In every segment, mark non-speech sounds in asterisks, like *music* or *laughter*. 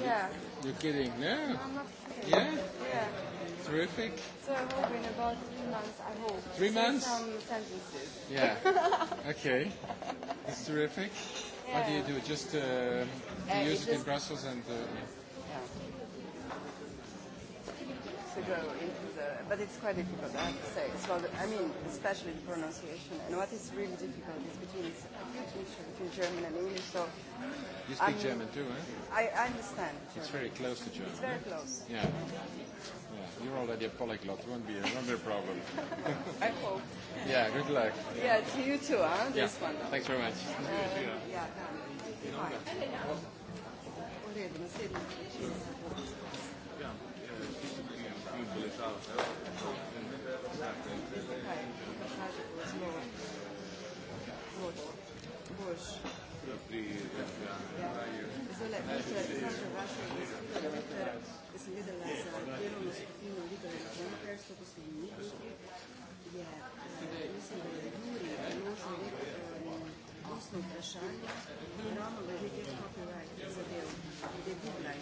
Yeah. You're kidding, no? I'm not Yeah? Yeah. Terrific. So I hope in about three months, I hope. Three months? Some sentences. Yeah. *laughs* okay. It's terrific. Yeah. What do you do? Just uh, uh, music just... in Brussels and... Uh, yeah. yeah. To go into but it's quite difficult, I have to say. So, I mean, especially the pronunciation. And what is really difficult is between it's a huge issue between German and English. So, you speak I'm, German too, eh? I, I understand. German. It's very close to German. It's very close. Yeah. yeah. You're already a polyglot. It won't be another problem. *laughs* I hope. Yeah. Good luck. Yeah. yeah to you too, huh? Yeah. This one. Thanks very much. Uh, yeah. yeah. Yeah. Yeah. Yeah vprašanje ravno glede teh copyright zadev, glede Google in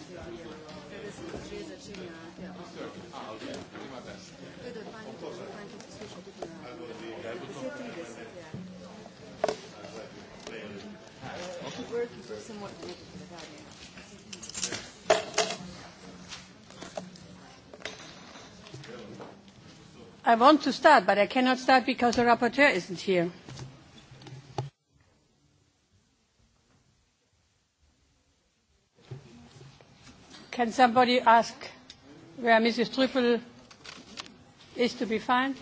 teh se že tudi na I want to start, but I cannot start because the rapporteur isn't here. Can somebody ask where Mrs. Trüffel is to be found?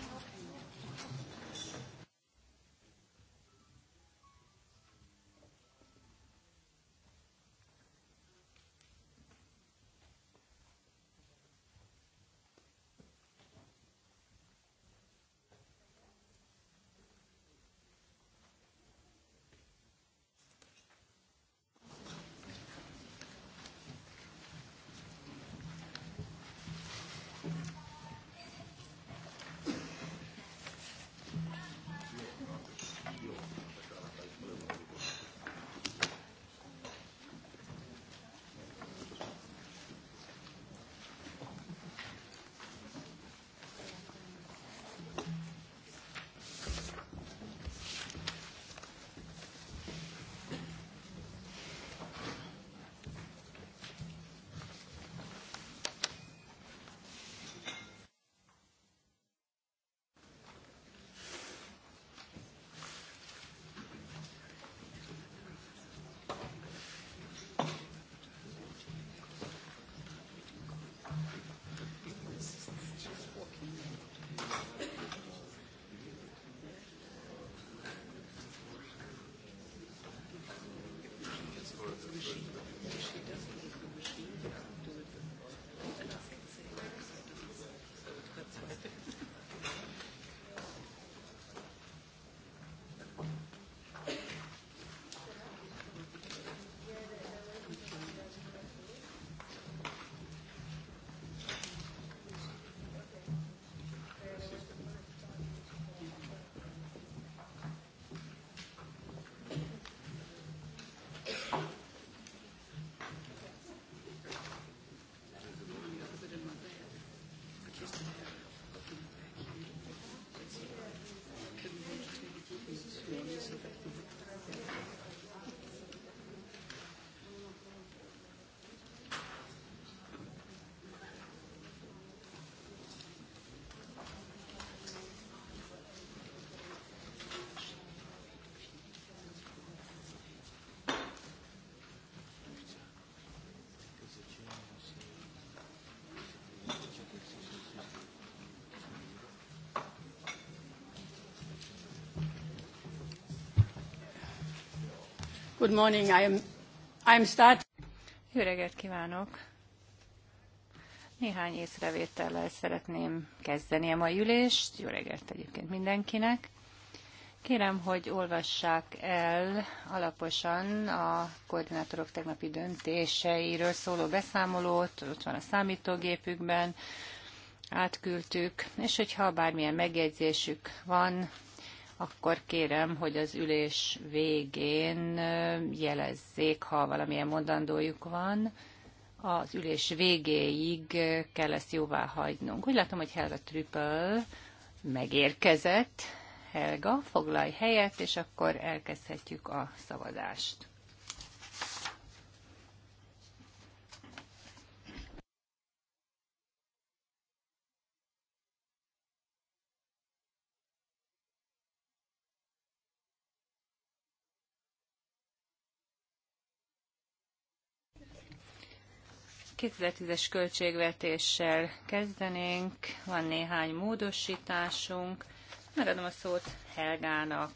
Good morning. I am, I'm start... Jó reggelt kívánok! Néhány észrevétellel szeretném kezdeni a mai ülést. Jó reggelt egyébként mindenkinek. Kérem, hogy olvassák el alaposan a koordinátorok tegnapi döntéseiről szóló beszámolót, ott van a számítógépükben, átküldtük, és hogyha bármilyen megjegyzésük van, akkor kérem, hogy az ülés végén jelezzék, ha valamilyen mondandójuk van. Az ülés végéig kell ezt jóvá hagynunk. Úgy látom, hogy Helga Trüppel megérkezett. Helga, foglalj helyet, és akkor elkezdhetjük a szavazást. 2010-es költségvetéssel kezdenénk, van néhány módosításunk. Megadom a szót Helgának.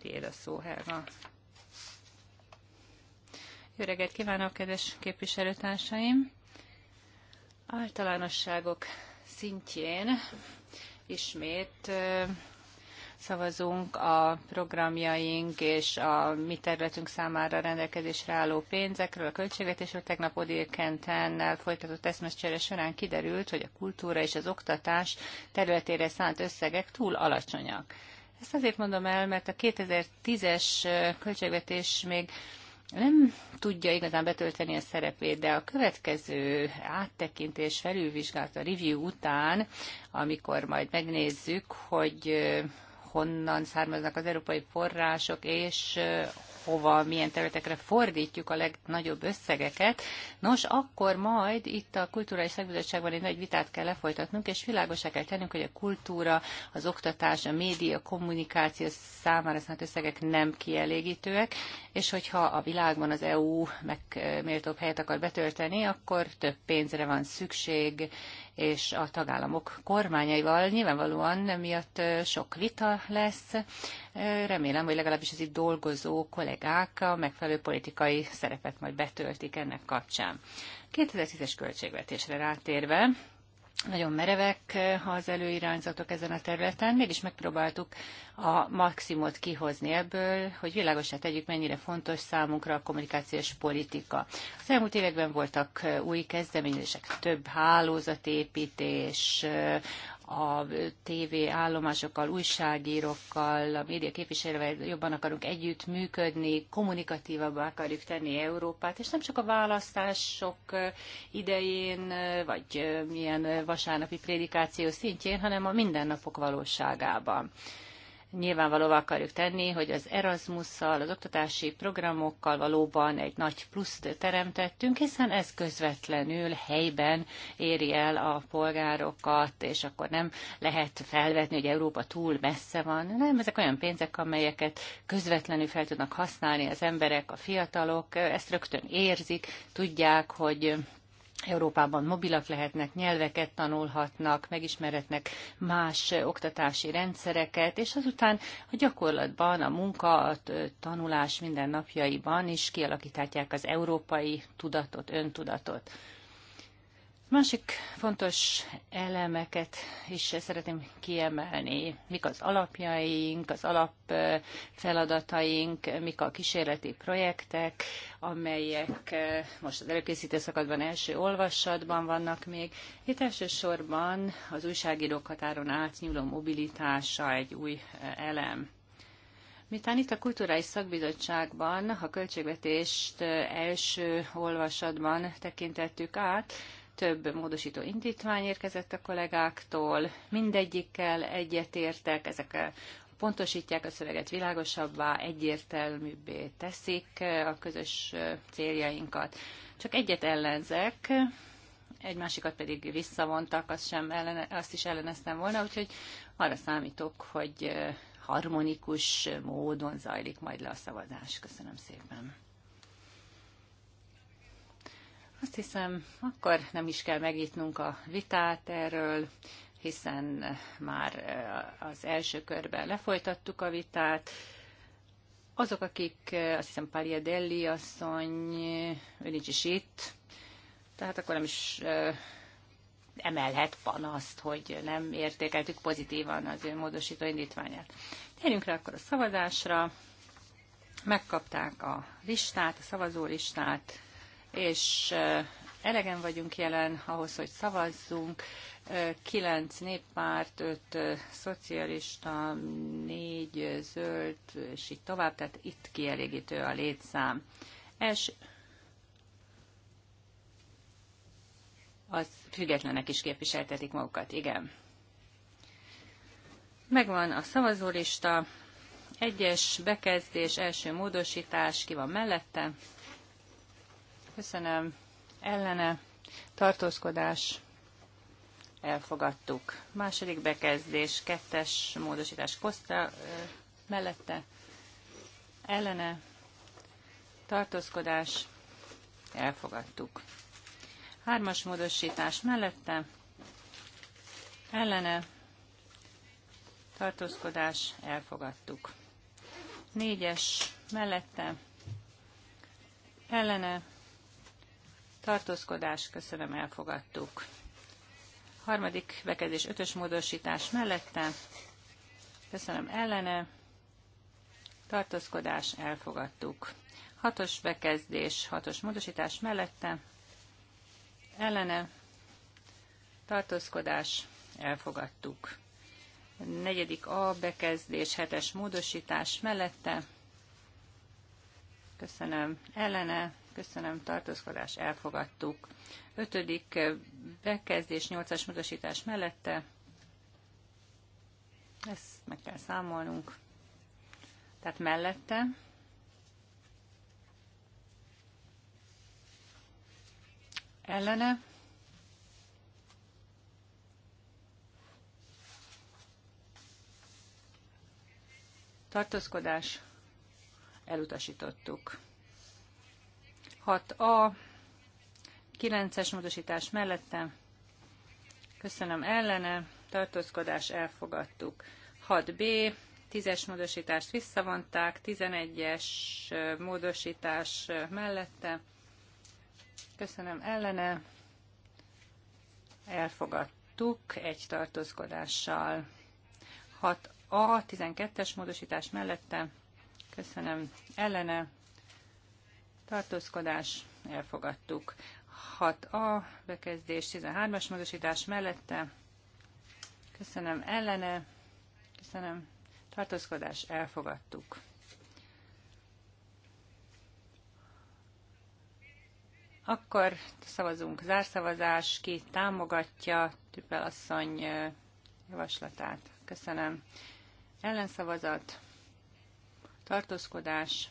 Tiéd a szó, Helga. Jó reggelt kívánok, kedves képviselőtársaim! Általánosságok szintjén ismét szavazunk a programjaink és a mi területünk számára rendelkezésre álló pénzekről, a költségvetésről. Tegnap Odil Kentennel folytatott eszmescsere során kiderült, hogy a kultúra és az oktatás területére szánt összegek túl alacsonyak. Ezt azért mondom el, mert a 2010-es költségvetés még nem tudja igazán betölteni a szerepét, de a következő áttekintés felülvizsgálat a review után, amikor majd megnézzük, hogy honnan származnak az európai források, és hova, milyen területekre fordítjuk a legnagyobb összegeket. Nos, akkor majd itt a Kulturális Szakbizottságban egy nagy vitát kell lefolytatnunk, és világosá kell tennünk, hogy a kultúra, az oktatás, a média, a kommunikáció számára szánt összegek nem kielégítőek, és hogyha a világban az EU megméltóbb helyet akar betölteni, akkor több pénzre van szükség, és a tagállamok kormányaival. Nyilvánvalóan miatt sok vita lesz. Remélem, hogy legalábbis az itt dolgozó kollégák a megfelelő politikai szerepet majd betöltik ennek kapcsán. 2010-es költségvetésre rátérve, nagyon merevek eh, az előirányzatok ezen a területen, mégis megpróbáltuk a maximumot kihozni ebből, hogy világosá tegyük, mennyire fontos számunkra a kommunikációs politika. Az elmúlt években voltak eh, új kezdeményezések, több hálózatépítés, eh, a TV állomásokkal, újságírókkal, a média képviselővel jobban akarunk együttműködni, kommunikatívabbá akarjuk tenni Európát, és nem csak a választások idején, vagy milyen vasárnapi prédikáció szintjén, hanem a mindennapok valóságában nyilvánvalóvá akarjuk tenni, hogy az Erasmusszal, az oktatási programokkal valóban egy nagy pluszt teremtettünk, hiszen ez közvetlenül helyben éri el a polgárokat, és akkor nem lehet felvetni, hogy Európa túl messze van. Nem, ezek olyan pénzek, amelyeket közvetlenül fel tudnak használni az emberek, a fiatalok, ezt rögtön érzik, tudják, hogy Európában mobilak lehetnek, nyelveket tanulhatnak, megismerhetnek más oktatási rendszereket, és azután a gyakorlatban, a munka, a tanulás mindennapjaiban is kialakíthatják az európai tudatot, öntudatot. Másik fontos elemeket is szeretném kiemelni, mik az alapjaink, az alapfeladataink, mik a kísérleti projektek, amelyek eh, most az előkészítő szakadban első olvasatban vannak még. Itt elsősorban az újságírók határon átnyúló mobilitása egy új eh, elem. Miután itt a Kulturális Szakbizottságban a költségvetést eh, első olvasatban tekintettük át, több módosító indítvány érkezett a kollégáktól, mindegyikkel egyetértek, ezek pontosítják a szöveget világosabbá, egyértelműbbé teszik a közös céljainkat. Csak egyet ellenzek, egy másikat pedig visszavontak, azt, sem ellene, azt is elleneztem volna, úgyhogy arra számítok, hogy harmonikus módon zajlik majd le a szavazás. Köszönöm szépen. Azt hiszem, akkor nem is kell megítnunk a vitát erről, hiszen már eh, az első körben lefolytattuk a vitát. Azok, akik, eh, azt hiszem, Delli asszony, eh, ő nincs is itt, tehát akkor nem is emelhet panaszt, hogy nem értékeltük pozitívan az ő módosító indítványát. Térjünk rá akkor a szavazásra. Megkapták a listát, a szavazó listát és elegen vagyunk jelen ahhoz, hogy szavazzunk. Kilenc néppárt, öt szocialista, négy zöld, és így tovább, tehát itt kielégítő a létszám. És az függetlenek is képviseltetik magukat, igen. Megvan a szavazólista, egyes bekezdés, első módosítás, ki van mellette, Köszönöm. Ellene tartózkodás elfogadtuk. Második bekezdés, kettes módosítás Koszta mellette ellene tartózkodás elfogadtuk. Hármas módosítás mellette ellene tartózkodás elfogadtuk. Négyes mellette ellene tartózkodás, köszönöm, elfogadtuk. Harmadik bekezdés, ötös módosítás mellette, köszönöm, ellene, tartózkodás, elfogadtuk. Hatos bekezdés, hatos módosítás mellette, ellene, tartózkodás, elfogadtuk. Negyedik A bekezdés, hetes módosítás mellette, köszönöm, ellene, köszönöm, tartózkodás, elfogadtuk. Ötödik eh, bekezdés, nyolcas módosítás mellette, ezt meg kell számolnunk, tehát mellette, ellene, tartózkodás, elutasítottuk. 6A, 9-es módosítás mellette, köszönöm ellene, tartózkodás elfogadtuk. 6B, 10-es módosítást visszavonták, 11-es módosítás mellette, köszönöm ellene, elfogadtuk egy tartózkodással. 6A, 12-es módosítás mellette, köszönöm ellene, tartózkodás, elfogadtuk. 6A bekezdés, 13-as módosítás mellette, köszönöm ellene, köszönöm tartózkodás, elfogadtuk. Akkor szavazunk zárszavazás, ki támogatja Tüppel asszony javaslatát. Köszönöm. Ellenszavazat, tartózkodás,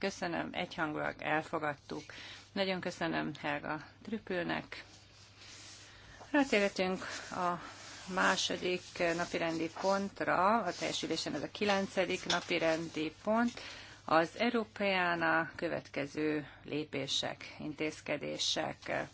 Köszönöm, egyhangulag elfogadtuk. Nagyon köszönöm Helga Trüpülnek. Rátérhetünk a második napirendi pontra, a teljesülésen ez a kilencedik napirendi pont, az Európeána következő lépések, intézkedések.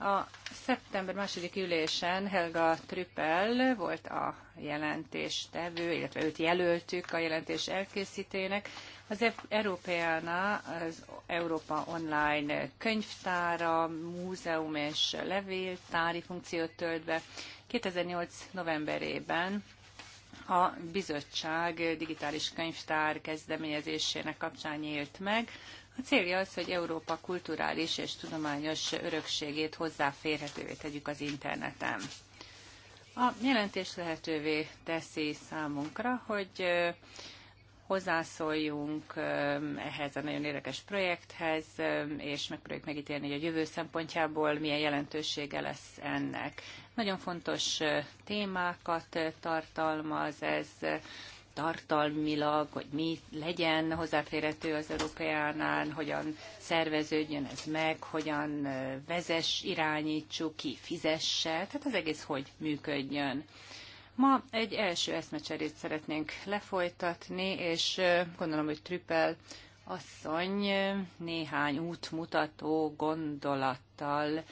A szeptember második ülésen Helga Trüppel volt a jelentéstevő, illetve őt jelöltük a jelentés elkészítének. Az európeana az Európa Online könyvtára, múzeum és levéltári funkciót tölt be. 2008. novemberében a bizottság digitális könyvtár kezdeményezésének kapcsán nyílt meg, a célja az, hogy Európa kulturális és tudományos örökségét hozzáférhetővé tegyük az interneten. A jelentés lehetővé teszi számunkra, hogy hozzászóljunk ehhez a nagyon érdekes projekthez, és megpróbáljuk megítélni, hogy a jövő szempontjából milyen jelentősége lesz ennek. Nagyon fontos témákat tartalmaz ez, tartalmilag, hogy mi legyen hozzáférhető az Európeánál, hogyan szerveződjön ez meg, hogyan vezess, irányítsuk, ki fizesse, tehát az egész hogy működjön. Ma egy első eszmecserét szeretnénk lefolytatni, és gondolom, hogy Trüppel asszony néhány útmutató gondolattal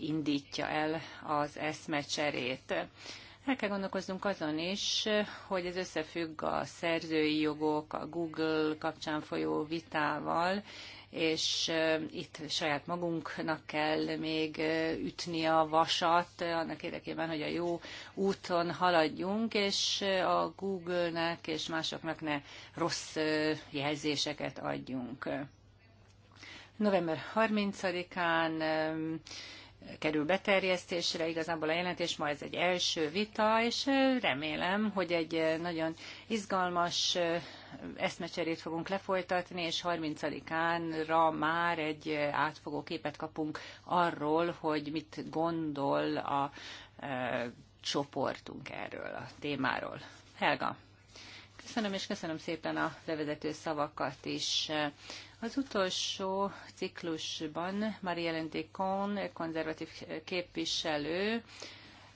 indítja el az eszmecserét. El kell gondolkoznunk azon is, hogy ez összefügg a szerzői jogok, a Google kapcsán folyó vitával, és eh, itt saját magunknak kell még eh, ütni a vasat annak érdekében, hogy a jó úton haladjunk, és eh, a Google-nek és másoknak ne rossz jelzéseket adjunk. November 30-án kerül beterjesztésre. Igazából a jelentés ma ez egy első vita, és remélem, hogy egy nagyon izgalmas eszmecserét fogunk lefolytatni, és 30-ánra már egy átfogó képet kapunk arról, hogy mit gondol a e, csoportunk erről a témáról. Helga! Köszönöm, és köszönöm szépen a bevezető szavakat is. Az utolsó ciklusban Marie-Hélène konzervatív képviselő,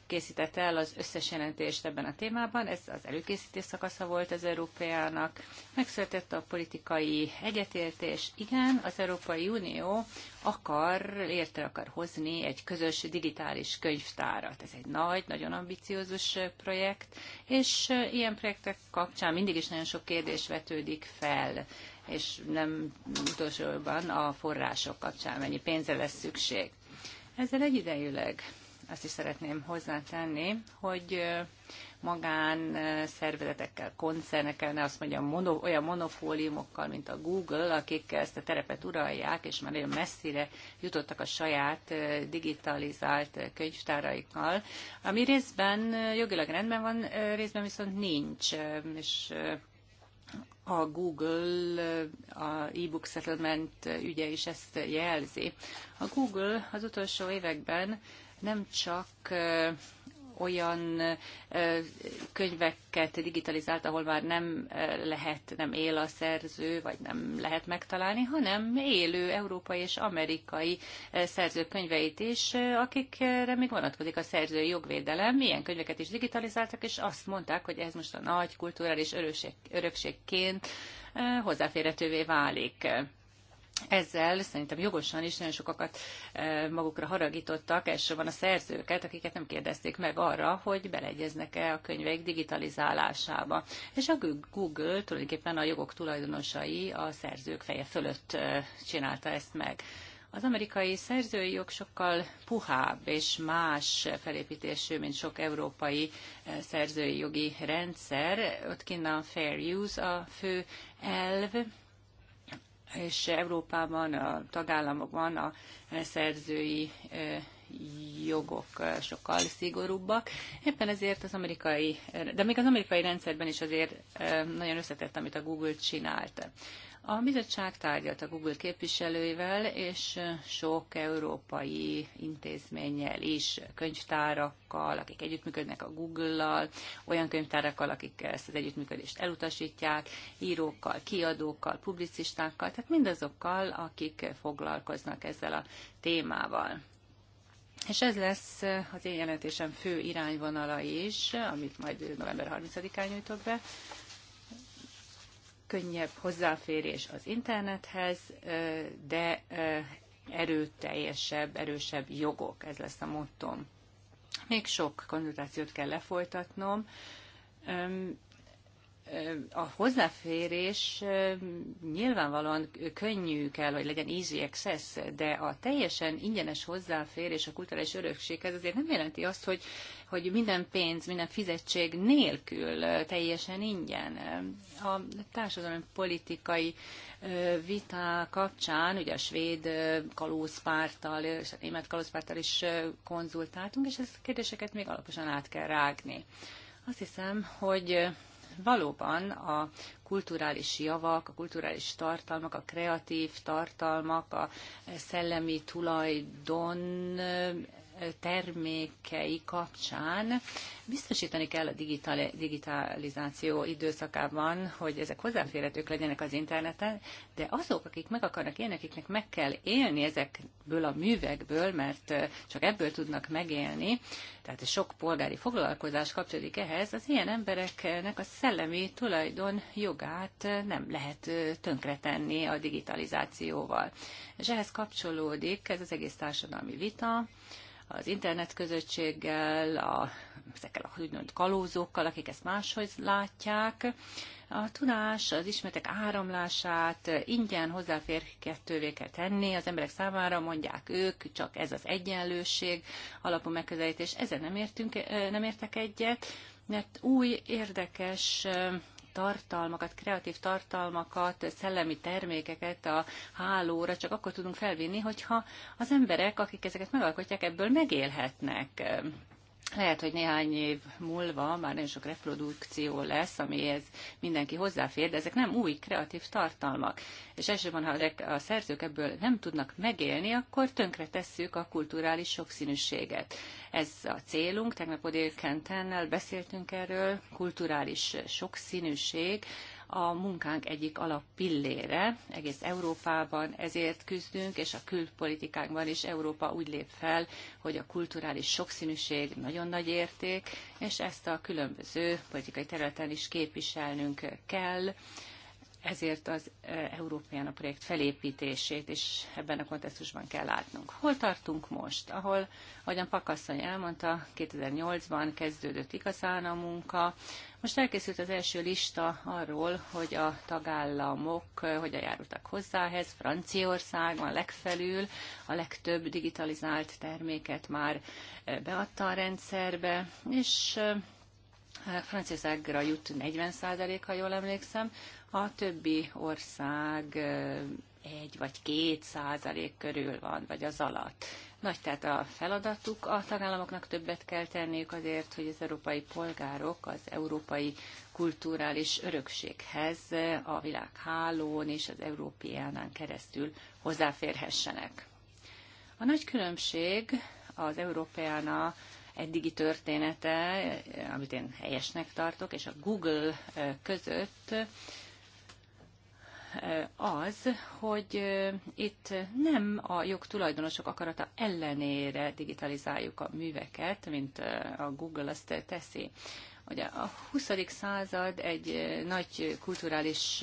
készítette el az összes jelentést ebben a témában. Ez az előkészítés szakasza volt az Európának. Megszületett a politikai egyetértés. Igen, az Európai Unió akar, érte akar hozni egy közös digitális könyvtárat. Ez egy nagy, nagyon ambiciózus projekt, és ilyen projektek kapcsán mindig is nagyon sok kérdés vetődik fel és nem utolsóban a források kapcsán mennyi pénzre lesz szükség. Ezzel egyidejűleg azt is szeretném hozzátenni, hogy magán szervezetekkel, koncernekkel, ne azt mondjam, mono, olyan monofóliumokkal, mint a Google, akik ezt a terepet uralják, és már olyan messzire jutottak a saját digitalizált könyvtáraikkal, ami részben jogilag rendben van, részben viszont nincs, és a Google a e-book settlement ügye is ezt jelzi. A Google az utolsó években nem csak olyan könyveket digitalizált, ahol már nem lehet, nem él a szerző, vagy nem lehet megtalálni, hanem élő európai és amerikai szerző könyveit is, akikre még vonatkozik a szerző jogvédelem. Ilyen könyveket is digitalizáltak, és azt mondták, hogy ez most a nagy kulturális örökség, örökségként hozzáférhetővé válik ezzel szerintem jogosan is nagyon sokakat e, magukra haragítottak, elsősorban a szerzőket, akiket nem kérdezték meg arra, hogy beleegyeznek-e a könyveik digitalizálásába. És a Google tulajdonképpen a jogok tulajdonosai a szerzők feje fölött e, csinálta ezt meg. Az amerikai szerzői jog sokkal puhább és más felépítésű, mint sok európai e, szerzői jogi rendszer. Ott kinn a fair use a fő elv, és Európában, a tagállamokban a szerzői jogok sokkal szigorúbbak. Éppen ezért az amerikai, de még az amerikai rendszerben is azért nagyon összetett, amit a Google csinált. A bizottság tárgyalt a Google képviselőivel, és sok európai intézménnyel is, könyvtárakkal, akik együttműködnek a Google-lal, olyan könyvtárakkal, akik ezt az együttműködést elutasítják, írókkal, kiadókkal, publicistákkal, tehát mindazokkal, akik foglalkoznak ezzel a témával. És ez lesz az én jelentésem fő irányvonala is, amit majd november 30-án nyújtok be, könnyebb hozzáférés az internethez, de erőteljesebb, erősebb jogok, ez lesz a mottom. Még sok konzultációt kell lefolytatnom, a hozzáférés nyilvánvalóan könnyű kell, hogy legyen easy access, de a teljesen ingyenes hozzáférés a kulturális örökséghez azért nem jelenti azt, hogy, hogy minden pénz, minden fizetség nélkül teljesen ingyen. A társadalmi politikai vita kapcsán, ugye a svéd kalózpárttal és a német kalózpárttal is konzultáltunk, és ezt a kérdéseket még alaposan át kell rágni. Azt hiszem, hogy valóban a kulturális javak, a kulturális tartalmak, a kreatív tartalmak, a szellemi tulajdon termékei kapcsán biztosítani kell a digitalizáció időszakában, hogy ezek hozzáférhetők legyenek az interneten, de azok, akik meg akarnak élni, akiknek meg kell élni ezekből a művekből, mert csak ebből tudnak megélni, tehát sok polgári foglalkozás kapcsolódik ehhez, az ilyen embereknek a szellemi tulajdon jogát nem lehet tönkretenni a digitalizációval. És ehhez kapcsolódik ez az egész társadalmi vita, az internetközösséggel, a, ezekkel a úgymond kalózókkal, akik ezt máshogy látják. A tudás, az ismeretek áramlását ingyen hozzáférhetővé kell tenni, az emberek számára mondják ők, csak ez az egyenlőség alapú megközelítés. Ezen nem, értünk, nem értek egyet, mert új, érdekes tartalmakat, kreatív tartalmakat, szellemi termékeket a hálóra csak akkor tudunk felvinni, hogyha az emberek, akik ezeket megalkotják, ebből megélhetnek lehet, hogy néhány év múlva már nagyon sok reprodukció lesz, amihez mindenki hozzáfér, de ezek nem új kreatív tartalmak. És elsősorban, ha a szerzők ebből nem tudnak megélni, akkor tönkre tesszük a kulturális sokszínűséget. Ez a célunk, tegnap Odél Kentennel beszéltünk erről, kulturális sokszínűség, a munkánk egyik alappillére. Egész Európában ezért küzdünk, és a külpolitikánkban is Európa úgy lép fel, hogy a kulturális sokszínűség nagyon nagy érték, és ezt a különböző politikai területen is képviselnünk kell ezért az e, európai a projekt felépítését is ebben a kontextusban kell látnunk. Hol tartunk most? Ahol, ahogyan Pakasszony elmondta, 2008-ban kezdődött igazán a munka. Most elkészült az első lista arról, hogy a tagállamok e, hogyan járultak hozzáhez. Franciaországban legfelül a legtöbb digitalizált terméket már e, beadta a rendszerbe, és Franciaországra jut 40 ha jól emlékszem, a többi ország egy vagy két százalék körül van, vagy az alatt. Nagy tehát a feladatuk, a tagállamoknak többet kell tenniük azért, hogy az európai polgárok az európai kulturális örökséghez a világhálón és az Európiánán keresztül hozzáférhessenek. A nagy különbség az Európeána eddigi története, amit én helyesnek tartok, és a Google között az, hogy itt nem a jogtulajdonosok akarata ellenére digitalizáljuk a műveket, mint a Google azt teszi. Ugye a 20. század egy nagy kulturális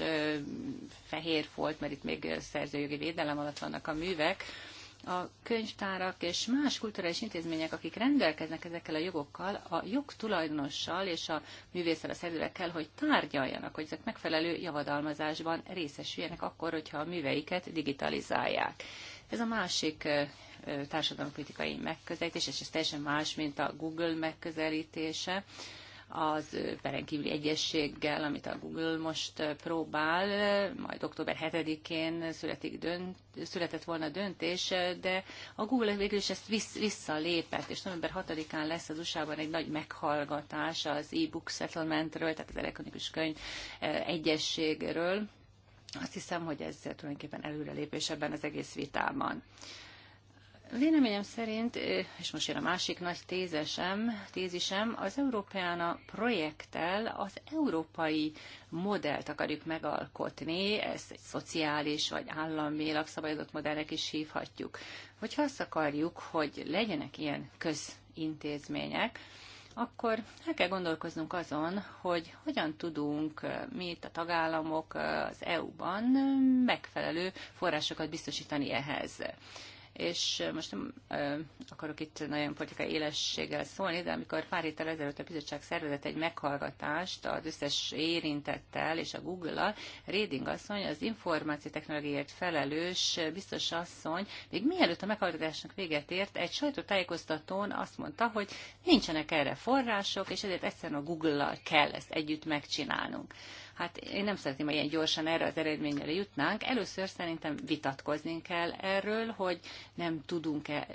fehér volt, mert itt még szerzőjogi védelem alatt vannak a művek, a könyvtárak és más kulturális intézmények, akik rendelkeznek ezekkel a jogokkal, a jogtulajdonossal és a a kell, hogy tárgyaljanak, hogy ezek megfelelő javadalmazásban részesüljenek akkor, hogyha a műveiket digitalizálják. Ez a másik társadalompolitikai megközelítés, és ez teljesen más, mint a Google megközelítése az perenkívüli egyességgel, amit a Google most próbál, majd október 7-én születik dönt, született volna döntés, de a Google végül is ezt vissz, visszalépett, és november 6-án lesz az USA-ban egy nagy meghallgatás az e-book settlementről, tehát az elektronikus könyv egyességről. Azt hiszem, hogy ez tulajdonképpen előrelépés ebben az egész vitában. Véleményem szerint, és most jön a másik nagy tézesem, tézisem, az Európeána projekttel az európai modellt akarjuk megalkotni, ezt egy szociális vagy államilag szabályozott modellek is hívhatjuk. Hogyha azt akarjuk, hogy legyenek ilyen közintézmények, akkor el kell gondolkoznunk azon, hogy hogyan tudunk mi itt a tagállamok az EU-ban megfelelő forrásokat biztosítani ehhez és most nem akarok itt nagyon politikai élességgel szólni, de amikor pár héttel ezelőtt a bizottság szervezett egy meghallgatást az összes érintettel és a Google-al, Réding asszony, az technológiáért felelős biztos asszony, még mielőtt a meghallgatásnak véget ért, egy sajtótájékoztatón azt mondta, hogy nincsenek erre források, és ezért egyszerűen a Google-al kell ezt együtt megcsinálnunk. Hát én nem szeretném, hogy ilyen gyorsan erre az eredményre jutnánk. Először szerintem vitatkozni kell erről, hogy nem tudunk-e,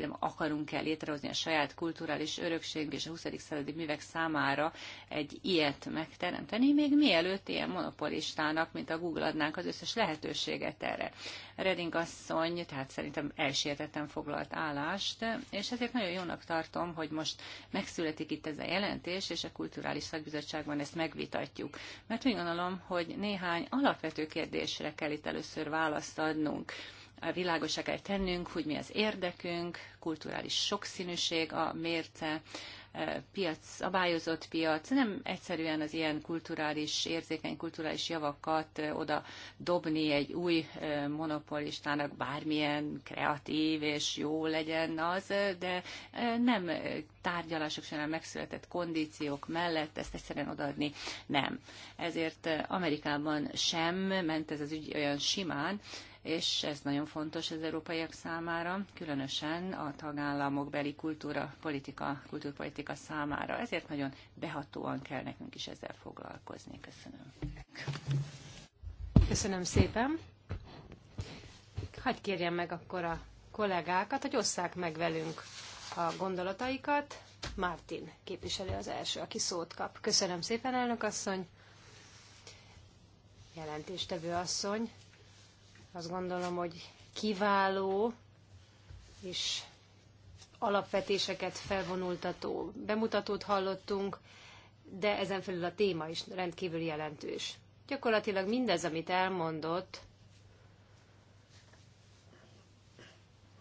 nem akarunk-e létrehozni a saját kulturális örökség és a 20. századi művek számára egy ilyet megteremteni, még mielőtt ilyen monopolistának, mint a Google adnánk az összes lehetőséget erre. Reding asszony, tehát szerintem elsietettem foglalt állást, és ezért nagyon jónak tartom, hogy most megszületik itt ez a jelentés, és a Kulturális Szakbizottságban ezt megvitatjuk. Mert úgy gondolom, hogy néhány alapvető kérdésre kell itt először választ adnunk világosá kell tennünk, hogy mi az érdekünk, kulturális sokszínűség a mérce, E, piac, szabályozott piac, nem egyszerűen az ilyen kulturális, érzékeny kulturális javakat e, oda dobni egy új e, monopolistának bármilyen kreatív és jó legyen az, de nem tárgyalások során megszületett kondíciók mellett ezt egyszerűen odaadni nem. Ezért Amerikában sem ment ez az ügy olyan simán, és ez nagyon fontos az európaiak számára, különösen a tagállamok beli kultúra, politika, kultúrpolitika számára. Ezért nagyon behatóan kell nekünk is ezzel foglalkozni. Köszönöm. Köszönöm szépen. Hagy kérjem meg akkor a kollégákat, hogy osszák meg velünk a gondolataikat. Martin képviselő az első, aki szót kap. Köszönöm szépen, elnök asszony. Jelentéstevő asszony azt gondolom, hogy kiváló és alapvetéseket felvonultató bemutatót hallottunk, de ezen felül a téma is rendkívül jelentős. Gyakorlatilag mindez, amit elmondott,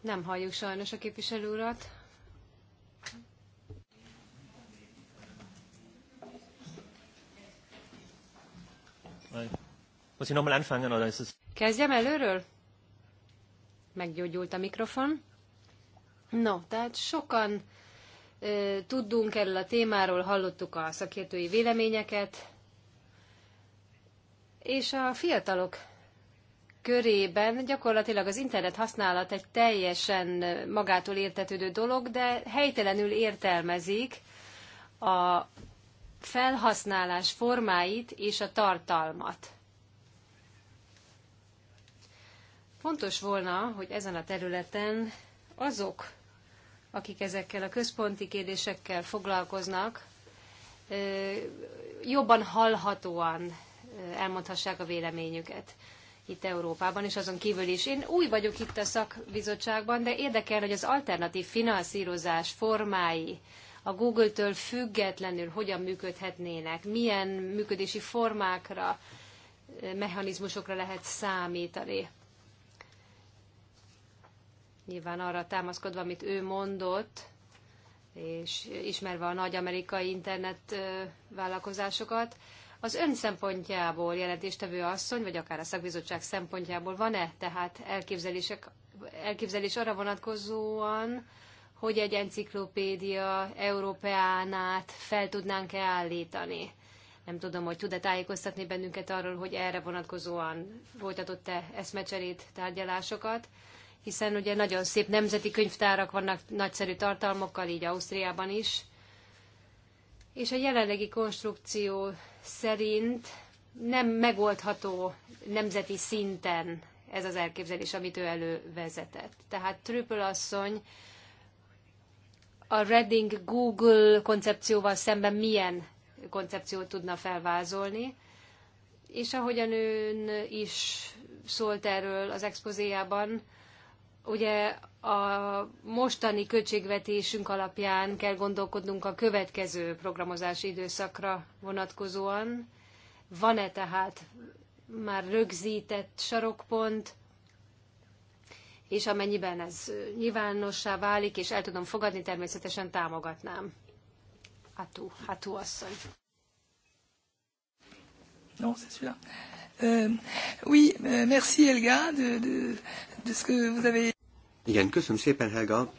nem halljuk sajnos a képviselő urat. Muss ich nochmal anfangen, oder ist es... Kezdjem előről? Meggyógyult a mikrofon. No, tehát sokan ö, tudunk erről a témáról, hallottuk a szakértői véleményeket, és a fiatalok körében gyakorlatilag az internet használat egy teljesen magától értetődő dolog, de helytelenül értelmezik a felhasználás formáit és a tartalmat. Fontos volna, hogy ezen a területen azok, akik ezekkel a központi kérdésekkel foglalkoznak, jobban hallhatóan elmondhassák a véleményüket itt Európában, és azon kívül is. Én új vagyok itt a szakbizottságban, de érdekel, hogy az alternatív finanszírozás formái a Google-től függetlenül hogyan működhetnének, milyen működési formákra, mechanizmusokra lehet számítani nyilván arra támaszkodva, amit ő mondott, és ismerve a nagy amerikai internet vállalkozásokat, az ön szempontjából jelentéstevő asszony, vagy akár a szakbizottság szempontjából van-e tehát elképzelések, elképzelés arra vonatkozóan, hogy egy enciklopédia Európeánát fel tudnánk-e állítani? Nem tudom, hogy tud-e tájékoztatni bennünket arról, hogy erre vonatkozóan folytatott-e eszmecserét, tárgyalásokat, hiszen ugye nagyon szép nemzeti könyvtárak vannak nagyszerű tartalmokkal, így Ausztriában is. És a jelenlegi konstrukció szerint nem megoldható nemzeti szinten ez az elképzelés, amit ő elővezetett. Tehát Trüppel asszony a Reading Google koncepcióval szemben milyen koncepciót tudna felvázolni, és ahogyan ön is szólt erről az expozéjában, ugye a mostani költségvetésünk alapján kell gondolkodnunk a következő programozási időszakra vonatkozóan. Van-e tehát már rögzített sarokpont, és amennyiben ez nyilvánossá válik, és el tudom fogadni, természetesen támogatnám. Hátú, hátú asszony. Non, c'est celui-là. Euh, oui, euh, merci Elga de, de, de ce que vous avez. Igen, köszönöm szépen, Helga.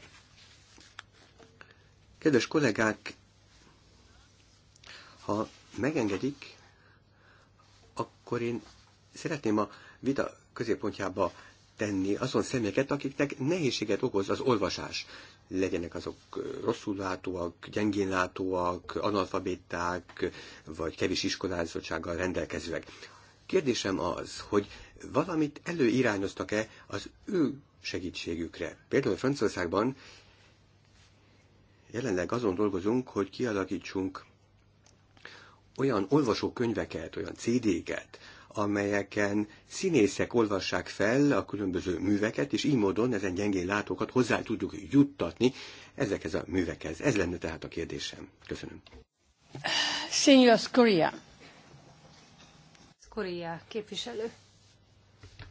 Kedves kollégák, ha megengedik, akkor én szeretném a vita középpontjába tenni azon személyeket, akiknek nehézséget okoz az olvasás. Legyenek azok rosszul látóak, gyengén látóak, analfabéták, vagy kevés iskolázottsággal rendelkezőek. Kérdésem az, hogy valamit előirányoztak-e az ő segítségükre. Például Franciaországban jelenleg azon dolgozunk, hogy kialakítsunk olyan olvasókönyveket, olyan CD-ket, amelyeken színészek olvassák fel a különböző műveket, és így módon ezen gyengén látókat hozzá tudjuk juttatni ezekhez a művekhez. Ez lenne tehát a kérdésem. Köszönöm. Senior Skoria. Skoria képviselő.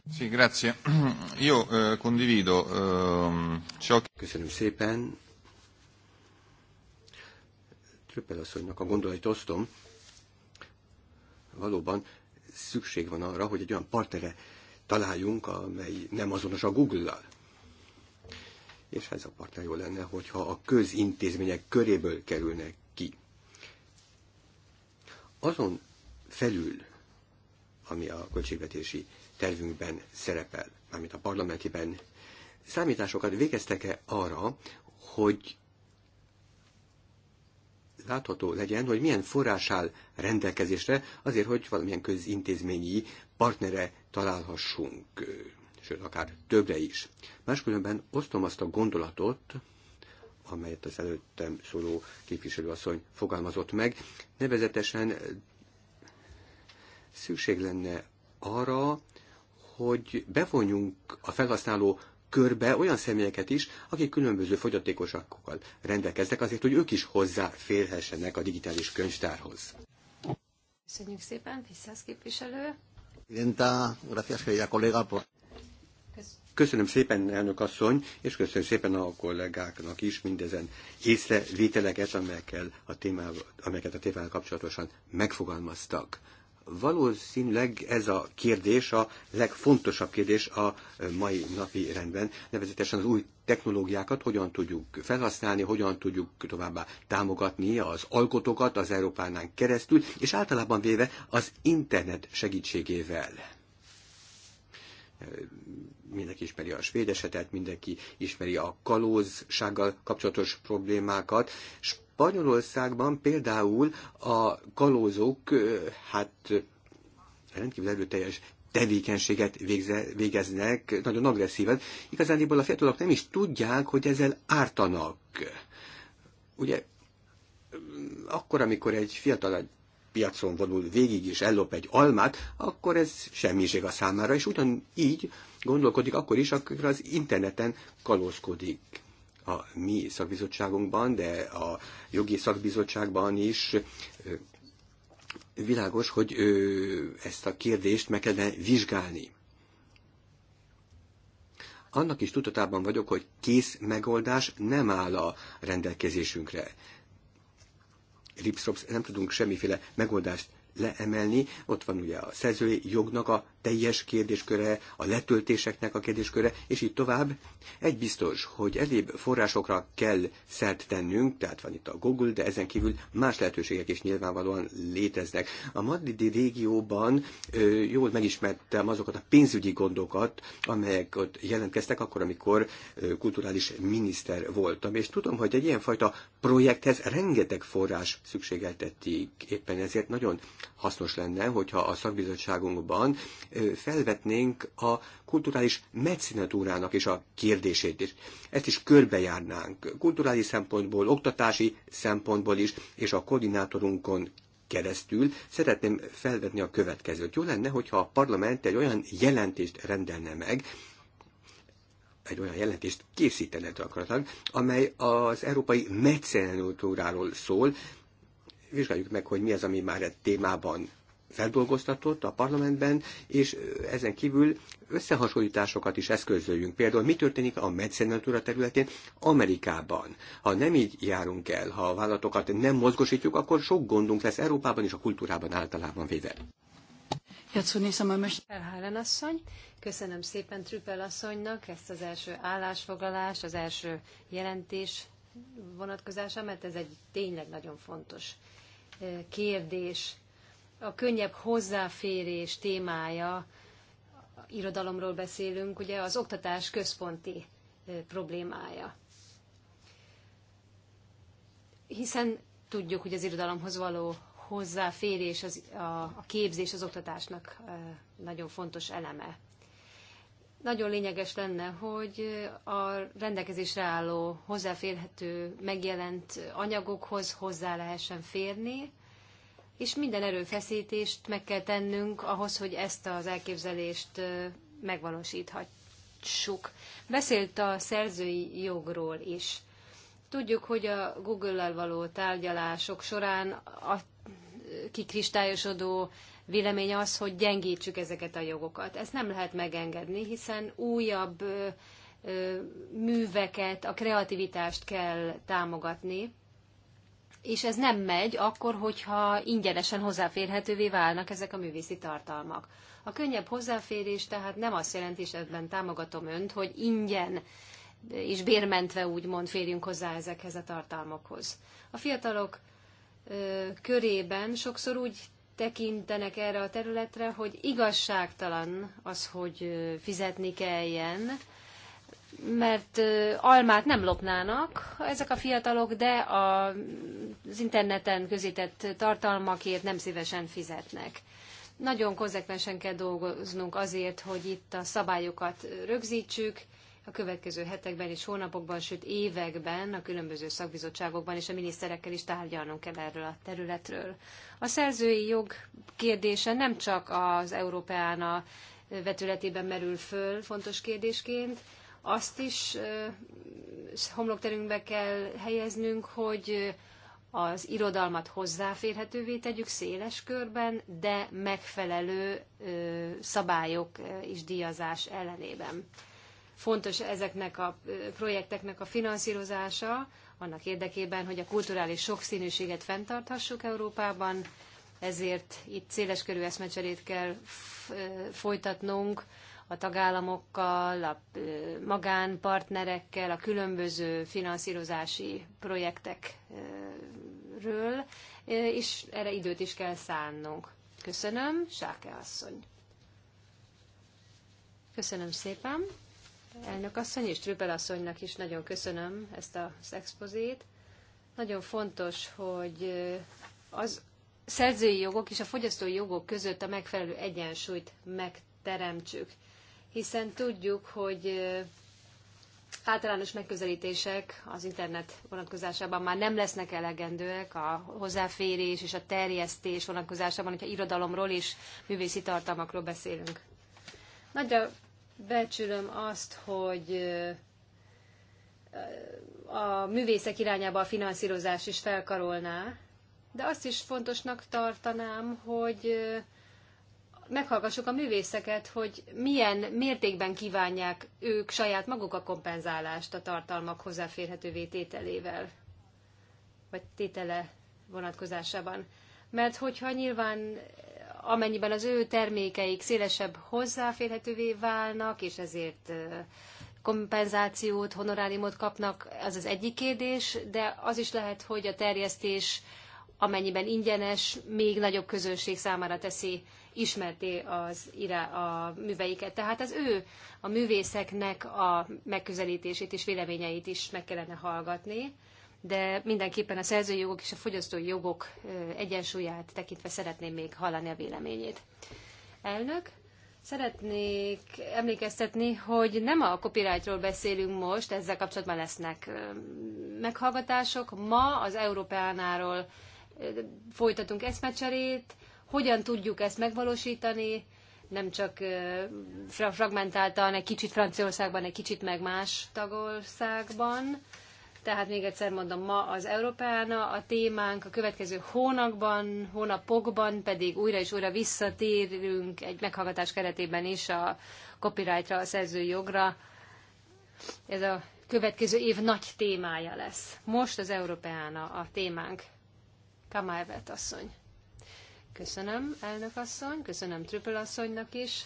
Sí, grazie. Io eh, condivido eh, ciò... Köszönöm szépen. Trüppel asszonynak a gondolait osztom. Valóban szükség van arra, hogy egy olyan partnere találjunk, amely nem azonos a Google-lal. És ez a partner jó lenne, hogyha a közintézmények köréből kerülnek ki. Azon felül, ami a költségvetési tervünkben szerepel, mármint a parlamentiben. Számításokat végeztek-e arra, hogy látható legyen, hogy milyen forrás áll rendelkezésre, azért, hogy valamilyen közintézményi partnere találhassunk, sőt, akár többre is. Máskülönben osztom azt a gondolatot, amelyet az előttem szóló képviselőasszony fogalmazott meg, nevezetesen szükség lenne arra, hogy bevonjunk a felhasználó körbe olyan személyeket is, akik különböző fogyatékosakkal rendelkeznek, azért, hogy ők is hozzáférhessenek a digitális könyvtárhoz. Köszönjük szépen, Fiszász képviselő. Köszönöm szépen, elnök asszony, és köszönöm szépen a kollégáknak is mindezen észrevételeket, amelyekkel a témával, amelyeket a témával kapcsolatosan megfogalmaztak valószínűleg ez a kérdés a legfontosabb kérdés a mai napi rendben, nevezetesen az új technológiákat hogyan tudjuk felhasználni, hogyan tudjuk továbbá támogatni az alkotókat az Európánán keresztül, és általában véve az internet segítségével mindenki ismeri a svéd esetet, mindenki ismeri a kalózsággal kapcsolatos problémákat. Spanyolországban például a kalózók hát rendkívül erőteljes tevékenységet végze, végeznek, nagyon agresszíven. Igazániból a fiatalok nem is tudják, hogy ezzel ártanak. Ugye akkor, amikor egy fiatal egy piacon vonul végig és ellop egy almát, akkor ez semmiség a számára, és ugyanígy gondolkodik akkor is, akkor az interneten kalózkodik a mi szakbizottságunkban, de a jogi szakbizottságban is világos, hogy ezt a kérdést meg kellene vizsgálni. Annak is tudatában vagyok, hogy kész megoldás nem áll a rendelkezésünkre. Ripszops nem tudunk semmiféle megoldást leemelni. Ott van ugye a szerzői jognak a teljes kérdésköre, a letöltéseknek a kérdésköre, és így tovább. Egy biztos, hogy egyéb forrásokra kell szert tennünk, tehát van itt a Google, de ezen kívül más lehetőségek is nyilvánvalóan léteznek. A madridi régióban ö, jól megismertem azokat a pénzügyi gondokat, amelyek ott jelentkeztek akkor, amikor ö, kulturális miniszter voltam, és tudom, hogy egy ilyenfajta projekthez rengeteg forrás szükségeltetik. Éppen ezért nagyon hasznos lenne, hogyha a szakbizottságunkban felvetnénk a kulturális mecenatúrának és a kérdését is. Ezt is körbejárnánk, kulturális szempontból, oktatási szempontból is, és a koordinátorunkon keresztül szeretném felvetni a következőt. Jó lenne, hogyha a parlament egy olyan jelentést rendelne meg, egy olyan jelentést készítene gyakorlatilag, amely az európai mecenatúráról szól, vizsgáljuk meg, hogy mi az, ami már egy témában feldolgoztatott a parlamentben, és ezen kívül összehasonlításokat is eszközöljünk. Például mi történik a medszenatúra területén Amerikában. Ha nem így járunk el, ha a vállalatokat nem mozgosítjuk, akkor sok gondunk lesz Európában és a kultúrában általában véve. Elhálen asszony, köszönöm szépen Trüppel asszonynak ezt az első állásfoglalást, az első jelentés vonatkozása, mert ez egy tényleg nagyon fontos kérdés, a könnyebb hozzáférés témája, irodalomról beszélünk, ugye az oktatás központi problémája. Hiszen tudjuk, hogy az irodalomhoz való hozzáférés, az, a, a képzés az oktatásnak nagyon fontos eleme. Nagyon lényeges lenne, hogy a rendelkezésre álló hozzáférhető megjelent anyagokhoz hozzá lehessen férni, és minden erőfeszítést meg kell tennünk ahhoz, hogy ezt az elképzelést megvalósíthassuk. Beszélt a szerzői jogról is. Tudjuk, hogy a Google-lel való tárgyalások során a kikristályosodó vélemény az, hogy gyengítsük ezeket a jogokat. Ezt nem lehet megengedni, hiszen újabb műveket, a kreativitást kell támogatni, és ez nem megy akkor, hogyha ingyenesen hozzáférhetővé válnak ezek a művészi tartalmak. A könnyebb hozzáférés tehát nem azt jelenti, és ebben támogatom önt, hogy ingyen és bérmentve úgymond férjünk hozzá ezekhez a tartalmakhoz. A fiatalok körében sokszor úgy tekintenek erre a területre, hogy igazságtalan az, hogy fizetni kelljen, mert almát nem lopnának ezek a fiatalok, de a, az interneten közített tartalmakért nem szívesen fizetnek. Nagyon konzekvensen kell dolgoznunk azért, hogy itt a szabályokat rögzítsük, a következő hetekben és hónapokban, sőt években a különböző szakbizottságokban és a miniszterekkel is tárgyalnunk kell erről a területről. A szerzői jog kérdése nem csak az Európeána vetületében merül föl fontos kérdésként, azt is homlokterünkbe kell helyeznünk, hogy az irodalmat hozzáférhetővé tegyük széles körben, de megfelelő szabályok és díjazás ellenében. Fontos ezeknek a projekteknek a finanszírozása, annak érdekében, hogy a kulturális sokszínűséget fenntarthassuk Európában, ezért itt széleskörű eszmecserét kell folytatnunk a tagállamokkal, a magánpartnerekkel, a különböző finanszírozási projektekről, és erre időt is kell szánnunk. Köszönöm, Sáke asszony. Köszönöm szépen elnök asszony és Trübel asszonynak is nagyon köszönöm ezt az expozét. Nagyon fontos, hogy az szerzői jogok és a fogyasztói jogok között a megfelelő egyensúlyt megteremtsük, hiszen tudjuk, hogy általános megközelítések az internet vonatkozásában már nem lesznek elegendőek a hozzáférés és a terjesztés vonatkozásában, hogyha irodalomról és művészi tartalmakról beszélünk. Nagyra becsülöm azt, hogy a művészek irányába a finanszírozás is felkarolná, de azt is fontosnak tartanám, hogy meghallgassuk a művészeket, hogy milyen mértékben kívánják ők saját maguk a kompenzálást a tartalmak hozzáférhetővé tételével, vagy tétele vonatkozásában. Mert hogyha nyilván amennyiben az ő termékeik szélesebb hozzáférhetővé válnak, és ezért kompenzációt, honoráriumot kapnak, az az egyik kérdés, de az is lehet, hogy a terjesztés, amennyiben ingyenes, még nagyobb közönség számára teszi ismerté az irá, a műveiket. Tehát az ő, a művészeknek a megközelítését és véleményeit is meg kellene hallgatni de mindenképpen a szerzői jogok és a fogyasztói jogok egyensúlyát tekintve szeretném még hallani a véleményét. Elnök, szeretnék emlékeztetni, hogy nem a copyrightról beszélünk most, ezzel kapcsolatban lesznek meghallgatások. Ma az Európeánáról folytatunk eszmecserét, hogyan tudjuk ezt megvalósítani, nem csak fragmentáltan, egy kicsit Franciaországban, egy kicsit meg más tagországban tehát még egyszer mondom, ma az Európána a témánk, a következő hónapban, hónapokban pedig újra és újra visszatérünk egy meghallgatás keretében is a copyrightra, a szerzői jogra. Ez a következő év nagy témája lesz. Most az Európána a témánk. Kamájvet asszony. Köszönöm, elnök asszony, köszönöm Trüppel asszonynak is.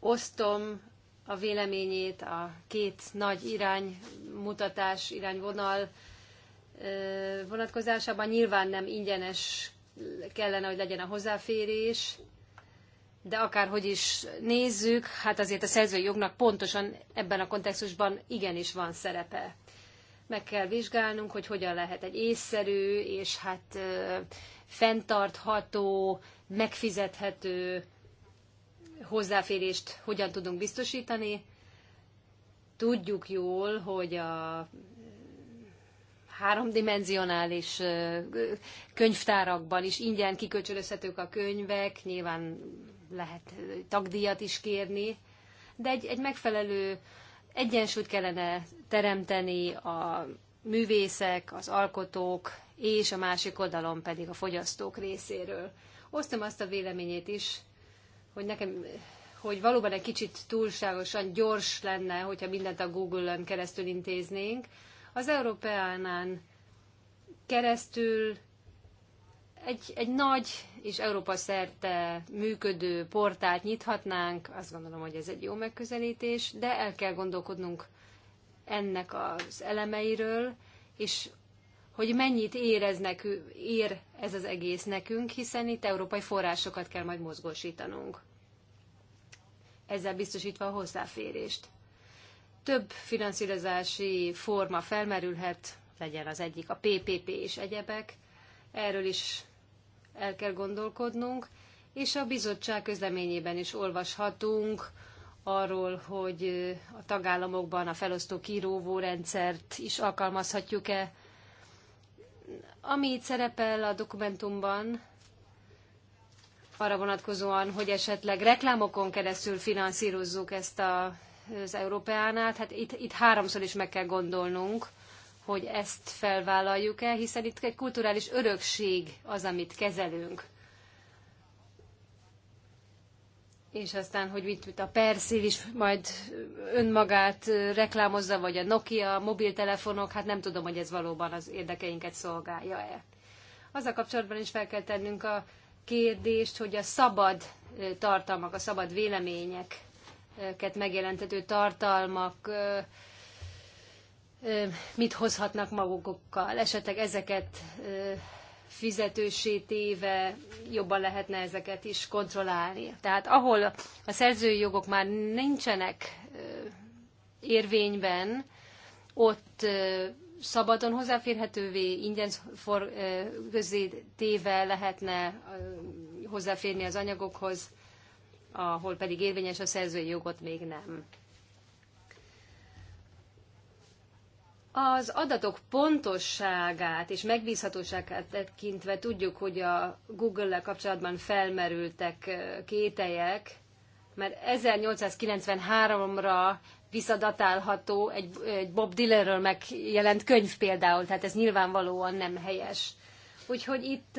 Osztom a véleményét, a két nagy iránymutatás, irányvonal vonatkozásában nyilván nem ingyenes kellene, hogy legyen a hozzáférés, de akárhogy is nézzük, hát azért a szerzői jognak pontosan ebben a kontextusban igenis van szerepe. Meg kell vizsgálnunk, hogy hogyan lehet egy észszerű és hát fenntartható, megfizethető hozzáférést hogyan tudunk biztosítani. Tudjuk jól, hogy a háromdimenzionális könyvtárakban is ingyen kikölcsönözhetők a könyvek, nyilván lehet tagdíjat is kérni, de egy, egy megfelelő egyensúlyt kellene teremteni a művészek, az alkotók és a másik oldalon pedig a fogyasztók részéről. Osztom azt a véleményét is, hogy nekem hogy valóban egy kicsit túlságosan gyors lenne, hogyha mindent a Google-ön keresztül intéznénk. Az Európeánán keresztül egy, egy nagy és Európa szerte működő portált nyithatnánk, azt gondolom, hogy ez egy jó megközelítés, de el kell gondolkodnunk ennek az elemeiről, és hogy mennyit éreznek, ér ez az egész nekünk, hiszen itt európai forrásokat kell majd mozgósítanunk. Ezzel biztosítva a hozzáférést. Több finanszírozási forma felmerülhet, legyen az egyik a PPP és egyebek, erről is el kell gondolkodnunk, és a bizottság közleményében is olvashatunk arról, hogy a tagállamokban a felosztó kirívó rendszert is alkalmazhatjuk-e, ami itt szerepel a dokumentumban, arra vonatkozóan, hogy esetleg reklámokon keresztül finanszírozzuk ezt a, az Európeánát, hát itt, itt háromszor is meg kell gondolnunk, hogy ezt felvállaljuk-e, hiszen itt egy kulturális örökség az, amit kezelünk. és aztán, hogy mit mit a Perszil is majd önmagát reklámozza, vagy a Nokia, a mobiltelefonok, hát nem tudom, hogy ez valóban az érdekeinket szolgálja-e. Azzal kapcsolatban is fel kell tennünk a kérdést, hogy a szabad tartalmak, a szabad véleményeket megjelentető tartalmak mit hozhatnak magukkal. Esetleg ezeket fizetősé téve jobban lehetne ezeket is kontrollálni. Tehát ahol a szerzői jogok már nincsenek érvényben, ott szabadon hozzáférhetővé, ingyen for, közé téve lehetne hozzáférni az anyagokhoz, ahol pedig érvényes a szerzői jogot még nem. Az adatok pontosságát és megbízhatóságát tekintve tudjuk, hogy a Google-lel kapcsolatban felmerültek kételyek, mert 1893-ra visszadatálható egy, egy Bob Dylanről megjelent könyv például, tehát ez nyilvánvalóan nem helyes. Úgyhogy itt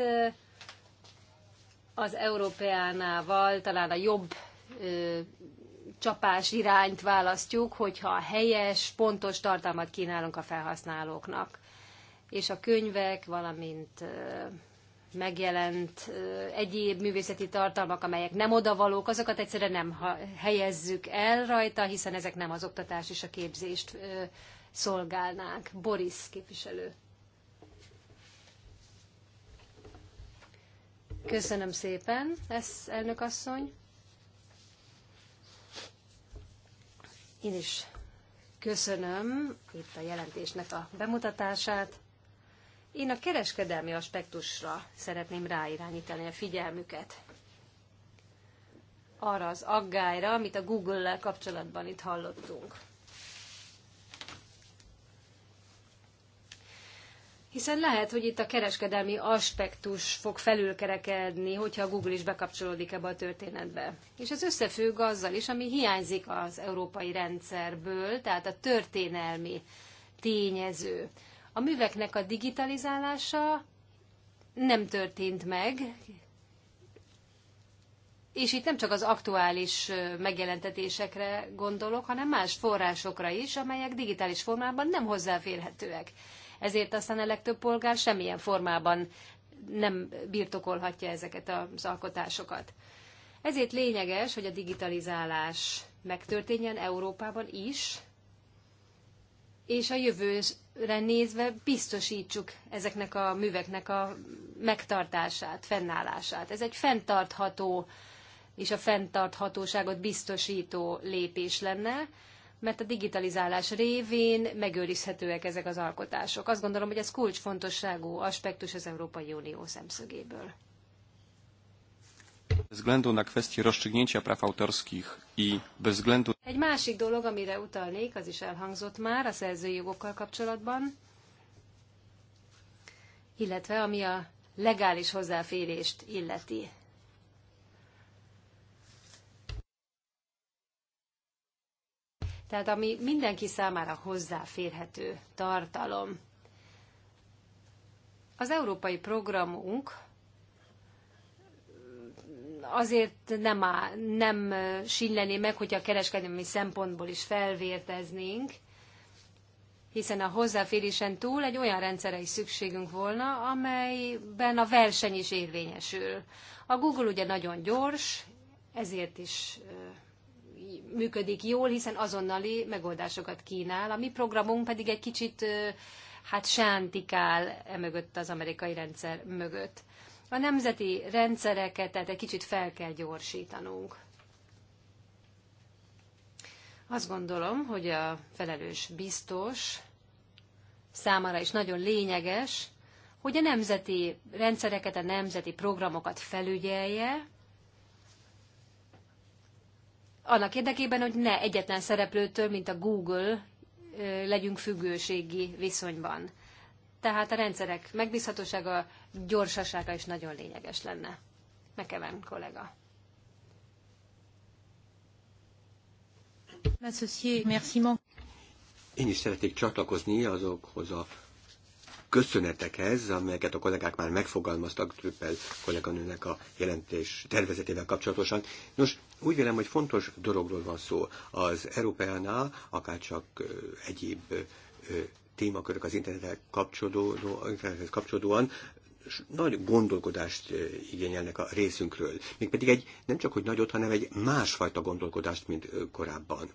az Európeánával talán a jobb csapás irányt választjuk, hogyha helyes, pontos tartalmat kínálunk a felhasználóknak. És a könyvek, valamint megjelent egyéb művészeti tartalmak, amelyek nem odavalók, azokat egyszerűen nem helyezzük el rajta, hiszen ezek nem az oktatás és a képzést szolgálnák. Boris képviselő. Köszönöm szépen, ez elnök asszony. Én is köszönöm itt a jelentésnek a bemutatását. Én a kereskedelmi aspektusra szeretném ráirányítani a figyelmüket. Arra az aggályra, amit a Google-lel kapcsolatban itt hallottunk. Hiszen lehet, hogy itt a kereskedelmi aspektus fog felülkerekedni, hogyha a Google is bekapcsolódik ebbe a történetbe. És ez összefügg azzal is, ami hiányzik az európai rendszerből, tehát a történelmi tényező. A műveknek a digitalizálása nem történt meg, és itt nem csak az aktuális megjelentetésekre gondolok, hanem más forrásokra is, amelyek digitális formában nem hozzáférhetőek ezért aztán a legtöbb polgár semmilyen formában nem birtokolhatja ezeket az alkotásokat. Ezért lényeges, hogy a digitalizálás megtörténjen Európában is, és a jövőre nézve biztosítsuk ezeknek a műveknek a megtartását, fennállását. Ez egy fenntartható és a fenntarthatóságot biztosító lépés lenne, mert a digitalizálás révén megőrizhetőek ezek az alkotások. Azt gondolom, hogy ez kulcsfontosságú aspektus az Európai Unió szemszögéből. Egy másik dolog, amire utalnék, az is elhangzott már a szerzői jogokkal kapcsolatban, illetve ami a legális hozzáférést illeti. tehát ami mindenki számára hozzáférhető tartalom. Az európai programunk azért nem, á, nem sinlené meg, hogy a kereskedelmi szempontból is felvérteznénk, hiszen a hozzáférésen túl egy olyan rendszere is szükségünk volna, amelyben a verseny is érvényesül. A Google ugye nagyon gyors, ezért is működik jól, hiszen azonnali megoldásokat kínál. A mi programunk pedig egy kicsit hát sántikál e mögött az amerikai rendszer mögött. A nemzeti rendszereket tehát egy kicsit fel kell gyorsítanunk. Azt gondolom, hogy a felelős biztos számára is nagyon lényeges, hogy a nemzeti rendszereket, a nemzeti programokat felügyelje, annak érdekében, hogy ne egyetlen szereplőtől, mint a Google legyünk függőségi viszonyban. Tehát a rendszerek megbízhatósága, gyorsasága is nagyon lényeges lenne. Mekeven kollega. Én is szeretnék csatlakozni azokhoz a köszönetekhez, amelyeket a kollégák már megfogalmaztak Trüppel kolléganőnek a jelentés tervezetével kapcsolatosan. Nos, úgy vélem, hogy fontos dologról van szó. Az Európeánál, akárcsak egyéb témakörök az internethez kapcsolódó, internethez kapcsolódóan nagy gondolkodást igényelnek a részünkről. Mégpedig egy nem csak hogy nagyot, hanem egy másfajta gondolkodást, mint korábban.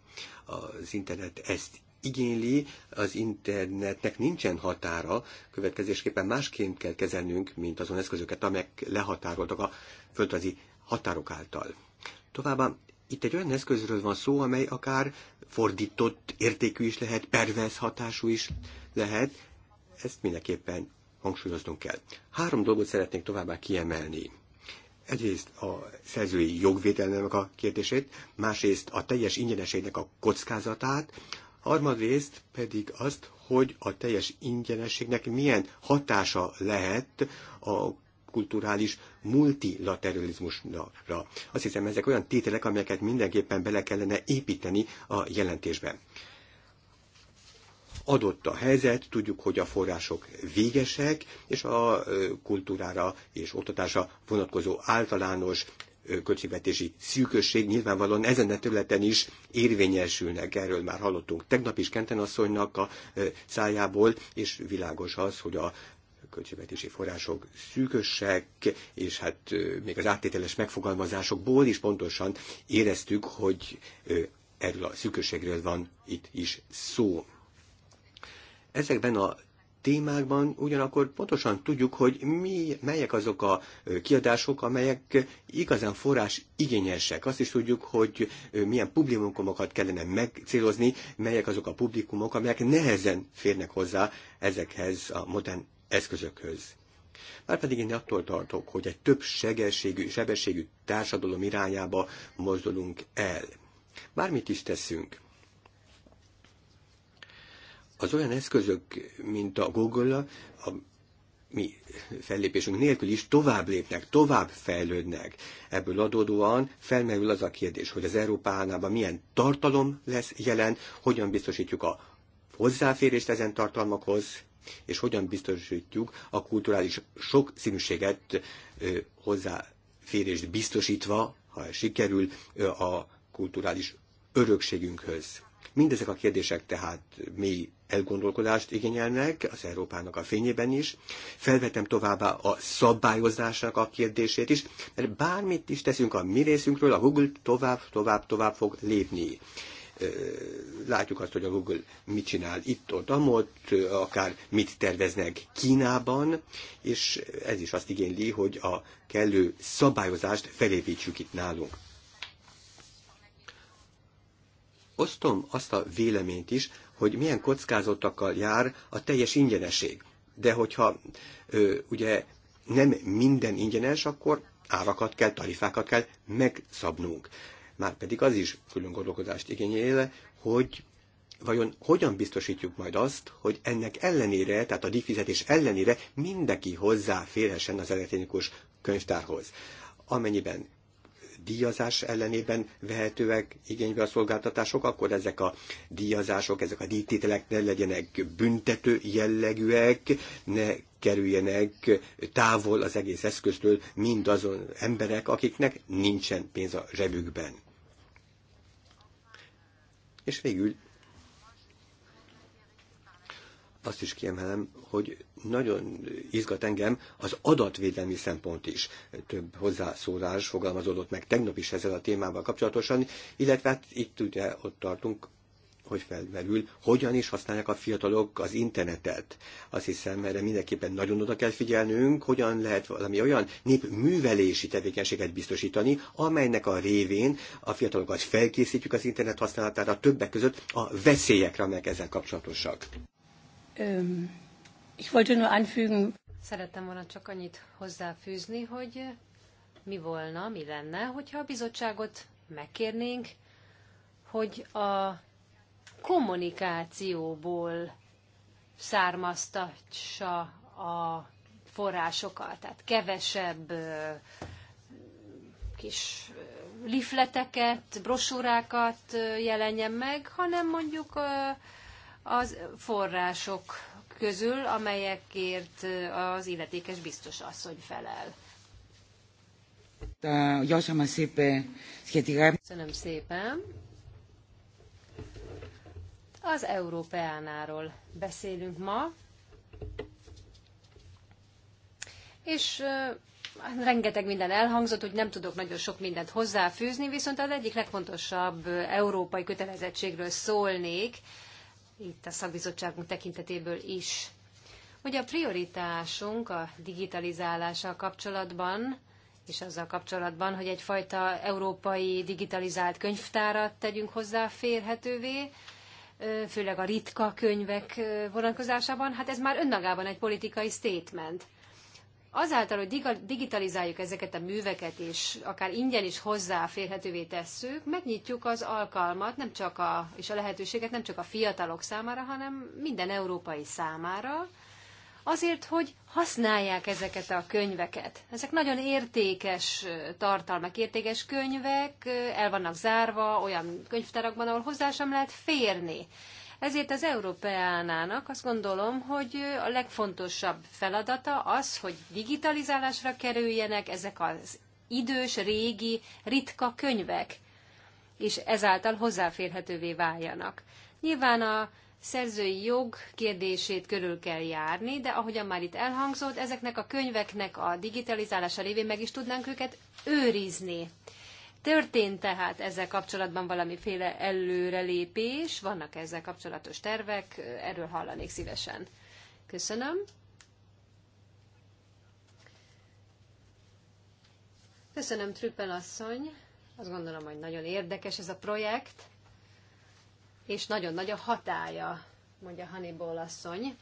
Az internet ezt igényli, az internetnek nincsen határa, következésképpen másként kell kezelnünk, mint azon eszközöket, amelyek lehatároltak a földrajzi határok által. Továbbá itt egy olyan eszközről van szó, amely akár fordított értékű is lehet, pervez hatású is lehet, ezt mindenképpen hangsúlyoznunk kell. Három dolgot szeretnék továbbá kiemelni. Egyrészt a szerzői jogvédelmének a kérdését, másrészt a teljes ingyeneségnek a kockázatát, harmadrészt pedig azt, hogy a teljes ingyenességnek milyen hatása lehet a kulturális multilateralizmusra. Azt hiszem, ezek olyan tételek, amelyeket mindenképpen bele kellene építeni a jelentésben. Adott a helyzet, tudjuk, hogy a források végesek, és a kultúrára és oktatásra vonatkozó általános költségvetési szűkösség nyilvánvalóan ezen a területen is érvényesülnek. Erről már hallottunk tegnap is Kenten asszonynak a szájából, és világos az, hogy a költségvetési források szűkösek, és hát még az áttételes megfogalmazásokból is pontosan éreztük, hogy erről a szűkösségről van itt is szó. Ezekben a témákban ugyanakkor pontosan tudjuk, hogy mi, melyek azok a kiadások, amelyek igazán forrás igényesek. Azt is tudjuk, hogy milyen publikumokat kellene megcélozni, melyek azok a publikumok, amelyek nehezen férnek hozzá ezekhez a modern eszközökhöz. Márpedig én attól tartok, hogy egy több segességű, sebességű társadalom irányába mozdulunk el. Bármit is teszünk, az olyan eszközök, mint a Google, a mi fellépésünk nélkül is tovább lépnek, tovább fejlődnek. Ebből adódóan felmerül az a kérdés, hogy az Európánában milyen tartalom lesz jelen, hogyan biztosítjuk a hozzáférést ezen tartalmakhoz, és hogyan biztosítjuk a kulturális sokszínűséget hozzáférést biztosítva, ha sikerül a kulturális örökségünkhöz. Mindezek a kérdések tehát mély elgondolkodást igényelnek az Európának a fényében is. Felvetem továbbá a szabályozásnak a kérdését is, mert bármit is teszünk a mi részünkről, a Google tovább, tovább, tovább fog lépni látjuk azt, hogy a Google mit csinál itt, ott, amott, akár mit terveznek Kínában, és ez is azt igényli, hogy a kellő szabályozást felépítsük itt nálunk. osztom azt a véleményt is, hogy milyen kockázatokkal jár a teljes ingyeneség, De hogyha ö, ugye nem minden ingyenes, akkor árakat kell, tarifákat kell megszabnunk. Már pedig az is külön gondolkodást igényel, hogy vajon hogyan biztosítjuk majd azt, hogy ennek ellenére, tehát a díjfizetés ellenére mindenki hozzáférhessen az elektronikus könyvtárhoz. Amennyiben díjazás ellenében vehetőek igénybe a szolgáltatások, akkor ezek a díjazások, ezek a díjtételek ne legyenek büntető jellegűek, ne kerüljenek távol az egész eszköztől mindazon emberek, akiknek nincsen pénz a zsebükben. És végül azt is kiemelem, hogy nagyon izgat engem az adatvédelmi szempont is. Több hozzászólás fogalmazódott meg tegnap is ezzel a témával kapcsolatosan, illetve hát itt ugye ott tartunk, hogy felmerül, hogyan is használják a fiatalok az internetet. Azt hiszem, erre mindenképpen nagyon oda kell figyelnünk, hogyan lehet valami olyan népművelési tevékenységet biztosítani, amelynek a révén a fiatalokat felkészítjük az internet használatára, többek között a veszélyekre, amelyek ezzel kapcsolatosak ich wollte nur anfügen. Szerettem volna csak annyit hozzáfűzni, hogy mi volna, mi lenne, hogyha a bizottságot megkérnénk, hogy a kommunikációból származtatsa a forrásokat, tehát kevesebb kis lifleteket, brosúrákat jelenjen meg, hanem mondjuk az források közül, amelyekért az illetékes biztos asszony felel. Köszönöm szépen. Az Európeánáról beszélünk ma, és rengeteg minden elhangzott, hogy nem tudok nagyon sok mindent hozzáfűzni, viszont az egyik legfontosabb európai kötelezettségről szólnék, itt a szakbizottságunk tekintetéből is, hogy a prioritásunk a digitalizálással kapcsolatban, és azzal kapcsolatban, hogy egyfajta európai digitalizált könyvtárat tegyünk hozzá férhetővé, főleg a ritka könyvek vonatkozásában, hát ez már önmagában egy politikai statement azáltal, hogy digitalizáljuk ezeket a műveket, és akár ingyen is hozzáférhetővé tesszük, megnyitjuk az alkalmat nem csak a, és a lehetőséget nem csak a fiatalok számára, hanem minden európai számára, azért, hogy használják ezeket a könyveket. Ezek nagyon értékes tartalmak, értékes könyvek, el vannak zárva olyan könyvtárakban, ahol hozzá sem lehet férni. Ezért az Európeánának azt gondolom, hogy a legfontosabb feladata az, hogy digitalizálásra kerüljenek ezek az idős, régi, ritka könyvek, és ezáltal hozzáférhetővé váljanak. Nyilván a szerzői jog kérdését körül kell járni, de ahogyan már itt elhangzott, ezeknek a könyveknek a digitalizálása révén meg is tudnánk őket őrizni. Történt tehát ezzel kapcsolatban valamiféle előrelépés, vannak ezzel kapcsolatos tervek, erről hallanék szívesen. Köszönöm. Köszönöm, Trüppel asszony. Azt gondolom, hogy nagyon érdekes ez a projekt, és nagyon nagy a hatája, mondja Hannibal asszony.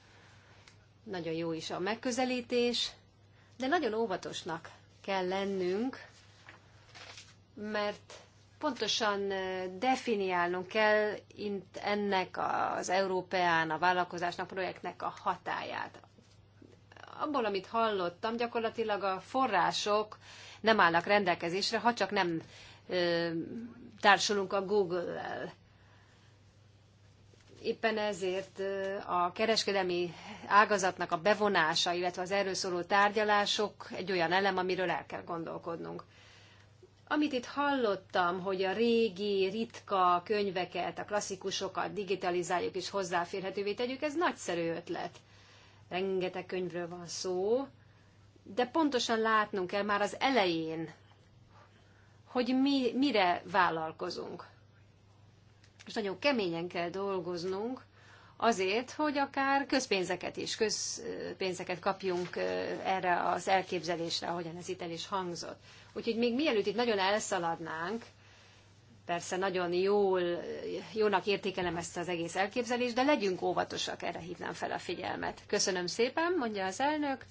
Nagyon jó is a megközelítés, de nagyon óvatosnak kell lennünk, mert pontosan eh, definiálnunk kell itt ennek az Európeán, a vállalkozásnak, a projektnek a hatáját. Abból, amit hallottam, gyakorlatilag a források nem állnak rendelkezésre, ha csak nem ö, eh, társulunk a Google-el. Éppen ezért eh, a kereskedelmi ágazatnak a bevonása, illetve az erről szóló tárgyalások egy olyan elem, amiről el kell gondolkodnunk. Amit itt hallottam, hogy a régi, ritka könyveket, a klasszikusokat digitalizáljuk és hozzáférhetővé tegyük, ez nagyszerű ötlet. Rengeteg könyvről van szó, de pontosan látnunk kell már az elején, hogy mi, mire vállalkozunk. És nagyon keményen kell dolgoznunk azért, hogy akár közpénzeket is, közpénzeket kapjunk erre az elképzelésre, ahogyan ez itt el is hangzott. Úgyhogy még mielőtt itt nagyon elszaladnánk, persze nagyon jól, jónak értékelem ezt az egész elképzelést, de legyünk óvatosak, erre hívnám fel a figyelmet. Köszönöm szépen, mondja az elnök.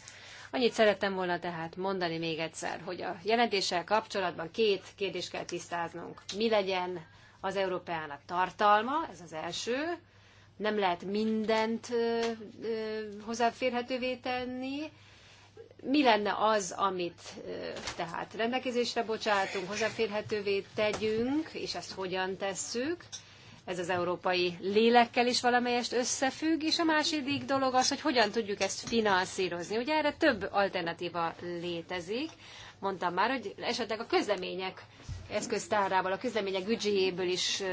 Annyit szerettem volna tehát mondani még egyszer, hogy a jelentéssel kapcsolatban két kérdést kell tisztáznunk. Mi legyen az Európának tartalma, ez az első, nem lehet mindent hozzáférhetővé tenni, mi lenne az, amit tehát rendelkezésre bocsátunk, hozzáférhetővé tegyünk, és ezt hogyan tesszük. Ez az európai lélekkel is valamelyest összefügg, és a második dolog az, hogy hogyan tudjuk ezt finanszírozni. Ugye erre több alternatíva létezik. Mondtam már, hogy esetleg a közlemények eszköztárából, a közlemények büdzséjéből is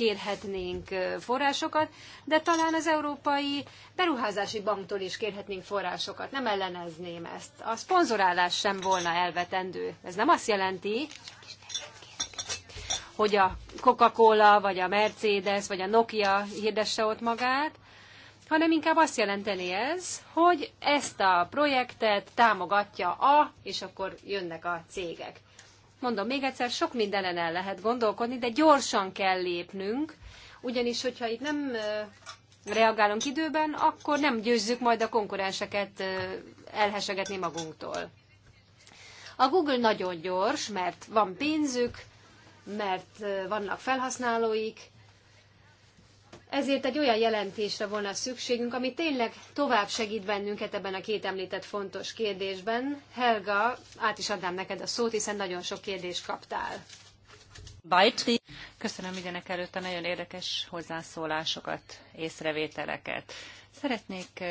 kérhetnénk forrásokat, de talán az Európai Beruházási Banktól is kérhetnénk forrásokat. Nem ellenezném ezt. A szponzorálás sem volna elvetendő. Ez nem azt jelenti, hogy a Coca-Cola, vagy a Mercedes, vagy a Nokia hirdesse ott magát, hanem inkább azt jelenteni ez, hogy ezt a projektet támogatja a, és akkor jönnek a cégek. Mondom még egyszer, sok mindenen el lehet gondolkodni, de gyorsan kell lépnünk, ugyanis, hogyha itt nem reagálunk időben, akkor nem győzzük majd a konkurenseket elhesegetni magunktól. A Google nagyon gyors, mert van pénzük, mert vannak felhasználóik, ezért egy olyan jelentésre volna szükségünk, ami tényleg tovább segít bennünket ebben a két említett fontos kérdésben. Helga, át is adnám neked a szót, hiszen nagyon sok kérdést kaptál. Köszönöm mindenek előtt a nagyon érdekes hozzászólásokat, észrevételeket. Szeretnék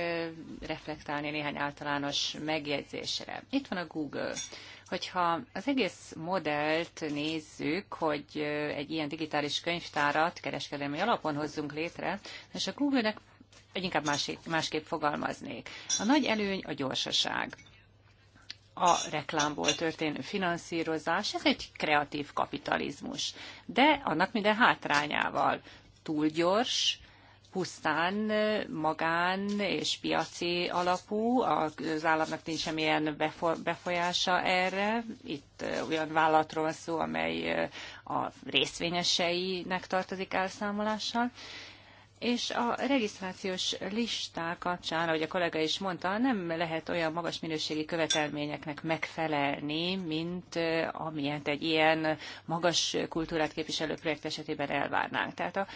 reflektálni néhány általános megjegyzésre. Itt van a Google. Hogyha az egész modellt nézzük, hogy egy ilyen digitális könyvtárat kereskedelmi alapon hozzunk létre, és a Google-nek inkább másik, másképp fogalmaznék. A nagy előny a gyorsaság a reklámból történő finanszírozás, ez egy kreatív kapitalizmus, de annak minden hátrányával. Túl gyors, pusztán magán és piaci alapú, az államnak nincs semmilyen befolyása erre. Itt olyan vállalatról van szó, amely a részvényeseinek tartozik elszámolással. És a regisztrációs listák kapcsán, ahogy a kollega is mondta, nem lehet olyan magas minőségi követelményeknek megfelelni, mint amilyet egy ilyen magas kultúrát képviselő projekt esetében elvárnánk. Tehát a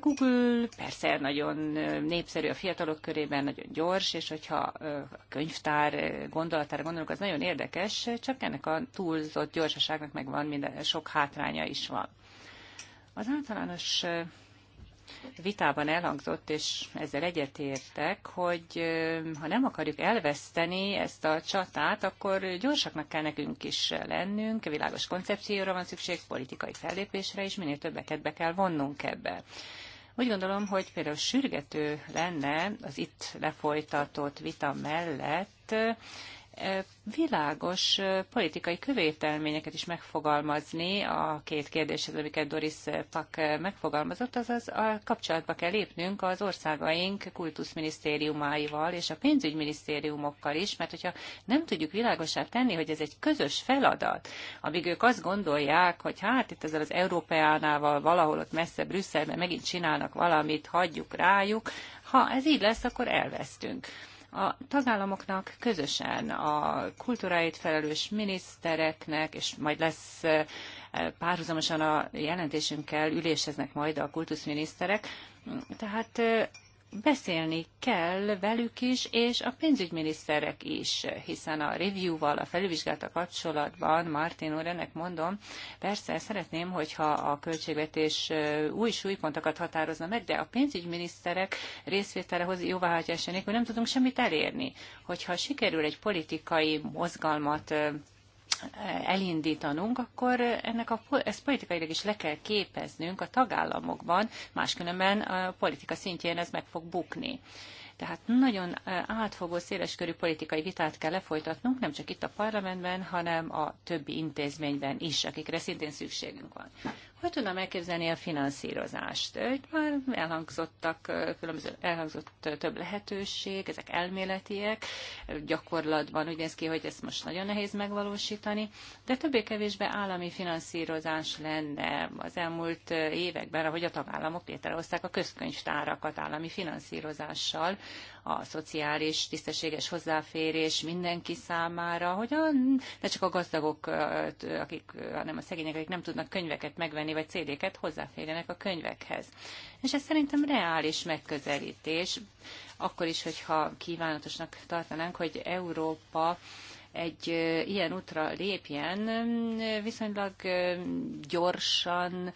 Google persze nagyon népszerű a fiatalok körében, nagyon gyors, és hogyha a könyvtár gondolatára gondolunk, az nagyon érdekes, csak ennek a túlzott gyorsaságnak megvan minden, sok hátránya is van. Az általános vitában elhangzott, és ezzel egyetértek, hogy ha nem akarjuk elveszteni ezt a csatát, akkor gyorsaknak kell nekünk is lennünk, világos koncepcióra van szükség, politikai fellépésre, és minél többeket be kell vonnunk ebbe. Úgy gondolom, hogy például sürgető lenne az itt lefolytatott vita mellett világos politikai követelményeket is megfogalmazni a két kérdéshez, amiket Doris Pak megfogalmazott, azaz a kapcsolatba kell lépnünk az országaink kultuszminisztériumáival és a pénzügyminisztériumokkal is, mert hogyha nem tudjuk világosá tenni, hogy ez egy közös feladat, amíg ők azt gondolják, hogy hát itt ezzel az Európeánával valahol ott messze Brüsszelben megint csinálnak valamit, hagyjuk rájuk, ha ez így lesz, akkor elvesztünk. A tagállamoknak közösen a kultúráért felelős minisztereknek, és majd lesz eh, párhuzamosan a jelentésünkkel üléseznek majd a kultuszminiszterek, tehát eh, beszélni kell velük is, és a pénzügyminiszterek is, hiszen a review-val, a felülvizsgálta kapcsolatban, Martin úr, ennek mondom, persze szeretném, hogyha a költségvetés új súlypontokat határozna meg, de a pénzügyminiszterek részvételehoz jóváhagyása nélkül nem tudunk semmit elérni. Hogyha sikerül egy politikai mozgalmat elindítanunk, akkor ennek a, ezt politikailag is le kell képeznünk a tagállamokban, máskülönben a politika szintjén ez meg fog bukni. Tehát nagyon átfogó, széleskörű politikai vitát kell lefolytatnunk, nem csak itt a parlamentben, hanem a többi intézményben is, akikre szintén szükségünk van. Hogy tudnám elképzelni a finanszírozást? Itt már elhangzottak, különböző, elhangzott több lehetőség, ezek elméletiek, gyakorlatban úgy néz ki, hogy ezt most nagyon nehéz megvalósítani, de többé-kevésbé állami finanszírozás lenne az elmúlt években, ahogy a tagállamok létrehozták a közkönyvtárakat állami finanszírozással, a szociális tisztességes hozzáférés mindenki számára, hogy ne csak a gazdagok, akik, hanem a szegények, akik nem tudnak könyveket megvenni, vagy CD-ket, hozzáférjenek a könyvekhez. És ez szerintem reális megközelítés, akkor is, hogyha kívánatosnak tartanánk, hogy Európa egy ilyen útra lépjen, viszonylag gyorsan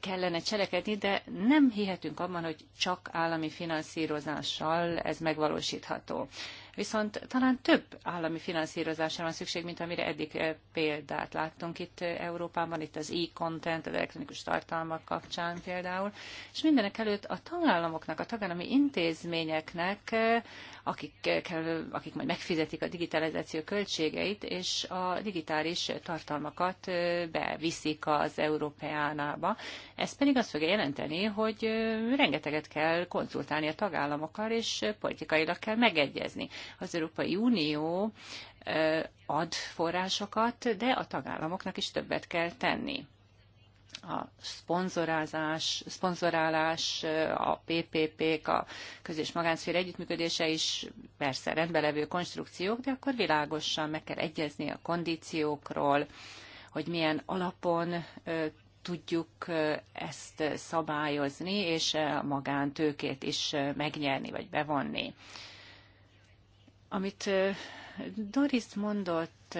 kellene cselekedni, de nem hihetünk abban, hogy csak állami finanszírozással ez megvalósítható. Viszont talán több állami finanszírozásra van szükség, mint amire eddig példát láttunk itt Európában, itt az e-content, az elektronikus tartalmak kapcsán például, és mindenek előtt a tagállamoknak, a tagállami intézményeknek akik, akik majd megfizetik a digitalizáció költségeit, és a digitális tartalmakat beviszik az Európeánába. Ez pedig azt fogja jelenteni, hogy rengeteget kell konzultálni a tagállamokkal, és politikailag kell megegyezni. Az Európai Unió ad forrásokat, de a tagállamoknak is többet kell tenni a szponzorázás, szponzorálás, a PPP-k, a közös magánszféra együttműködése is persze rendbelevő konstrukciók, de akkor világosan meg kell egyezni a kondíciókról, hogy milyen alapon tudjuk ezt szabályozni, és magántőkét is megnyerni, vagy bevonni. Amit Doris mondott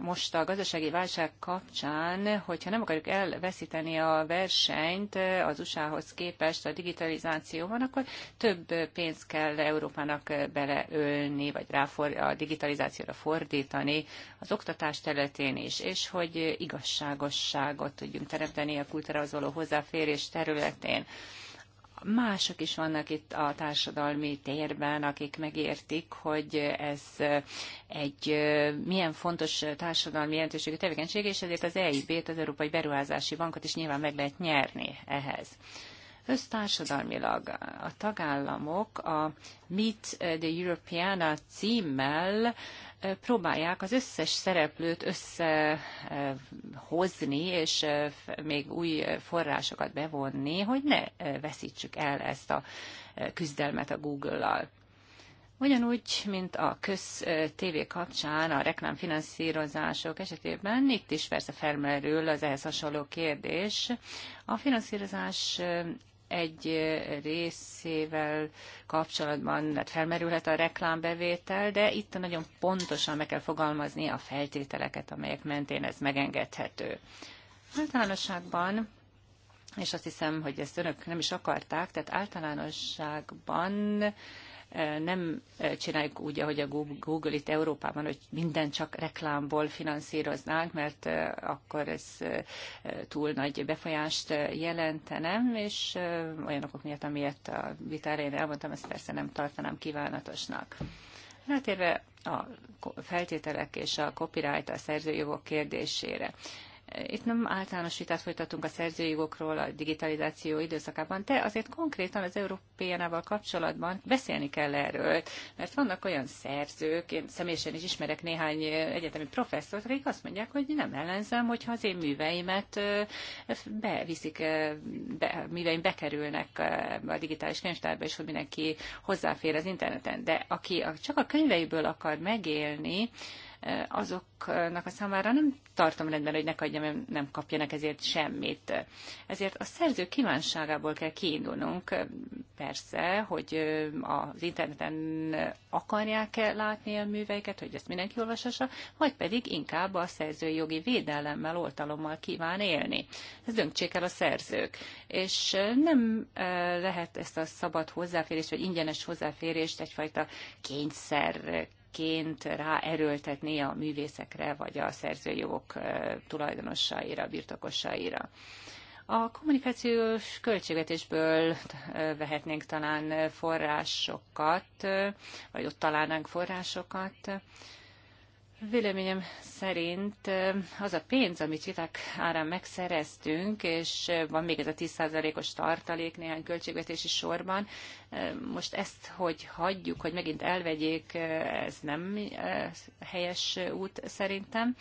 most a gazdasági válság kapcsán, hogyha nem akarjuk elveszíteni a versenyt az USA-hoz képest a digitalizációban, akkor több pénzt kell Európának beleölni, vagy ráfor, a digitalizációra fordítani az oktatás területén is, és hogy igazságosságot tudjunk teremteni a kultúrahoz való hozzáférés területén mások is vannak itt a társadalmi térben, akik megértik, hogy ez egy milyen fontos társadalmi jelentőségű tevékenység, és ezért az EIB-t, az Európai Beruházási Bankot is nyilván meg lehet nyerni ehhez. Össztársadalmilag a tagállamok a Meet the Europeana címmel próbálják az összes szereplőt összehozni, és még új forrásokat bevonni, hogy ne veszítsük el ezt a küzdelmet a Google-al. Ugyanúgy, mint a köz TV kapcsán a reklámfinanszírozások esetében, itt is persze felmerül az ehhez hasonló kérdés. A finanszírozás egy részével kapcsolatban felmerülhet a reklámbevétel, de itt nagyon pontosan meg kell fogalmazni a feltételeket, amelyek mentén ez megengedhető. Általánosságban és azt hiszem, hogy ezt önök nem is akarták, tehát általánosságban nem csináljuk úgy, ahogy a Google itt Európában, hogy minden csak reklámból finanszíroznánk, mert akkor ez túl nagy befolyást jelentene, és olyan okok miatt, amiért a vitára én elmondtam, ezt persze nem tartanám kívánatosnak. Rátérve a feltételek és a copyright, a szerzőjogok kérdésére. Itt nem általános vitát folytatunk a szerzői jogokról a digitalizáció időszakában, de azért konkrétan az Európéjánával kapcsolatban beszélni kell erről, mert vannak olyan szerzők, én személyesen is ismerek néhány egyetemi professzort, akik azt mondják, hogy nem ellenzem, hogyha az én műveimet beviszik, be, műveim bekerülnek a digitális könyvtárba, és hogy mindenki hozzáfér az interneten. De aki csak a könyveiből akar megélni, azoknak a számára nem tartom rendben, hogy ne kagyjam, nem kapjanak ezért semmit. Ezért a szerző kívánságából kell kiindulnunk, persze, hogy az interneten akarják-e látni a műveiket, hogy ezt mindenki olvasassa, vagy pedig inkább a szerzői jogi védelemmel, oltalommal kíván élni. Ez döntsék el a szerzők. És nem lehet ezt a szabad hozzáférést, vagy ingyenes hozzáférést egyfajta kényszer ként ráerőltetné a művészekre, vagy a szerzőjogok tulajdonosaira, birtokosaira. A kommunikációs költségvetésből vehetnénk talán forrásokat, vagy ott találnánk forrásokat, Véleményem szerint az a pénz, amit viták árán megszereztünk, és van még ez a 10%-os tartalék néhány költségvetési sorban, most ezt, hogy hagyjuk, hogy megint elvegyék, ez nem helyes út szerintem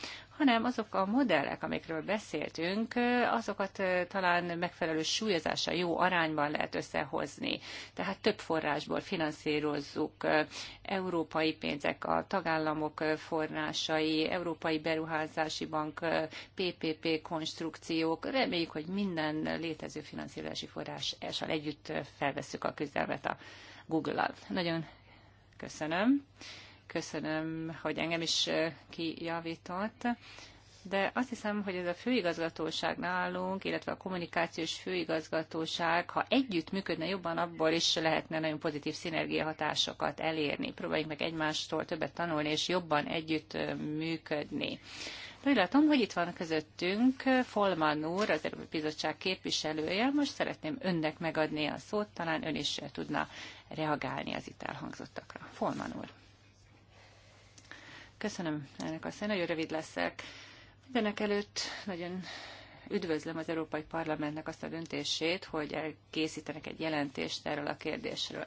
hanem azok a modellek, amikről beszéltünk, azokat talán megfelelő súlyozása jó arányban lehet összehozni. Tehát több forrásból finanszírozzuk európai pénzek, a tagállamok forrásai, európai beruházási bank, PPP konstrukciók. Reméljük, hogy minden létező finanszírozási forrás forrással e, együtt felveszük a küzdelmet a Google-al. Nagyon köszönöm köszönöm, hogy engem is kijavított. De azt hiszem, hogy ez a főigazgatóság nálunk, illetve a kommunikációs főigazgatóság, ha együtt működne jobban, abból is lehetne nagyon pozitív szinergiahatásokat elérni. Próbáljuk meg egymástól többet tanulni, és jobban együtt működni. Úgy látom, hogy itt van közöttünk Folman úr, az Európai Bizottság képviselője. Most szeretném önnek megadni a szót, talán ön is tudna reagálni az itt elhangzottakra. Folman úr. Köszönöm, elnök asszony, nagyon rövid leszek. Mindenek előtt nagyon üdvözlöm az Európai Parlamentnek azt a döntését, hogy elkészítenek egy jelentést erről a kérdésről.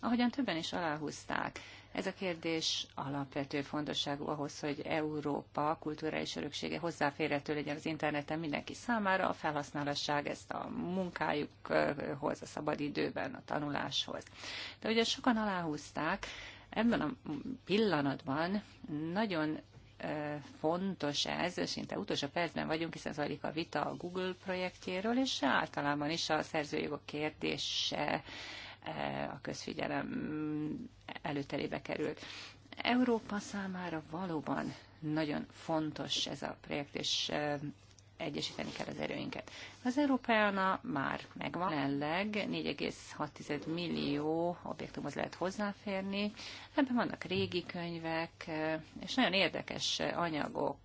Ahogyan többen is aláhúzták, ez a kérdés alapvető fontosságú ahhoz, hogy Európa kulturális öröksége hozzáférhető legyen az interneten mindenki számára, a felhasználasság ezt a munkájukhoz, a szabadidőben, a tanuláshoz. De ugye sokan aláhúzták, Ebben a pillanatban nagyon fontos ez, szinte utolsó percben vagyunk, hiszen zajlik a vita a Google projektjéről, és általában is a szerzőjogok kérdése a közfigyelem előterébe került. Európa számára valóban nagyon fontos ez a projekt, és egyesíteni kell az erőinket. Az Európeana már megvan, jelenleg 4,6 millió objektumhoz lehet hozzáférni, ebben vannak régi könyvek, és nagyon érdekes anyagok,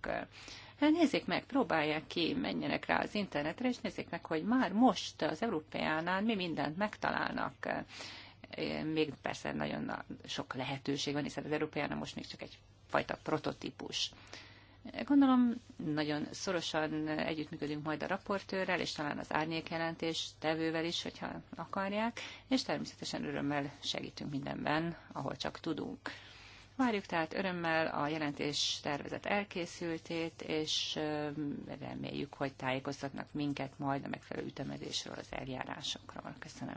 nézzék meg, próbálják ki, menjenek rá az internetre, és nézzék meg, hogy már most az Európeánál mi mindent megtalálnak. Még persze nagyon sok lehetőség van, hiszen az Európeánál most még csak egy fajta prototípus. Gondolom, nagyon szorosan együttműködünk majd a raportőrrel, és talán az árnyékjelentés tevővel is, hogyha akarják, és természetesen örömmel segítünk mindenben, ahol csak tudunk. Várjuk tehát örömmel a jelentés tervezet elkészültét, és reméljük, hogy tájékoztatnak minket majd a megfelelő ütemezésről, az eljárásokról. Köszönöm.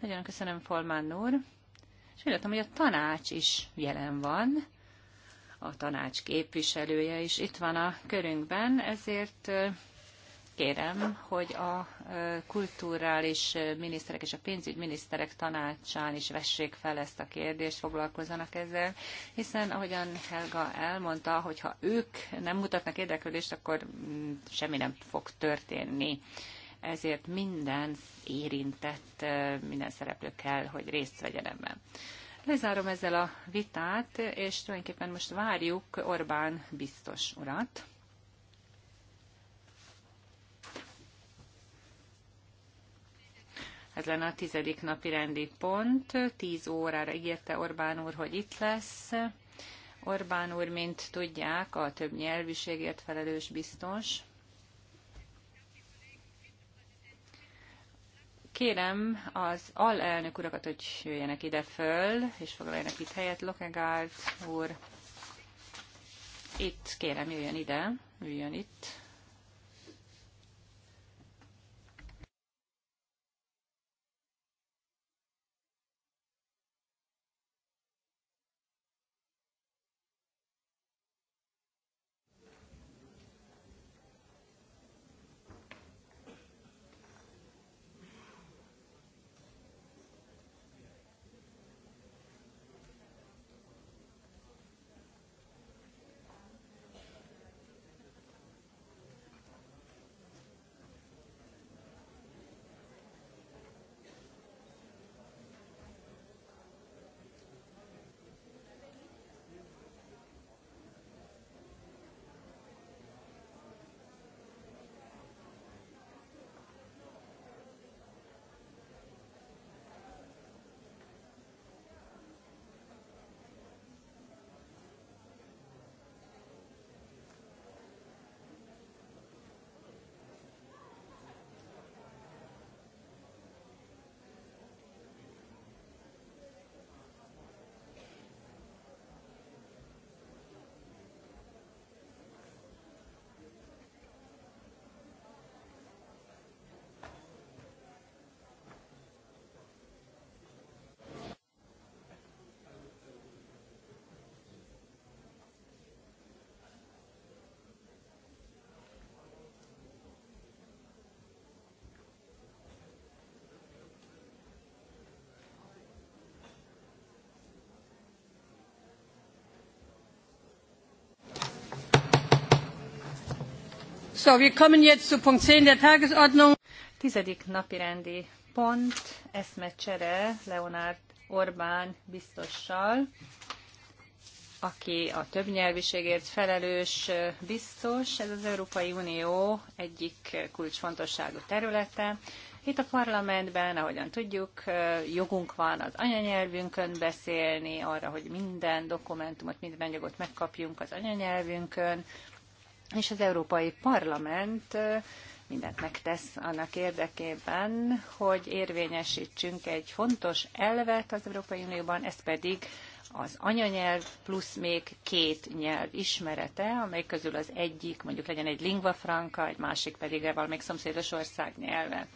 Nagyon köszönöm, Folmán úr. És úgy hogy a tanács is jelen van a tanács képviselője is itt van a körünkben, ezért kérem, hogy a kulturális miniszterek és a pénzügyminiszterek tanácsán is vessék fel ezt a kérdést, foglalkozzanak ezzel, hiszen ahogyan Helga elmondta, hogy ha ők nem mutatnak érdeklődést, akkor mm, semmi nem fog történni. Ezért minden érintett, minden szereplő kell, hogy részt vegyen ebben. Lezárom ezzel a vitát, és tulajdonképpen most várjuk Orbán biztos urat. Ez lenne a tizedik napi rendi pont. Tíz órára ígérte Orbán úr, hogy itt lesz. Orbán úr, mint tudják, a több nyelvűségért felelős biztos. Kérem az alelnök urakat, hogy jöjjenek ide föl, és foglaljanak itt helyet. Lokegárd úr, itt kérem, jöjjön ide, üljön itt. So, wir kommen jetzt zu Punkt 10 der Tagesordnung. Tizedik napi rendi pont, eszmecsere Leonard Orbán biztossal, aki a többnyelviségért felelős biztos. Ez az Európai Unió egyik kulcsfontosságú területe. Itt a parlamentben, ahogyan tudjuk, jogunk van az anyanyelvünkön beszélni, arra, hogy minden dokumentumot, minden anyagot megkapjunk az anyanyelvünkön és az Európai Parlament mindent megtesz annak érdekében, hogy érvényesítsünk egy fontos elvet az Európai Unióban, ez pedig az anyanyelv plusz még két nyelv ismerete, amely közül az egyik mondjuk legyen egy lingva franca, egy másik pedig valamelyik szomszédos ország nyelve.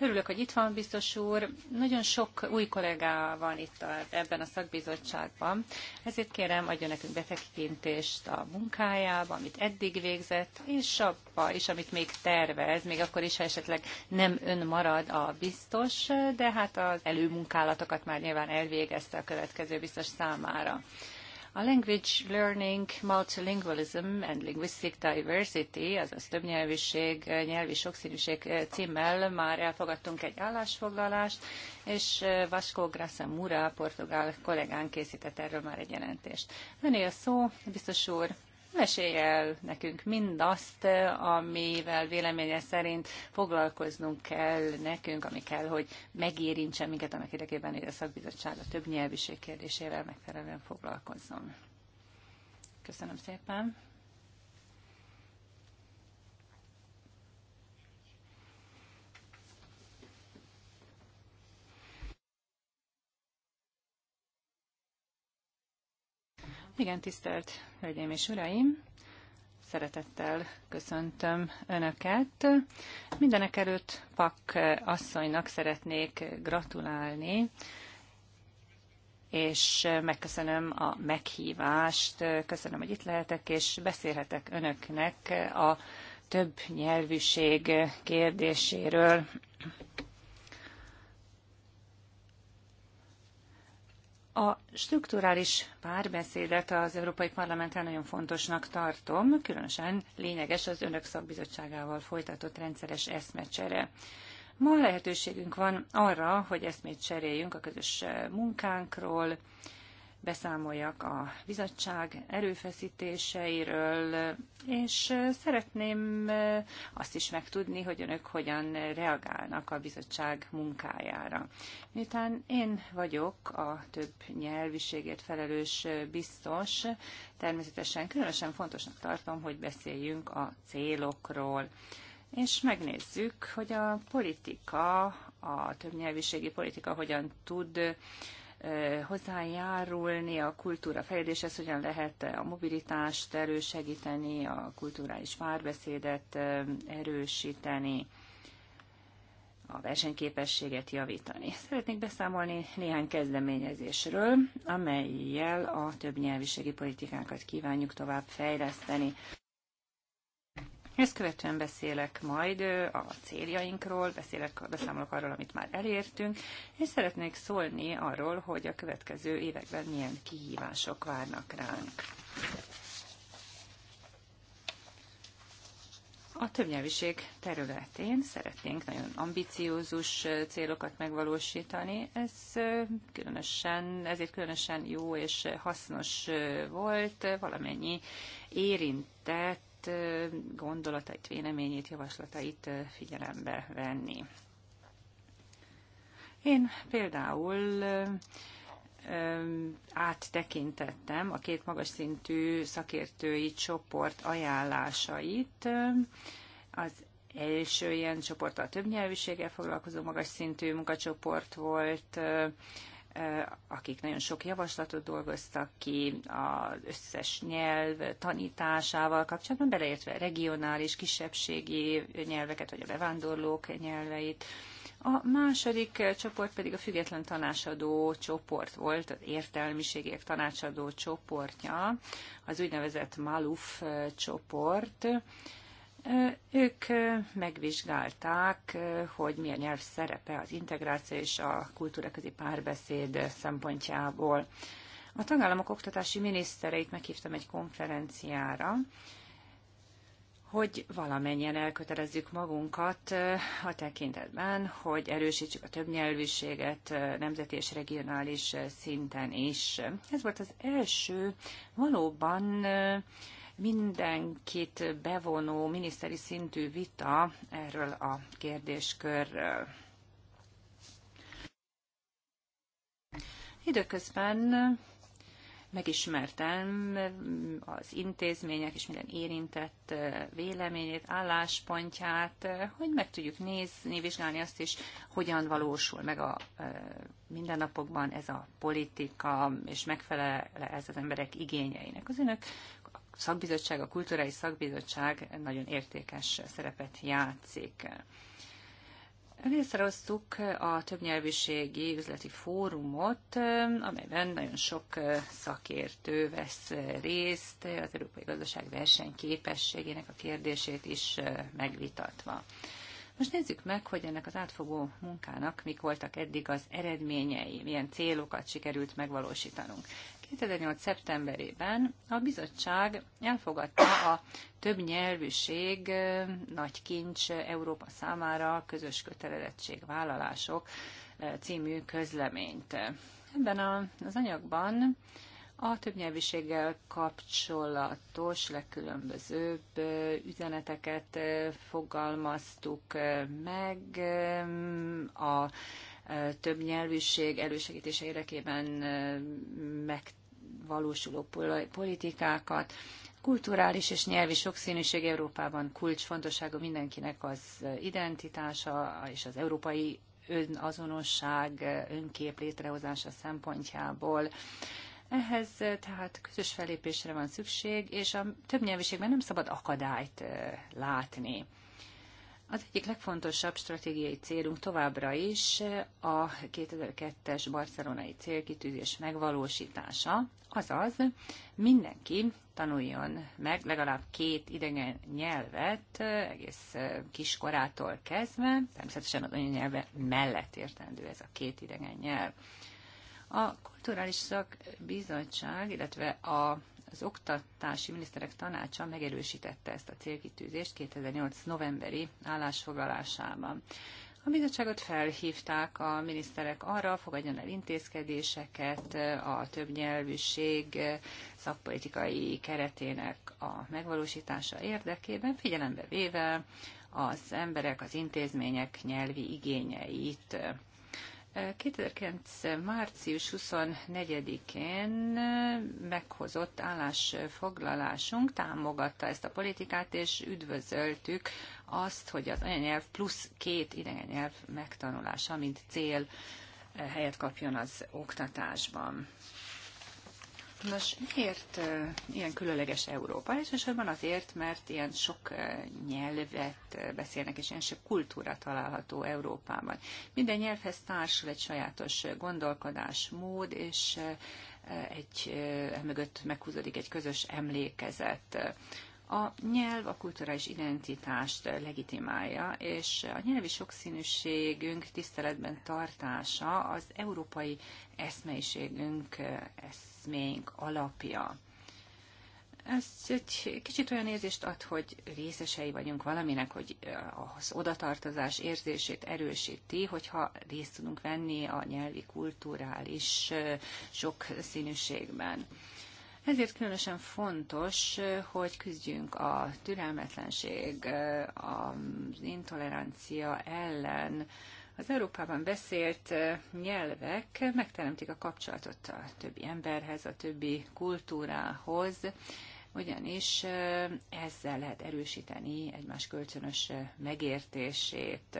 Örülök, hogy itt van, biztos úr. Nagyon sok új kollégá van itt a, ebben a szakbizottságban, ezért kérem, adjon nekünk betekintést a munkájába, amit eddig végzett, és abba is, amit még tervez, még akkor is, ha esetleg nem ön marad a biztos, de hát az előmunkálatokat már nyilván elvégezte a következő biztos számára. A language learning, multilingualism and linguistic diversity, azaz többnyelvűség, nyelvi sokszínűség eh, címmel már elfogadtunk egy állásfoglalást, és eh, Vasco Grasa Mura, portugál kollégán készített erről már egy jelentést. Öné a szó, biztos úr, mesélj el nekünk mindazt, amivel véleménye szerint foglalkoznunk kell nekünk, ami kell, hogy megérintse minket annak érdekében, hogy a szakbizottság a több nyelviség kérdésével megfelelően foglalkozzon. Köszönöm szépen. Igen, tisztelt Hölgyeim és Uraim! Szeretettel köszöntöm Önöket. Mindenek előtt Pak asszonynak szeretnék gratulálni, és megköszönöm a meghívást, köszönöm, hogy itt lehetek, és beszélhetek Önöknek a több nyelvűség kérdéséről. A strukturális párbeszédet az Európai Parlamenten nagyon fontosnak tartom, különösen lényeges az Önök szakbizottságával folytatott rendszeres eszmecsere. Ma lehetőségünk van arra, hogy eszmét cseréljünk a közös munkánkról, beszámoljak a bizottság erőfeszítéseiről, és szeretném eh, azt is megtudni, hogy önök hogyan reagálnak a bizottság munkájára. Miután én vagyok a több nyelviségért felelős biztos, természetesen különösen fontosnak tartom, hogy beszéljünk a célokról és megnézzük, hogy a politika, a többnyelviségi politika hogyan tud hozzájárulni a kultúra fejlődéshez, hogyan lehet a mobilitást erősegíteni, a kulturális párbeszédet erősíteni, a versenyképességet javítani. Szeretnék beszámolni néhány kezdeményezésről, amelyel a több nyelviségi politikánkat kívánjuk tovább fejleszteni. Ezt követően beszélek majd a céljainkról, beszélek, beszámolok arról, amit már elértünk, és szeretnék szólni arról, hogy a következő években milyen kihívások várnak ránk. A többnyelviség területén szeretnénk nagyon ambiciózus célokat megvalósítani. Ez különösen, ezért különösen jó és hasznos volt valamennyi érintett gondolatait, véleményét, javaslatait figyelembe venni. Én például áttekintettem a két magas szintű szakértői csoport ajánlásait. Az első ilyen csoport a többnyelvűséggel foglalkozó magas szintű munkacsoport volt, akik nagyon sok javaslatot dolgoztak ki az összes nyelv tanításával kapcsolatban, beleértve regionális, kisebbségi nyelveket, vagy a bevándorlók nyelveit. A második csoport pedig a független tanácsadó csoport volt, az értelmiségiek tanácsadó csoportja, az úgynevezett MALUF csoport, ők megvizsgálták, hogy milyen nyelv szerepe az integráció és a kultúraközi párbeszéd szempontjából. A tagállamok oktatási minisztereit meghívtam egy konferenciára, hogy valamennyien elkötelezzük magunkat a tekintetben, hogy erősítsük a többnyelvűséget nemzeti és regionális szinten is. Ez volt az első valóban mindenkit bevonó miniszteri szintű vita erről a kérdéskörről. Időközben megismertem az intézmények és minden érintett véleményét, álláspontját, hogy meg tudjuk nézni, vizsgálni azt is, hogyan valósul meg a mindennapokban ez a politika, és megfelel -e ez az emberek igényeinek. Az önök szakbizottság, a kulturális szakbizottság nagyon értékes szerepet játszik. Létrehoztuk a többnyelvűségi üzleti fórumot, amelyben nagyon sok szakértő vesz részt, az európai gazdaság versenyképességének a kérdését is megvitatva. Most nézzük meg, hogy ennek az átfogó munkának mik voltak eddig az eredményei, milyen célokat sikerült megvalósítanunk. 2008. szeptemberében a bizottság elfogadta a több nyelvűség nagy kincs Európa számára közös vállalások című közleményt. Ebben a, az anyagban a többnyelviséggel kapcsolatos legkülönbözőbb üzeneteket fogalmaztuk meg, a több nyelvűség elősegítése érdekében megvalósuló politikákat. Kulturális és nyelvi sokszínűség Európában kulcsfontosságú mindenkinek az identitása és az európai önazonosság, önkép létrehozása szempontjából. Ehhez tehát közös felépésre van szükség, és a többnyelviségben nem szabad akadályt látni. Az egyik legfontosabb stratégiai célunk továbbra is a 2002-es barcelonai célkitűzés megvalósítása, azaz mindenki tanuljon meg legalább két idegen nyelvet, egész kiskorától kezdve, természetesen az anyanyelve mellett értendő ez a két idegen nyelv. A Kulturális Szakbizottság, illetve a az Oktatási Miniszterek Tanácsa megerősítette ezt a célkitűzést 2008. novemberi állásfoglalásában. A bizottságot felhívták a miniszterek arra, fogadjon el intézkedéseket a többnyelvűség szakpolitikai keretének a megvalósítása érdekében, figyelembe véve az emberek, az intézmények nyelvi igényeit. 2009. március 24-én meghozott állásfoglalásunk támogatta ezt a politikát, és üdvözöltük azt, hogy az anyanyelv plusz két idegen nyelv megtanulása, mint cél eh, helyet kapjon az oktatásban. Nos, miért ilyen különleges Európa? Elsősorban azért, mert ilyen sok nyelvet beszélnek, és ilyen sok kultúra található Európában. Minden nyelvhez társul egy sajátos gondolkodásmód, és egy e mögött meghúzódik egy közös emlékezet. A nyelv a kulturális identitást legitimálja, és a nyelvi sokszínűségünk tiszteletben tartása az európai eszmeiségünk ezt intézményünk alapja. Ez egy kicsit olyan érzést ad, hogy részesei vagyunk valaminek, hogy eh, az odatartozás érzését erősíti, hogyha részt tudunk venni a nyelvi kulturális eh, sok színűségben. Ezért különösen fontos, eh, hogy küzdjünk a türelmetlenség, az intolerancia ellen, az Európában beszélt nyelvek megteremtik a kapcsolatot a többi emberhez, a többi kultúrához, ugyanis ezzel lehet erősíteni egymás kölcsönös megértését.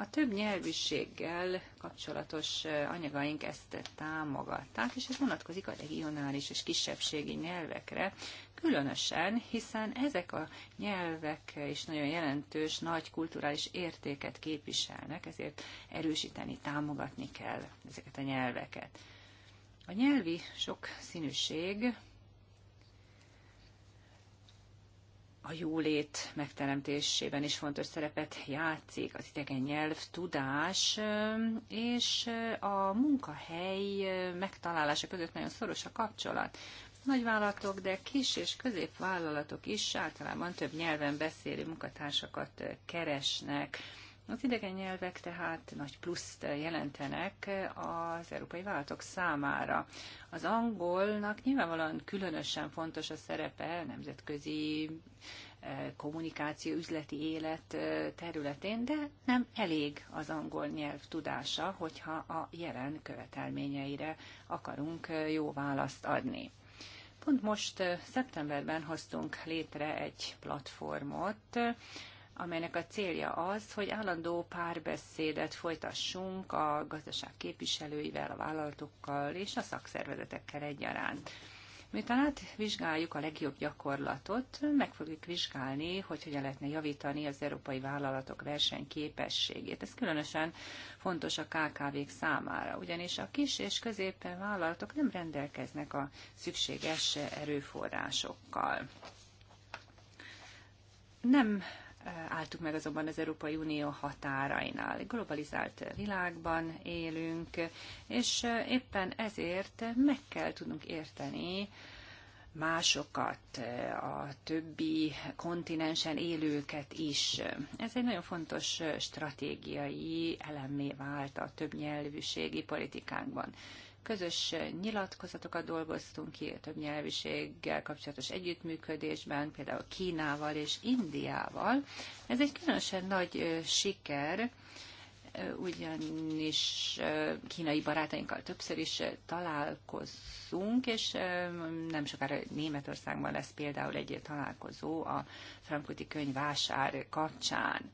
A több nyelvűséggel kapcsolatos anyagaink ezt támogatták, és ez vonatkozik a regionális és kisebbségi nyelvekre, különösen, hiszen ezek a nyelvek is nagyon jelentős, nagy kulturális értéket képviselnek, ezért erősíteni, támogatni kell ezeket a nyelveket. A nyelvi sokszínűség a jólét megteremtésében is fontos szerepet játszik az idegen nyelv tudás, és a munkahely megtalálása között nagyon szoros a kapcsolat. Nagyvállalatok, de kis és középvállalatok is általában több nyelven beszélő munkatársakat keresnek az idegen nyelvek tehát nagy pluszt jelentenek az európai vállalatok számára. Az angolnak nyilvánvalóan különösen fontos a szerepe nemzetközi eh, kommunikáció, üzleti élet eh, területén, de nem elég az angol nyelv tudása, hogyha a jelen követelményeire akarunk eh, jó választ adni. Pont most szeptemberben hoztunk létre egy platformot, amelynek a célja az, hogy állandó párbeszédet folytassunk a gazdaság képviselőivel, a vállalatokkal és a szakszervezetekkel egyaránt. Miután átvizsgáljuk a legjobb gyakorlatot, meg fogjuk vizsgálni, hogy hogyan lehetne javítani az európai vállalatok versenyképességét. Ez különösen fontos a KKV-k számára, ugyanis a kis és középen vállalatok nem rendelkeznek a szükséges erőforrásokkal. Nem álltuk meg azonban az Európai Unió határainál. Globalizált világban élünk, és éppen ezért meg kell tudnunk érteni, másokat, a többi kontinensen élőket is. Ez egy nagyon fontos stratégiai elemé vált a többnyelvűségi politikánkban közös nyilatkozatokat dolgoztunk ki több nyelviséggel kapcsolatos együttműködésben, például Kínával és Indiával. Ez egy különösen nagy siker, ugyanis kínai barátainkkal többször is találkozunk, és nem sokára Németországban lesz például egy találkozó a frankfurti könyvásár kapcsán.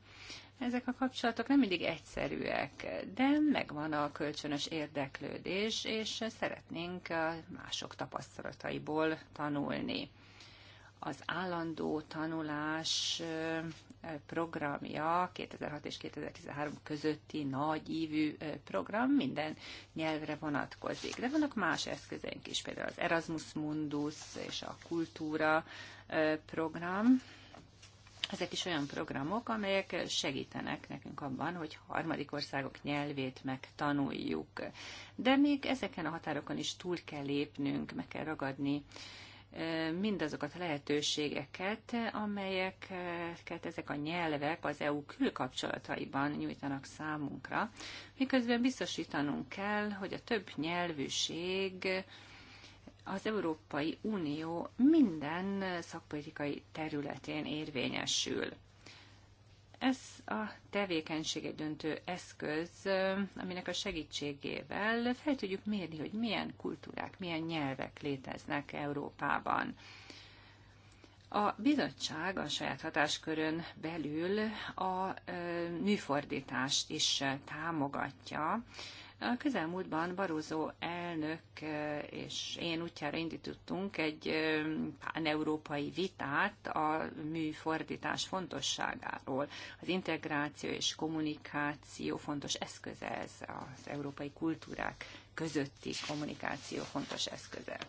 Ezek a kapcsolatok nem mindig egyszerűek, de megvan a kölcsönös érdeklődés, és szeretnénk mások tapasztalataiból tanulni. Az állandó tanulás programja, 2006 és 2013 közötti nagy ívű program minden nyelvre vonatkozik. De vannak más eszközeink is, például az Erasmus Mundus és a Kultúra program, ezek is olyan programok, amelyek segítenek nekünk abban, hogy harmadik országok nyelvét megtanuljuk. De még ezeken a határokon is túl kell lépnünk, meg kell ragadni mindazokat a lehetőségeket, amelyeket ezek a nyelvek az EU külkapcsolataiban nyújtanak számunkra, miközben biztosítanunk kell, hogy a több nyelvűség az Európai Unió minden szakpolitikai területén érvényesül. Ez a tevékenység egy döntő eszköz, aminek a segítségével fel tudjuk mérni, hogy milyen kultúrák, milyen nyelvek léteznek Európában. A bizottság a saját hatáskörön belül a műfordítást is támogatja, a közelmúltban Barózó elnök és én útjára indítottunk egy európai vitát a műfordítás fontosságáról. Az integráció és kommunikáció fontos eszköze ez az európai kultúrák közötti kommunikáció fontos eszköze.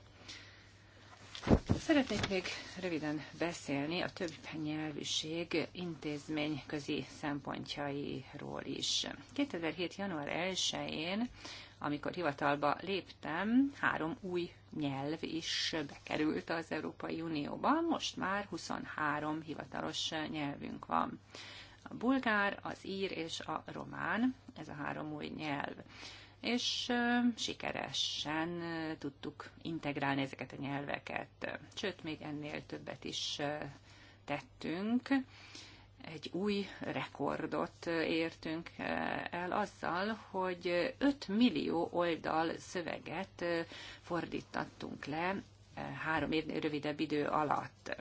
Szeretnék még röviden beszélni a több nyelvűség intézményközi szempontjairól is. 2007. január 1-én, amikor hivatalba léptem, három új nyelv is bekerült az Európai Unióba, most már 23 hivatalos nyelvünk van. A bulgár, az ír és a román, ez a három új nyelv és sikeresen tudtuk integrálni ezeket a nyelveket. Sőt, még ennél többet is tettünk. Egy új rekordot értünk el azzal, hogy 5 millió oldal szöveget fordítattunk le három évnél rövidebb idő alatt.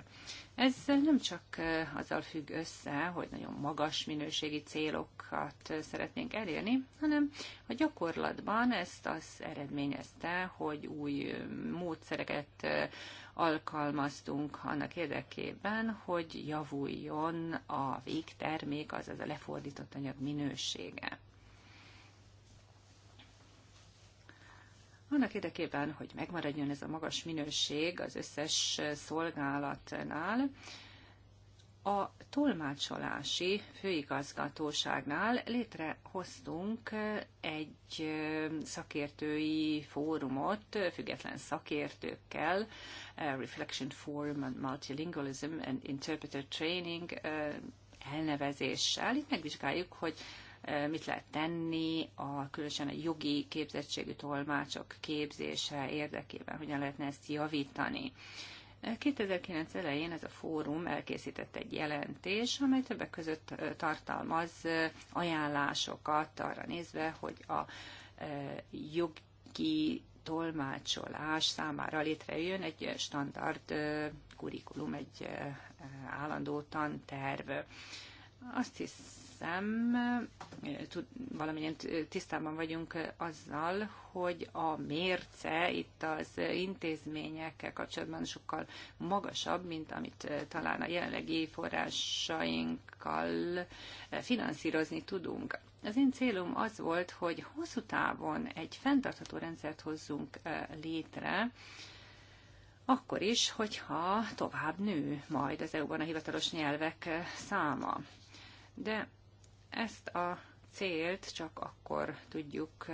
Ez nem csak azzal függ össze, hogy nagyon magas minőségi célokat szeretnénk elérni, hanem a gyakorlatban ezt az eredményezte, hogy új módszereket alkalmaztunk annak érdekében, hogy javuljon a végtermék, azaz a lefordított anyag minősége. annak érdekében, hogy megmaradjon ez a magas minőség az összes szolgálatnál, a tolmácsolási főigazgatóságnál létrehoztunk egy szakértői fórumot független szakértőkkel, Reflection Forum on Multilingualism and Interpreter Training elnevezéssel. Itt megvizsgáljuk, hogy mit lehet tenni, a, különösen a jogi képzettségű tolmácsok képzése érdekében, hogyan lehetne ezt javítani. 2009 elején ez a fórum elkészített egy jelentés, amely többek között tartalmaz ajánlásokat arra nézve, hogy a jogi tolmácsolás számára létrejön egy standard kurikulum, egy állandó tanterv. Azt hiszem, hiszem, valamilyen tisztában vagyunk azzal, hogy a mérce itt az intézményekkel kapcsolatban sokkal magasabb, mint amit talán a jelenlegi forrásainkkal finanszírozni tudunk. Az én célom az volt, hogy hosszú távon egy fenntartható rendszert hozzunk e, létre, akkor is, hogyha tovább nő majd az EU-ban a hivatalos nyelvek e, száma. De ezt a célt csak akkor tudjuk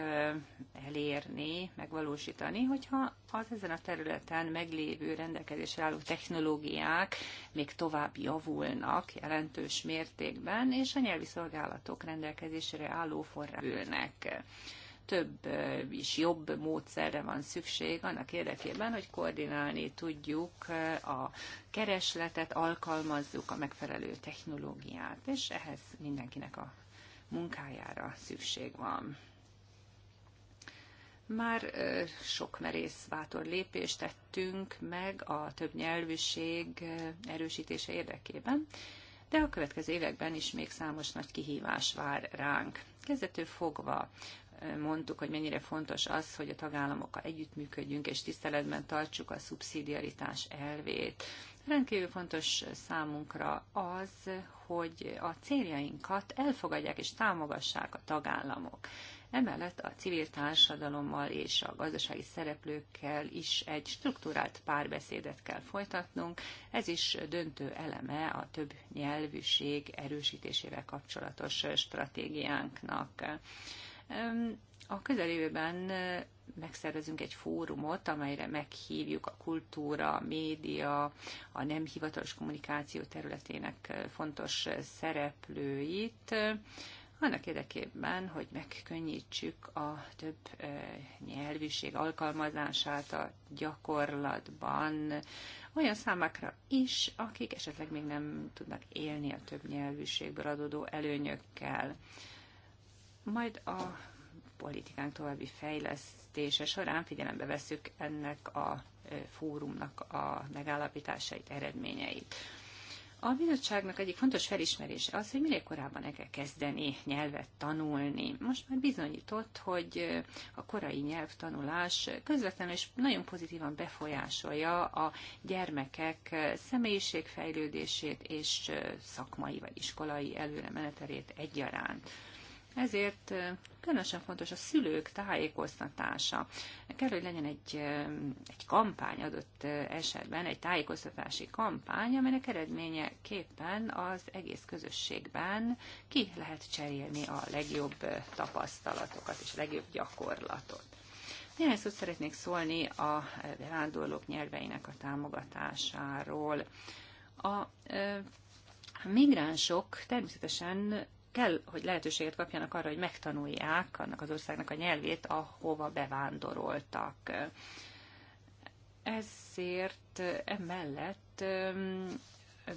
elérni, megvalósítani, hogyha az ezen a területen meglévő rendelkezésre álló technológiák még tovább javulnak jelentős mértékben, és a nyelvi szolgálatok rendelkezésre álló forrásülnek több és jobb módszerre van szükség annak érdekében, hogy koordinálni tudjuk a keresletet, alkalmazzuk a megfelelő technológiát, és ehhez mindenkinek a munkájára szükség van. Már sok merész bátor lépést tettünk meg a több nyelvűség erősítése érdekében, de a következő években is még számos nagy kihívás vár ránk. Kezdető fogva mondtuk, hogy mennyire fontos az, hogy a tagállamokkal együttműködjünk és tiszteletben tartsuk a szubszidiaritás elvét. Rendkívül fontos számunkra az, hogy a céljainkat elfogadják és támogassák a tagállamok. Emellett a civil társadalommal és a gazdasági szereplőkkel is egy struktúrált párbeszédet kell folytatnunk. Ez is döntő eleme a több nyelvűség erősítésével kapcsolatos stratégiánknak. A közeljövőben megszervezünk egy fórumot, amelyre meghívjuk a kultúra, a média, a nem hivatalos kommunikáció területének fontos szereplőit, annak érdekében, hogy megkönnyítsük a több nyelvűség alkalmazását a gyakorlatban olyan számákra is, akik esetleg még nem tudnak élni a több nyelvűségből adódó előnyökkel. Majd a politikánk további fejlesztése során figyelembe veszük ennek a fórumnak a megállapításait, eredményeit. A bizottságnak egyik fontos felismerése az, hogy minél korábban el kell kezdeni nyelvet tanulni. Most már bizonyított, hogy a korai nyelvtanulás közvetlenül és nagyon pozitívan befolyásolja a gyermekek személyiségfejlődését és szakmai vagy iskolai előre menetelét egyaránt. Ezért különösen fontos a szülők tájékoztatása. Kell, hogy legyen egy, egy kampány adott esetben, egy tájékoztatási kampány, amelynek eredményeképpen az egész közösségben ki lehet cserélni a legjobb tapasztalatokat és a legjobb gyakorlatot. Néhány szót szeretnék szólni a bevándorlók nyelveinek a támogatásáról. A migránsok természetesen kell, hogy lehetőséget kapjanak arra, hogy megtanulják annak az országnak a nyelvét, ahova bevándoroltak. Ezért emellett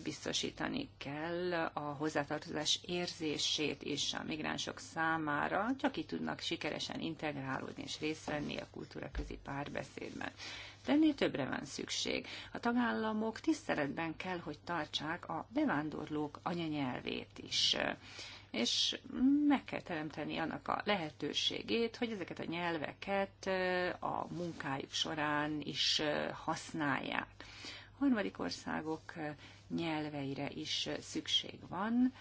biztosítani kell a hozzátartozás érzését is a migránsok számára, csak így tudnak sikeresen integrálódni és részt venni a kultúra közi párbeszédben. De ennél többre van szükség. A tagállamok tiszteletben kell, hogy tartsák a bevándorlók anyanyelvét is és meg kell teremteni annak a lehetőségét, hogy ezeket a nyelveket a munkájuk során is használják. A harmadik országok nyelveire is szükség van,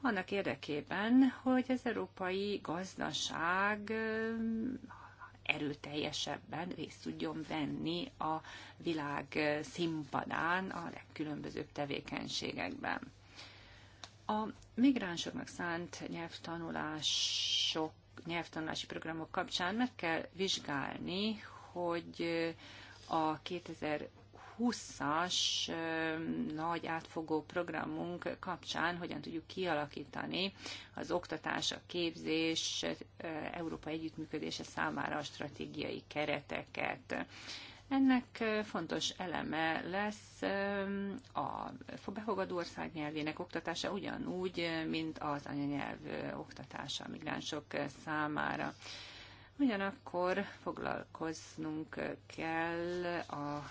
annak érdekében, hogy az európai gazdaság erőteljesebben részt tudjon venni a világ színpadán a legkülönbözőbb tevékenységekben. A migránsoknak szánt nyelvtanulások, nyelvtanulási programok kapcsán meg kell vizsgálni, hogy a 2000 20-as nagy átfogó programunk kapcsán hogyan tudjuk kialakítani az oktatás, a képzés, Európa együttműködése számára a stratégiai kereteket. Ennek fontos eleme lesz a befogadó ország nyelvének oktatása ugyanúgy, mint az anyanyelv oktatása a migránsok számára. Ugyanakkor foglalkoznunk kell a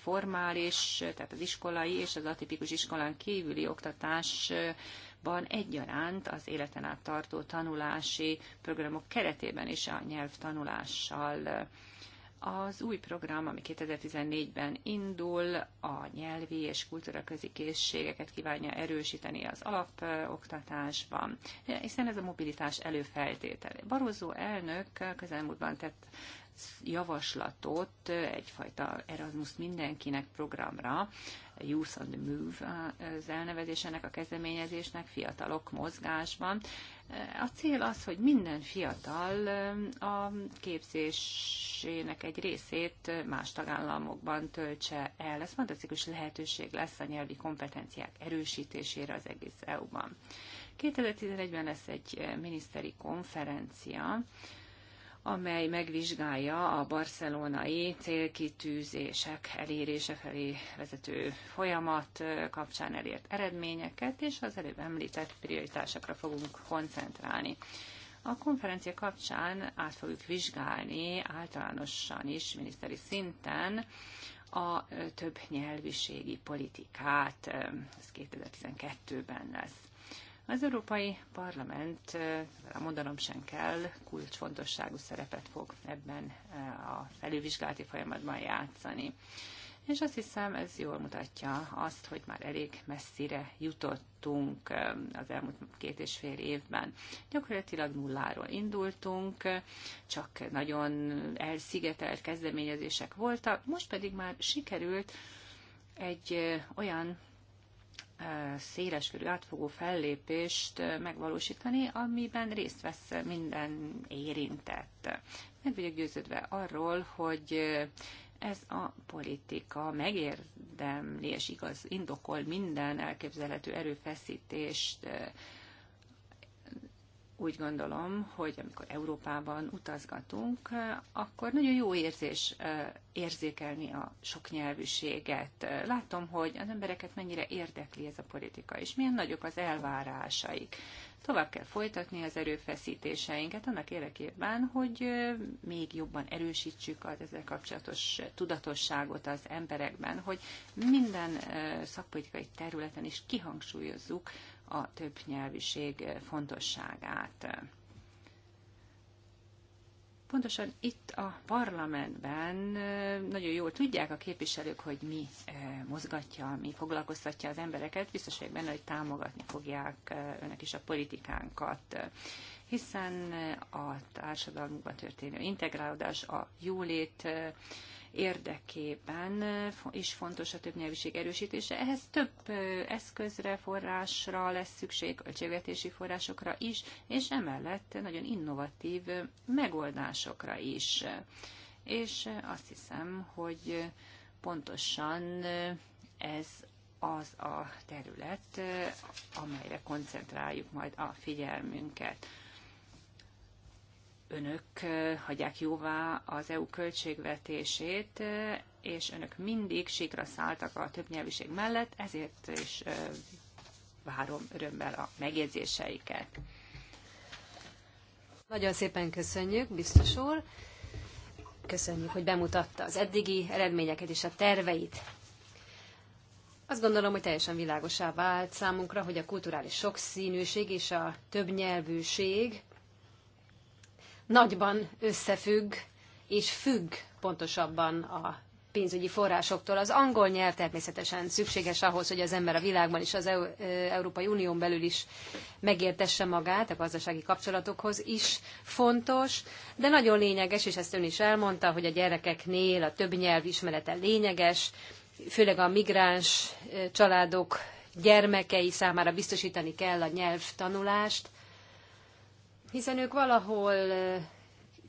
formális, tehát az iskolai és az atipikus iskolán kívüli oktatásban egyaránt az életen át tartó tanulási programok keretében is a nyelvtanulással az új program, ami 2014-ben indul, a nyelvi és közi készségeket kívánja erősíteni az alapoktatásban, hiszen ez a mobilitás előfeltétele. Barozó elnök közelmúltban tett javaslatot egyfajta Erasmus mindenkinek programra, Youth on the Move az elnevezésének, a kezdeményezésnek, fiatalok mozgásban. A cél az, hogy minden fiatal a képzésének egy részét más tagállamokban töltse el. Ez fantasztikus lehetőség lesz a nyelvi kompetenciák erősítésére az egész EU-ban. 2011-ben lesz egy miniszteri konferencia, amely megvizsgálja a barcelonai célkitűzések elérése felé vezető folyamat kapcsán elért eredményeket, és az előbb említett prioritásokra fogunk koncentrálni. A konferencia kapcsán át fogjuk vizsgálni általánosan is, miniszteri szinten, a több nyelviségi politikát, ez 2012-ben lesz. Az Európai Parlament, mondanom sem kell, kulcsfontosságú szerepet fog ebben a felülvizsgálati folyamatban játszani. És azt hiszem, ez jól mutatja azt, hogy már elég messzire jutottunk az elmúlt két és fél évben. Gyakorlatilag nulláról indultunk, csak nagyon elszigetelt kezdeményezések voltak, most pedig már sikerült egy olyan széleskörű átfogó fellépést megvalósítani, amiben részt vesz minden érintett. Meg vagyok győződve arról, hogy ez a politika megérdemli és igaz, indokol minden elképzelhető erőfeszítést, úgy gondolom, hogy amikor Európában utazgatunk, akkor nagyon jó érzés érzékelni a nyelvűséget. Látom, hogy az embereket mennyire érdekli ez a politika, és milyen nagyok az elvárásaik. Tovább kell folytatni az erőfeszítéseinket annak érdekében, hogy még jobban erősítsük az ezzel kapcsolatos tudatosságot az emberekben, hogy minden szakpolitikai területen is kihangsúlyozzuk, a több nyelviség fontosságát. Pontosan itt a parlamentben nagyon jól tudják a képviselők, hogy mi mozgatja, mi foglalkoztatja az embereket. Biztos vagyok benne, hogy támogatni fogják önök is a politikánkat hiszen a társadalmunkba történő integrálódás, a jólét érdekében is fontos a többnyelvűség erősítése. Ehhez több eszközre, forrásra lesz szükség, költségvetési forrásokra is, és emellett nagyon innovatív megoldásokra is. És azt hiszem, hogy pontosan ez az a terület, amelyre koncentráljuk majd a figyelmünket önök hagyják jóvá az EU költségvetését, és önök mindig síkra szálltak a többnyelviség mellett, ezért is várom örömmel a megjegyzéseiket. Nagyon szépen köszönjük, biztos úr. Köszönjük, hogy bemutatta az eddigi eredményeket és a terveit. Azt gondolom, hogy teljesen világosá vált számunkra, hogy a kulturális sokszínűség és a többnyelvűség nagyban összefügg és függ pontosabban a pénzügyi forrásoktól. Az angol nyelv természetesen szükséges ahhoz, hogy az ember a világban és az Európai Unión belül is megértesse magát, a gazdasági kapcsolatokhoz is fontos, de nagyon lényeges, és ezt ön is elmondta, hogy a gyerekeknél a több nyelv ismerete lényeges, főleg a migráns családok gyermekei számára biztosítani kell a nyelvtanulást, hiszen ők valahol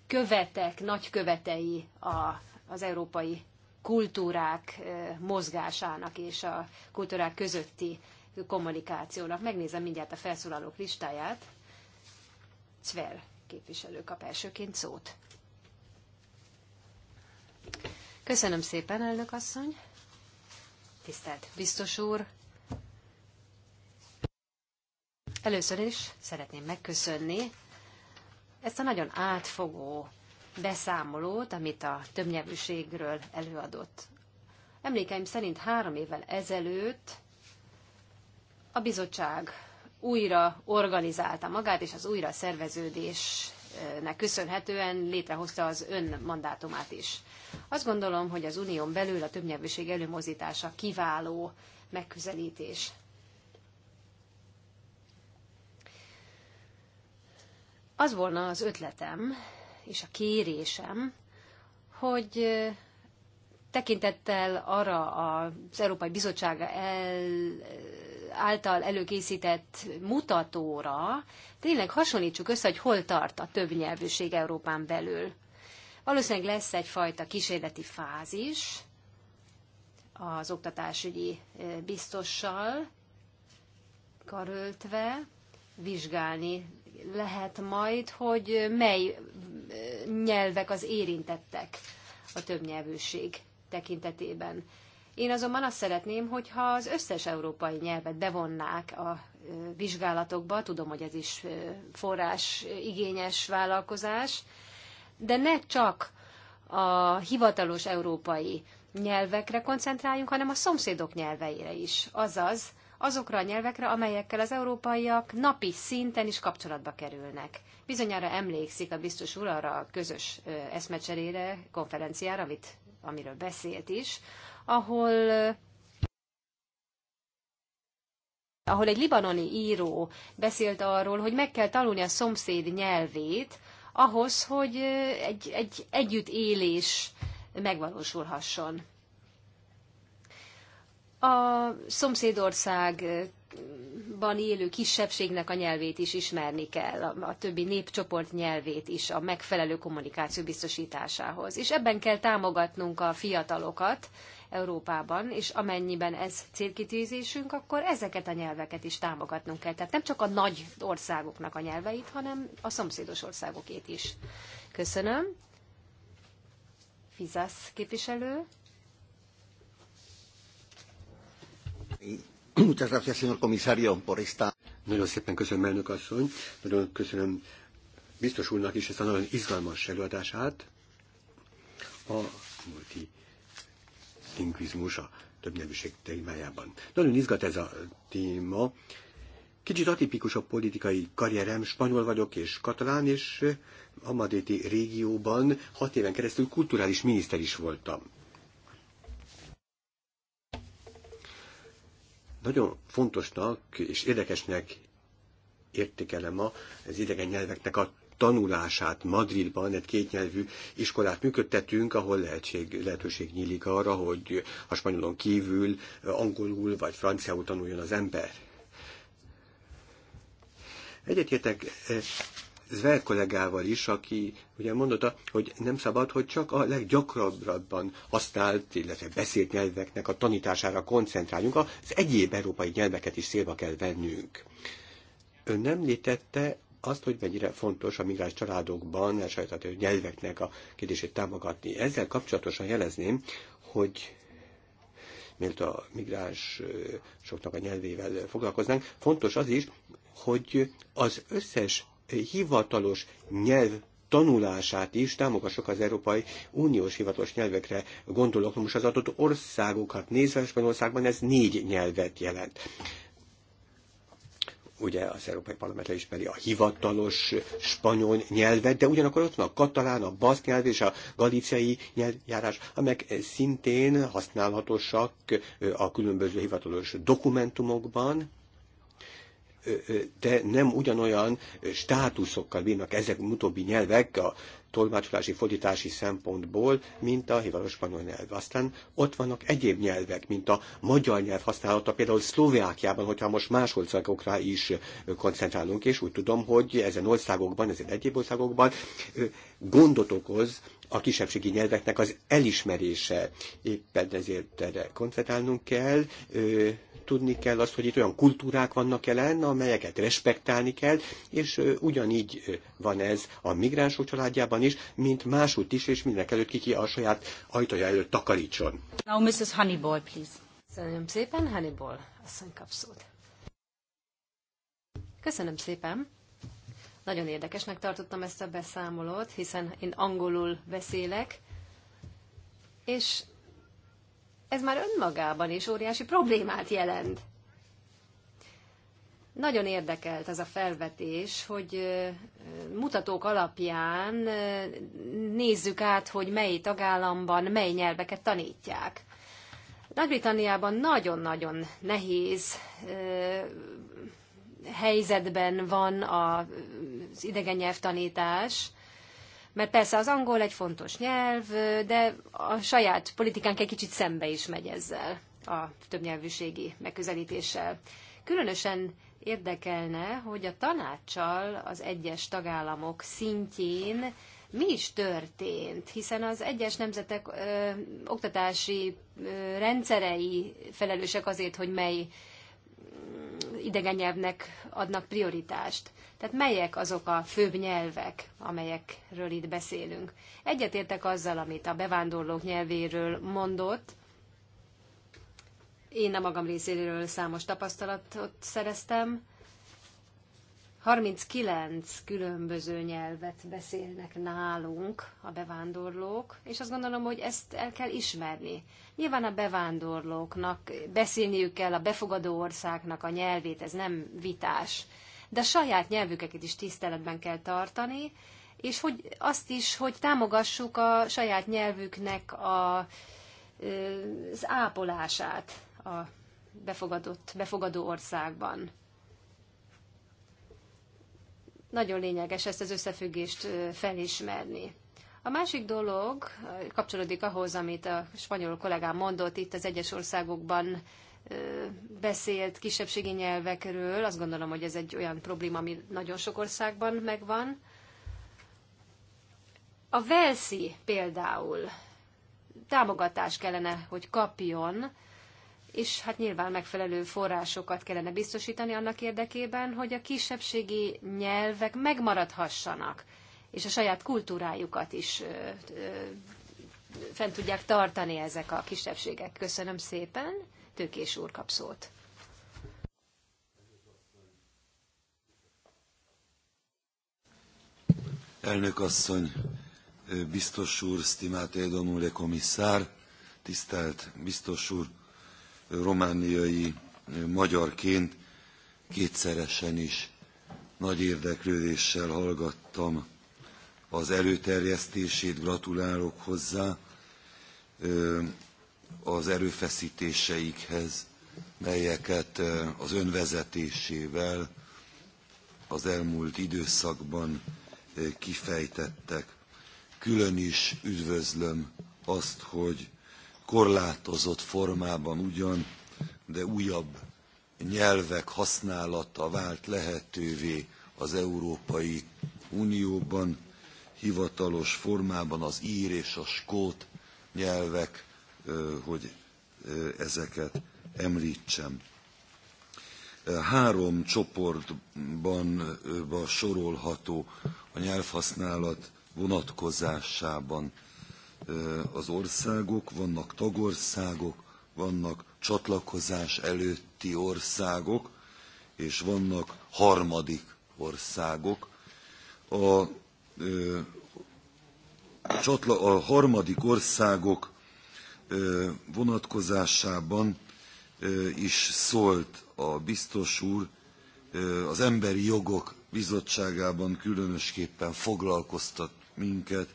követek, nagykövetei a, az európai kultúrák mozgásának és a kultúrák közötti kommunikációnak. Megnézem mindjárt a felszólalók listáját. Cver képviselő kap elsőként szót. Köszönöm szépen, elnök asszony. Tisztelt biztos úr. Először is szeretném megköszönni ezt a nagyon átfogó beszámolót, amit a többnyelvűségről előadott. Emlékeim szerint három évvel ezelőtt a bizottság újra organizálta magát, és az újra szerveződésnek köszönhetően létrehozta az ön mandátumát is. Azt gondolom, hogy az unión belül a többnyelvűség előmozítása kiváló megközelítés. Az volna az ötletem és a kérésem, hogy tekintettel arra az Európai Bizottság el, által előkészített mutatóra, tényleg hasonlítsuk össze, hogy hol tart a többnyelvűség Európán belül. Valószínűleg lesz egyfajta kísérleti fázis az oktatásügyi biztossal karöltve, vizsgálni lehet majd, hogy mely nyelvek az érintettek a többnyelvűség tekintetében. Én azonban azt szeretném, hogyha az összes európai nyelvet bevonnák a vizsgálatokba, tudom, hogy ez is forrás igényes vállalkozás, de ne csak a hivatalos európai nyelvekre koncentráljunk, hanem a szomszédok nyelveire is. Azaz, azokra a nyelvekre, amelyekkel az európaiak napi szinten is kapcsolatba kerülnek. Bizonyára emlékszik a biztos úr arra a közös eszmecserére, konferenciára, amit, amiről beszélt is, ahol ahol egy libanoni író beszélt arról, hogy meg kell tanulni a szomszéd nyelvét, ahhoz, hogy egy, egy együttélés megvalósulhasson a szomszédországban élő kisebbségnek a nyelvét is ismerni kell, a többi népcsoport nyelvét is a megfelelő kommunikáció biztosításához. És ebben kell támogatnunk a fiatalokat Európában, és amennyiben ez célkitűzésünk, akkor ezeket a nyelveket is támogatnunk kell. Tehát nem csak a nagy országoknak a nyelveit, hanem a szomszédos országokét is. Köszönöm. Fizasz képviselő. Nagyon szépen köszönöm, elnök asszony. Nagyon köszönöm biztos úrnak is ezt a nagyon izgalmas előadását. A multi lingvizmus a többnyelvűség témájában. Nagyon izgat ez a téma. Kicsit atipikus a politikai karrierem, spanyol vagyok és katalán, és a madéti régióban hat éven keresztül kulturális miniszter is voltam. Nagyon fontosnak és érdekesnek értékelem ma az idegen nyelveknek a tanulását Madridban, egy kétnyelvű iskolát működtetünk, ahol lehetség, lehetőség nyílik arra, hogy a spanyolon kívül angolul vagy franciául tanuljon az ember. Egyetértek eh, Zver kollégával is, aki ugye mondotta, hogy nem szabad, hogy csak a leggyakrabban használt, illetve beszélt nyelveknek a tanítására koncentráljunk, az egyéb európai nyelveket is szélbe kell vennünk. Ön nem létette azt, hogy mennyire fontos a migráns családokban a nyelveknek a kérdését támogatni. Ezzel kapcsolatosan jelezném, hogy mert a migráns soknak a nyelvével foglalkoznánk, fontos az is, hogy az összes hivatalos nyelv tanulását is támogassuk az Európai Uniós hivatalos nyelvekre gondolok. Most az adott országokat nézve, Spanyolországban ez négy nyelvet jelent ugye az Európai Parlament elismeri a hivatalos spanyol nyelvet, de ugyanakkor ott van a katalán, a baszk nyelv és a galiciai nyelvjárás, amelyek szintén használhatósak a különböző hivatalos dokumentumokban, de nem ugyanolyan státuszokkal bírnak ezek utóbbi nyelvek a tolmácsolási, fordítási szempontból, mint a hivatalos spanyol nyelv. Aztán ott vannak egyéb nyelvek, mint a magyar nyelv használata, például Szlovákiában, hogyha most más országokra is koncentrálunk, és úgy tudom, hogy ezen országokban, ezen egyéb országokban gondot okoz a kisebbségi nyelveknek az elismerése. Éppen ezért erre koncentrálnunk kell, tudni kell azt, hogy itt olyan kultúrák vannak jelen, amelyeket respektálni kell, és ugyanígy van ez a migránsok családjában is, mint máshogy is, és mindenek előtt kiki a saját ajtaja előtt takarítson. Now Mrs. Honeyball, please. Köszönöm szépen, Honeyball, asszony kapszót. Köszönöm szépen. Nagyon érdekesnek tartottam ezt a beszámolót, hiszen én angolul beszélek, és ez már önmagában is óriási problémát jelent. Nagyon érdekelt az a felvetés, hogy mutatók alapján nézzük át, hogy mely tagállamban mely nyelveket tanítják. Nagy-Britanniában nagyon-nagyon nehéz helyzetben van az idegen nyelvtanítás, mert persze az angol egy fontos nyelv, de a saját politikánk egy kicsit szembe is megy ezzel, a többnyelvűségi megközelítéssel. Különösen érdekelne, hogy a tanácssal az egyes tagállamok szintjén mi is történt, hiszen az egyes nemzetek ö, oktatási ö, rendszerei felelősek azért, hogy mely mm, idegen nyelvnek adnak prioritást. Tehát melyek azok a főbb nyelvek, amelyekről itt beszélünk? Egyetértek azzal, amit a bevándorlók nyelvéről mondott. Én a magam részéről számos tapasztalatot szereztem. 39 különböző nyelvet beszélnek nálunk a bevándorlók, és azt gondolom, hogy ezt el kell ismerni. Nyilván a bevándorlóknak beszélniük kell a befogadó országnak a nyelvét, ez nem vitás de saját nyelvüket is tiszteletben kell tartani, és hogy azt is, hogy támogassuk a saját nyelvüknek a, az ápolását a befogadott, befogadó országban. Nagyon lényeges ezt az összefüggést felismerni. A másik dolog kapcsolódik ahhoz, amit a spanyol kollégám mondott, itt az egyes országokban beszélt kisebbségi nyelvekről, azt gondolom, hogy ez egy olyan probléma, ami nagyon sok országban megvan. A Velszi például támogatást kellene, hogy kapjon, és hát nyilván megfelelő forrásokat kellene biztosítani annak érdekében, hogy a kisebbségi nyelvek megmaradhassanak, és a saját kultúrájukat is fent tudják tartani ezek a kisebbségek. Köszönöm szépen! Tőkés úr kap szót. Elnök asszony, biztos úr, stimate domnule komisszár, tisztelt biztos úr, romániai magyarként kétszeresen is nagy érdeklődéssel hallgattam az előterjesztését, gratulálok hozzá az erőfeszítéseikhez, melyeket az önvezetésével az elmúlt időszakban kifejtettek. Külön is üdvözlöm azt, hogy korlátozott formában ugyan, de újabb nyelvek használata vált lehetővé az Európai Unióban, hivatalos formában az ír és a skót nyelvek hogy ezeket említsem. Három csoportban sorolható a nyelvhasználat vonatkozásában az országok, vannak tagországok, vannak csatlakozás előtti országok, és vannak harmadik országok. A, a harmadik országok vonatkozásában is szólt a biztos úr, az Emberi Jogok Bizottságában különösképpen foglalkoztat minket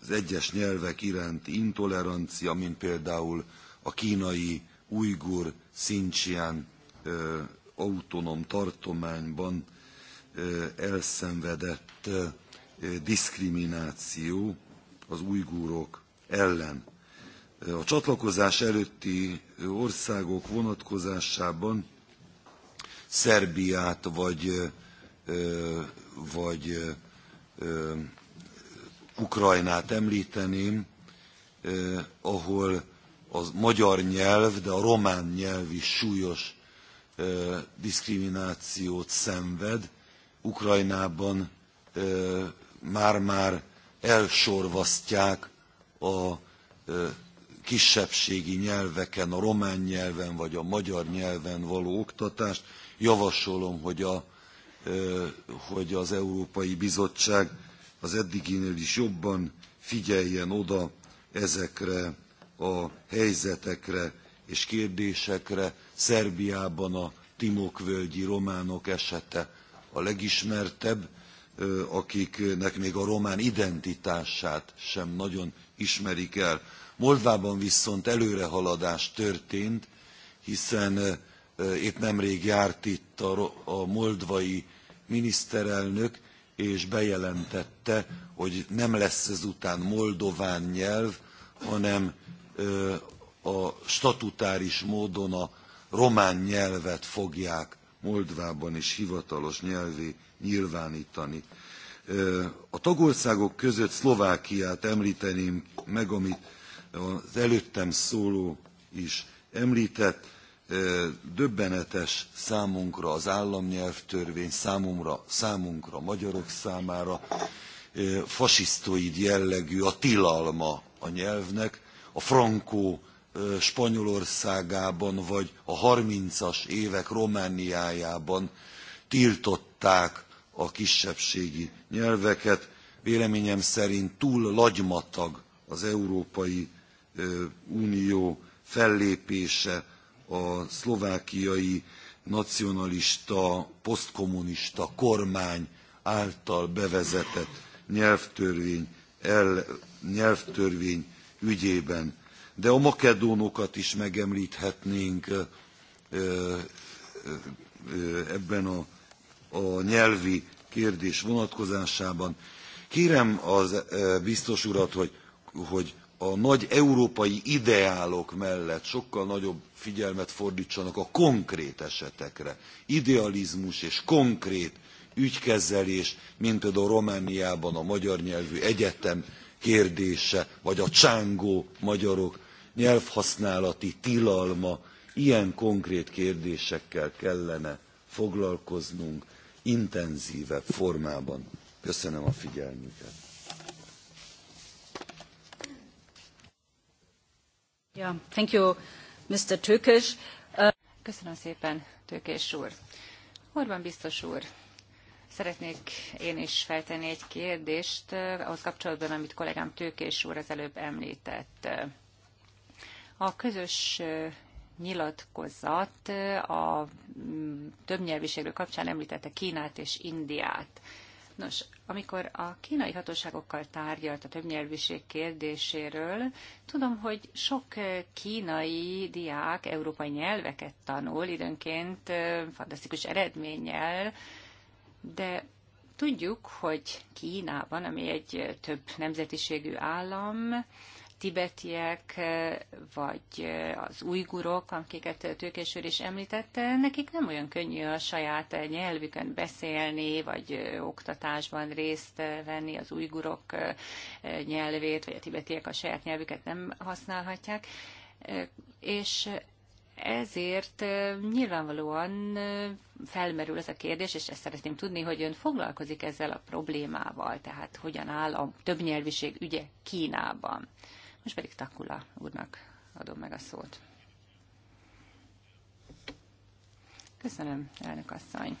az egyes nyelvek iránti intolerancia, mint például a kínai ujgur Xinjiang autonóm tartományban elszenvedett diszkrimináció az ujgurok ellen. A csatlakozás előtti országok vonatkozásában Szerbiát vagy, vagy Ukrajnát említeném, ahol a magyar nyelv, de a román nyelv is súlyos diszkriminációt szenved. Ukrajnában már-már elsorvasztják a kisebbségi nyelveken, a román nyelven vagy a magyar nyelven való oktatást. Javasolom, hogy, a, hogy az Európai Bizottság az eddiginél is jobban figyeljen oda ezekre a helyzetekre és kérdésekre. Szerbiában a Timok völgyi románok esete a legismertebb, akiknek még a román identitását sem nagyon ismerik el. Moldvában viszont előrehaladás történt, hiszen épp nemrég járt itt a, moldvai miniszterelnök, és bejelentette, hogy nem lesz ezután moldován nyelv, hanem a statutáris módon a román nyelvet fogják Moldvában is hivatalos nyelvé nyilvánítani. A tagországok között Szlovákiát említeném meg, amit az előttem szóló is említett. Döbbenetes számunkra az államnyelvtörvény, számomra, számunkra, magyarok számára fasisztoid jellegű a tilalma a nyelvnek, a frankó Spanyolországában, vagy a 30-as évek Romániájában tiltották a kisebbségi nyelveket. Véleményem szerint túl lagymatag az Európai Unió fellépése a szlovákiai nacionalista, posztkommunista kormány által bevezetett nyelvtörvény, el, nyelvtörvény ügyében de a makedónokat is megemlíthetnénk ebben a, a nyelvi kérdés vonatkozásában. Kérem az biztos urat, hogy, hogy a nagy európai ideálok mellett sokkal nagyobb figyelmet fordtsanak a konkrét esetekre. Idealizmus és konkrét ügykezelés, mint például Romániában a magyar nyelvű egyetem kérdése, vagy a csángó magyarok nyelvhasználati tilalma, ilyen konkrét kérdésekkel kellene foglalkoznunk intenzívebb formában. Köszönöm a figyelmüket. Yeah, thank you, Mr. Tökes. Uh... Köszönöm szépen, Tőkés úr. Orban biztos úr, Szeretnék én is feltenni egy kérdést ahhoz kapcsolatban, amit kollégám Tőkés úr az előbb említett. A közös nyilatkozat a mm, többnyelviségről kapcsán említette Kínát és Indiát. Nos, amikor a kínai hatóságokkal tárgyalt a többnyelviség kérdéséről, tudom, hogy sok kínai diák európai nyelveket tanul, időnként fantasztikus eredménnyel, de tudjuk, hogy Kínában, ami egy több nemzetiségű állam, tibetiek, eh, vagy eh, az ujgurok, akiket tőkésőr is említette, nekik nem olyan könnyű a saját eh, nyelvükön beszélni, vagy oktatásban részt venni, az ujgurok nyelvét, vagy a tibetiek a saját nyelvüket nem használhatják. És ezért nyilvánvalóan felmerül ez a kérdés, és ezt szeretném tudni, hogy ön foglalkozik ezzel a problémával, tehát hogyan áll a többnyelviség ügye Kínában. Most pedig Takula úrnak adom meg a szót. Köszönöm, elnök asszony.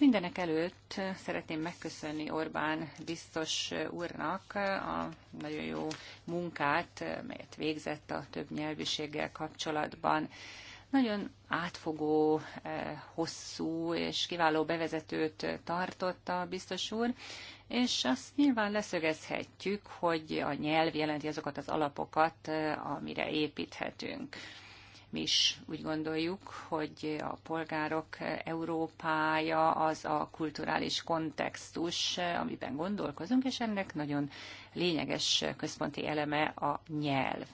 Mindenek előtt szeretném megköszönni Orbán biztos úrnak a nagyon jó munkát, melyet végzett a több nyelviséggel kapcsolatban. Nagyon átfogó, eh, hosszú és kiváló bevezetőt tartott a biztos úr, és azt nyilván leszögezhetjük, hogy a nyelv jelenti azokat az alapokat, amire építhetünk. Mi is úgy gondoljuk, hogy a polgárok Európája az a kulturális kontextus, amiben gondolkozunk, és ennek nagyon lényeges központi eleme a nyelv.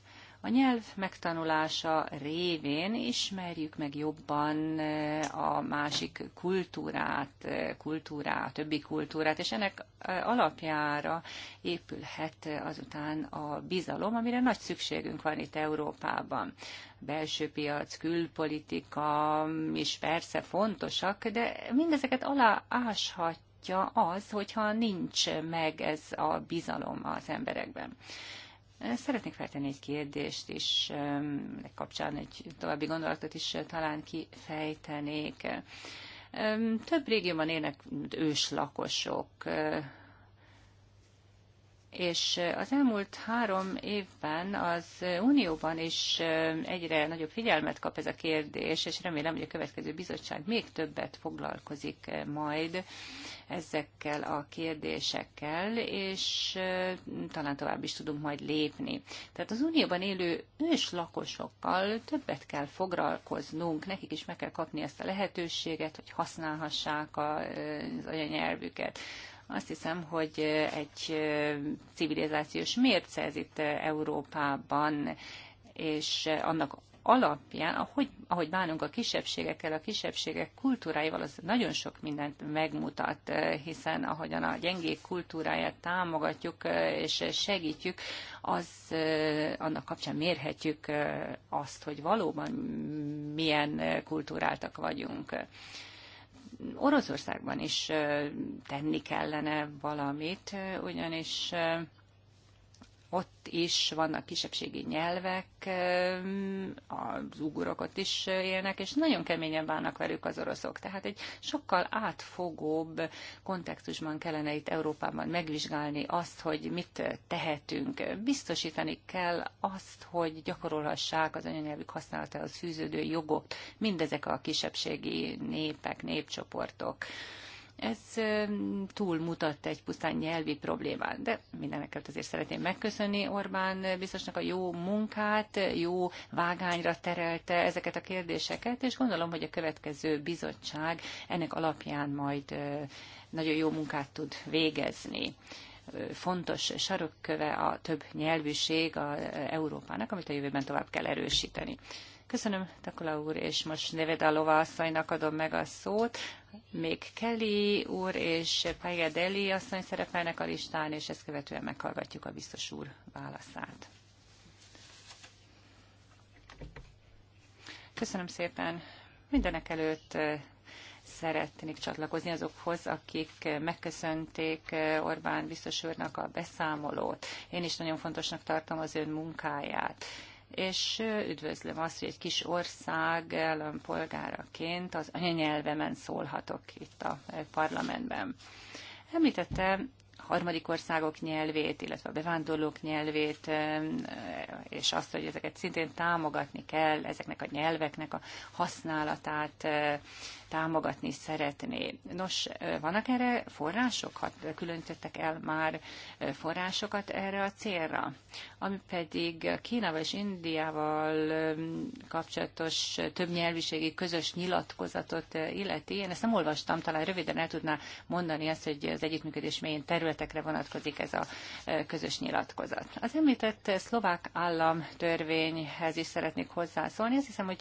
A nyelv megtanulása révén ismerjük meg jobban eh, a másik kultúrát, eh, a többi kultúrát, és ennek eh, alapjára épülhet azután a bizalom, amire nagy szükségünk van itt Európában. Belső piac, külpolitika mm, is persze fontosak, de mindezeket alááshatja az, hogyha nincs meg ez a bizalom az emberekben. Szeretnék feltenni egy kérdést is, kapcsán egy további gondolatot is talán kifejtenék. Több régióban élnek őslakosok, és az elmúlt három évben az Unióban is egyre nagyobb figyelmet kap ez a kérdés, és remélem, hogy a következő bizottság még többet foglalkozik majd ezekkel a kérdésekkel, és talán tovább is tudunk majd lépni. Tehát az Unióban élő ős lakosokkal többet kell foglalkoznunk, nekik is meg kell kapni ezt a lehetőséget, hogy használhassák az anyanyelvüket azt hiszem, hogy egy civilizációs mérce ez itt Európában, és annak alapján, ahogy, ahogy bánunk a kisebbségekkel, a kisebbségek kultúráival, az nagyon sok mindent megmutat, eh, hiszen ahogyan a gyengék kultúráját támogatjuk eh, és segítjük, az eh, annak kapcsán mérhetjük azt, hogy valóban milyen kultúráltak vagyunk. Oroszországban is tenni kellene valamit, ugyanis ott is vannak kisebbségi nyelvek, az ugurok ott is élnek, és nagyon keményen bánnak velük az oroszok. Tehát egy sokkal átfogóbb kontextusban kellene itt Európában megvizsgálni azt, hogy mit tehetünk. Biztosítani kell azt, hogy gyakorolhassák az anyanyelvük használatához fűződő jogok mindezek a kisebbségi népek, népcsoportok. Ez túlmutat egy pusztán nyelvi problémán. De mindeneket azért szeretném megköszönni Orbán biztosnak a jó munkát, jó vágányra terelte ezeket a kérdéseket, és gondolom, hogy a következő bizottság ennek alapján majd nagyon jó munkát tud végezni fontos sarokköve a több nyelvűség a Európának, amit a jövőben tovább kell erősíteni. Köszönöm, Takula úr, és most Nevedalova asszonynak adom meg a szót. Még Kelly úr és Deli asszony szerepelnek a listán, és ezt követően meghallgatjuk a biztos úr válaszát. Köszönöm szépen. Mindenek előtt eh, szeretnék csatlakozni azokhoz, akik megköszönték eh, Orbán biztos úrnak a beszámolót. Én is nagyon fontosnak tartom az ön munkáját és üdvözlöm azt, hogy egy kis ország állampolgáraként az anyanyelvemen szólhatok itt a parlamentben. Említette harmadik országok nyelvét, illetve a bevándorlók nyelvét, és azt, hogy ezeket szintén támogatni kell, ezeknek a nyelveknek a használatát támogatni szeretné. Nos, vannak erre források? különítettek el már forrásokat erre a célra? Ami pedig Kínával és Indiával kapcsolatos nyelviségi közös nyilatkozatot illeti, én ezt nem olvastam, talán röviden el tudná mondani azt, hogy az együttműködés mélyén területekre vonatkozik ez a közös nyilatkozat. Az említett szlovák államtörvényhez is szeretnék hozzászólni. Azt hiszem, hogy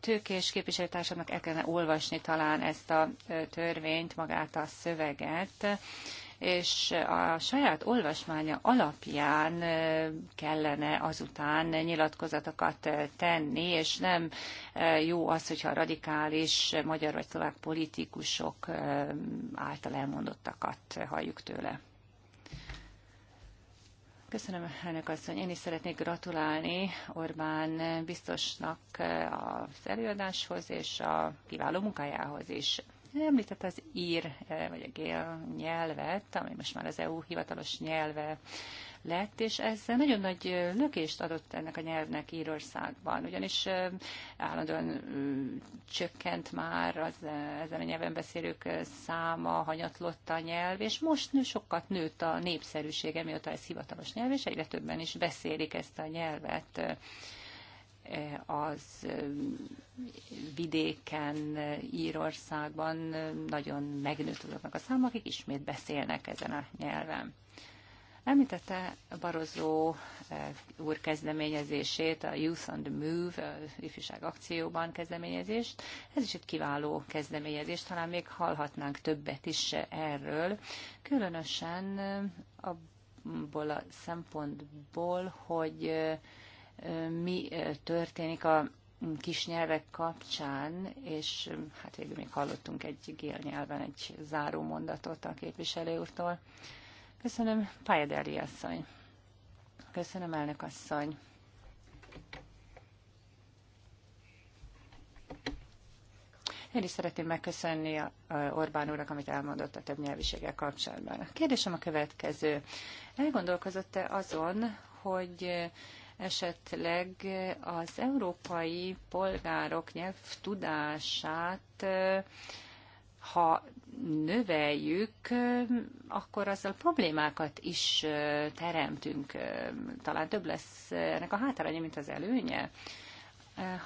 tőkés képviselőtársadnak el kellene olvasni, olvasni talán ezt a törvényt, magát a szöveget, és a saját olvasmánya alapján kellene azután nyilatkozatokat tenni, és nem jó az, hogyha radikális magyar vagy szlovák politikusok által elmondottakat halljuk tőle. Köszönöm, elnök asszony. Én is szeretnék gratulálni Orbán biztosnak az előadáshoz és a kiváló munkájához is. Említett az ír, eh, vagy a gél nyelvet, ami most már az EU hivatalos nyelve lett, és ez nagyon nagy lökést adott ennek a nyelvnek Írországban, ugyanis állandóan csökkent már az, ezen a nyelven beszélők száma, hanyatlott a nyelv, és most sokat nőtt a népszerűsége, mióta ez hivatalos nyelv, és egyre többen is beszélik ezt a nyelvet az vidéken, Írországban nagyon megnőtt azoknak a számok, akik ismét beszélnek ezen a nyelven. Említette Barozó eh, úr kezdeményezését, a Youth on the Move, a eh, ifjúság akcióban kezdeményezést. Ez is egy kiváló kezdeményezés, talán még hallhatnánk többet is erről, különösen eh, abból a szempontból, hogy mi történik a kis nyelvek kapcsán, és hát végül még hallottunk egy gél nyelven egy záró mondatot a képviselő úrtól. Köszönöm, Pályadeli asszony. Köszönöm, elnök asszony. Én is szeretném megköszönni Orbán úrnak, amit elmondott a több nyelviséggel kapcsolatban. A kérdésem a következő. Elgondolkozott-e azon, hogy esetleg az európai polgárok nyelvtudását ha növeljük, akkor azzal problémákat is teremtünk. Talán több lesz ennek a hátránya, mint az előnye.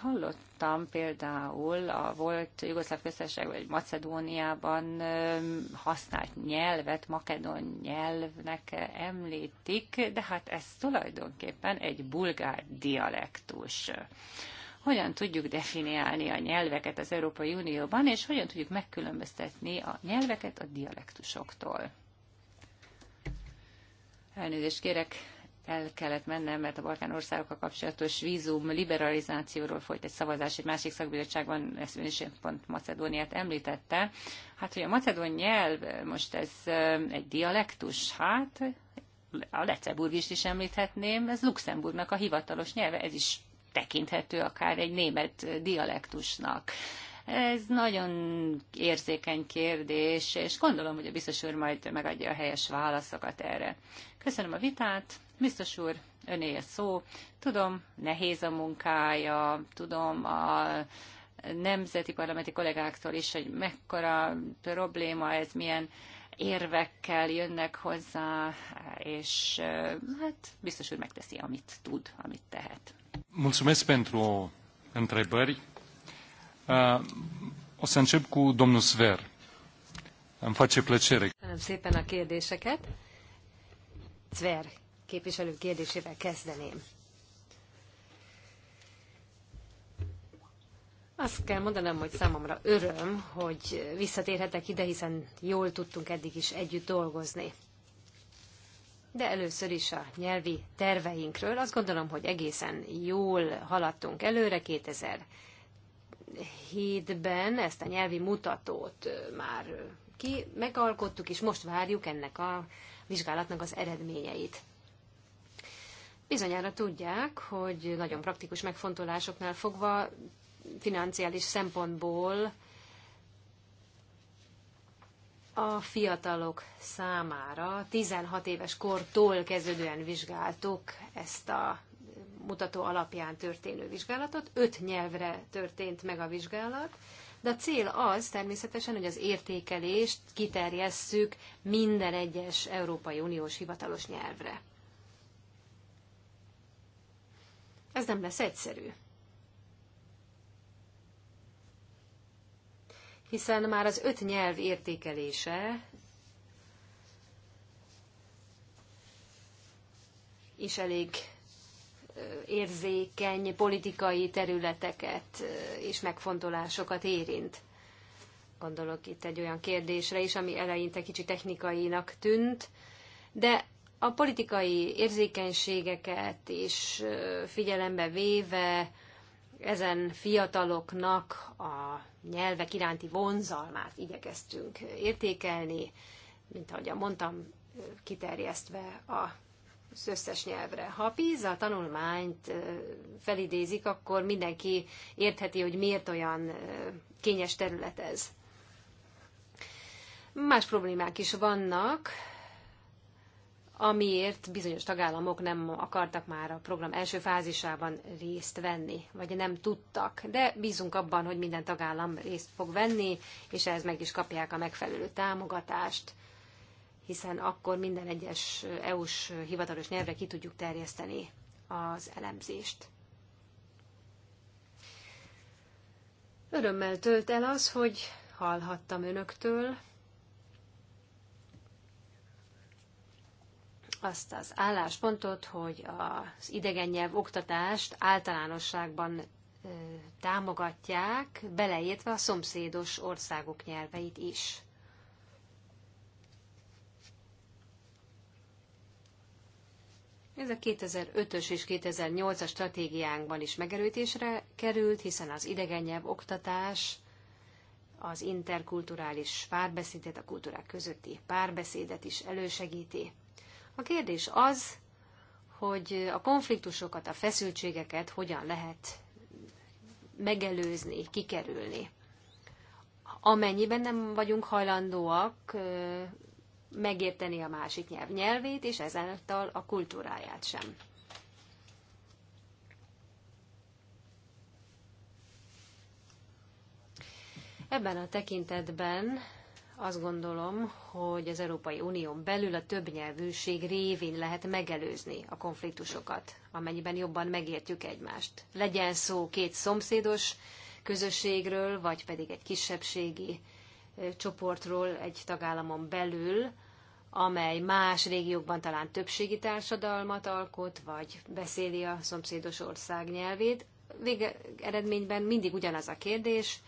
Hallottam például a volt Jugoszláv köztársaság vagy Macedóniában használt nyelvet, makedon nyelvnek említik, de hát ez tulajdonképpen egy bulgár dialektus hogyan tudjuk definiálni a nyelveket az Európai Unióban, és hogyan tudjuk megkülönböztetni a nyelveket a dialektusoktól. Elnézést kérek, el kellett mennem, mert a Balkán országokkal kapcsolatos vízum liberalizációról folyt egy szavazás egy másik szakbizottságban, ezt ön is pont Macedóniát említette. Hát, hogy a macedón nyelv most ez egy dialektus, hát a Leceburgist is említhetném, ez Luxemburgnak a hivatalos nyelve, ez is tekinthető akár egy német dialektusnak. Ez nagyon érzékeny kérdés, és gondolom, hogy a biztos úr majd megadja a helyes válaszokat erre. Köszönöm a vitát, biztos úr, öné a szó. Tudom, nehéz a munkája, tudom a nemzeti parlamenti kollégáktól is, hogy mekkora probléma ez, milyen érvekkel jönnek hozzá, és hát biztos úr megteszi, amit tud, amit tehet. Mulțumesc pentru întrebări. Uh, o să încep cu domnul Sver. Îmi face plăcere. Köszönöm szépen a kérdéseket. Sver képviselő kérdésével kezdeném. Azt kell mondanom, hogy számomra öröm, hogy visszatérhetek ide, hiszen jól tudtunk eddig is együtt dolgozni de először is a nyelvi terveinkről. Azt gondolom, hogy egészen jól haladtunk előre 2007-ben ezt a nyelvi mutatót már ki megalkottuk, és most várjuk ennek a vizsgálatnak az eredményeit. Bizonyára tudják, hogy nagyon praktikus megfontolásoknál fogva financiális szempontból a fiatalok számára 16 éves kortól kezdődően vizsgáltuk ezt a mutató alapján történő vizsgálatot. Öt nyelvre történt meg a vizsgálat, de a cél az természetesen, hogy az értékelést kiterjesszük minden egyes Európai Uniós hivatalos nyelvre. Ez nem lesz egyszerű. hiszen már az öt nyelv értékelése is elég érzékeny politikai területeket és megfontolásokat érint. Gondolok itt egy olyan kérdésre is, ami eleinte kicsi technikainak tűnt, de a politikai érzékenységeket is figyelembe véve ezen fiataloknak a nyelvek iránti vonzalmát igyekeztünk értékelni, mint ahogy mondtam, kiterjesztve a az összes nyelvre. Ha a PISA tanulmányt felidézik, akkor mindenki értheti, hogy miért olyan kényes terület ez. Más problémák is vannak, amiért bizonyos tagállamok nem akartak már a program első fázisában részt venni, vagy nem tudtak. De bízunk abban, hogy minden tagállam részt fog venni, és ehhez meg is kapják a megfelelő támogatást, hiszen akkor minden egyes EU-s hivatalos nyelvre ki tudjuk terjeszteni az elemzést. Örömmel tölt el az, hogy hallhattam önöktől, azt az álláspontot, hogy az idegen nyelv oktatást általánosságban támogatják, beleértve a szomszédos országok nyelveit is. Ez a 2005-ös és 2008-as stratégiánkban is megerőtésre került, hiszen az idegen nyelv oktatás az interkulturális párbeszédet, a kultúrák közötti párbeszédet is elősegíti. A kérdés az, hogy a konfliktusokat, a feszültségeket hogyan lehet megelőzni, kikerülni. Amennyiben nem vagyunk hajlandóak megérteni a másik nyelv nyelvét, és ezáltal a kultúráját sem. Ebben a tekintetben azt gondolom, hogy az Európai Unión belül a többnyelvűség révén lehet megelőzni a konfliktusokat, amennyiben jobban megértjük egymást. Legyen szó két szomszédos közösségről, vagy pedig egy kisebbségi csoportról egy tagállamon belül, amely más régiókban talán többségi társadalmat alkot, vagy beszéli a szomszédos ország nyelvét. Vége eredményben mindig ugyanaz a kérdés,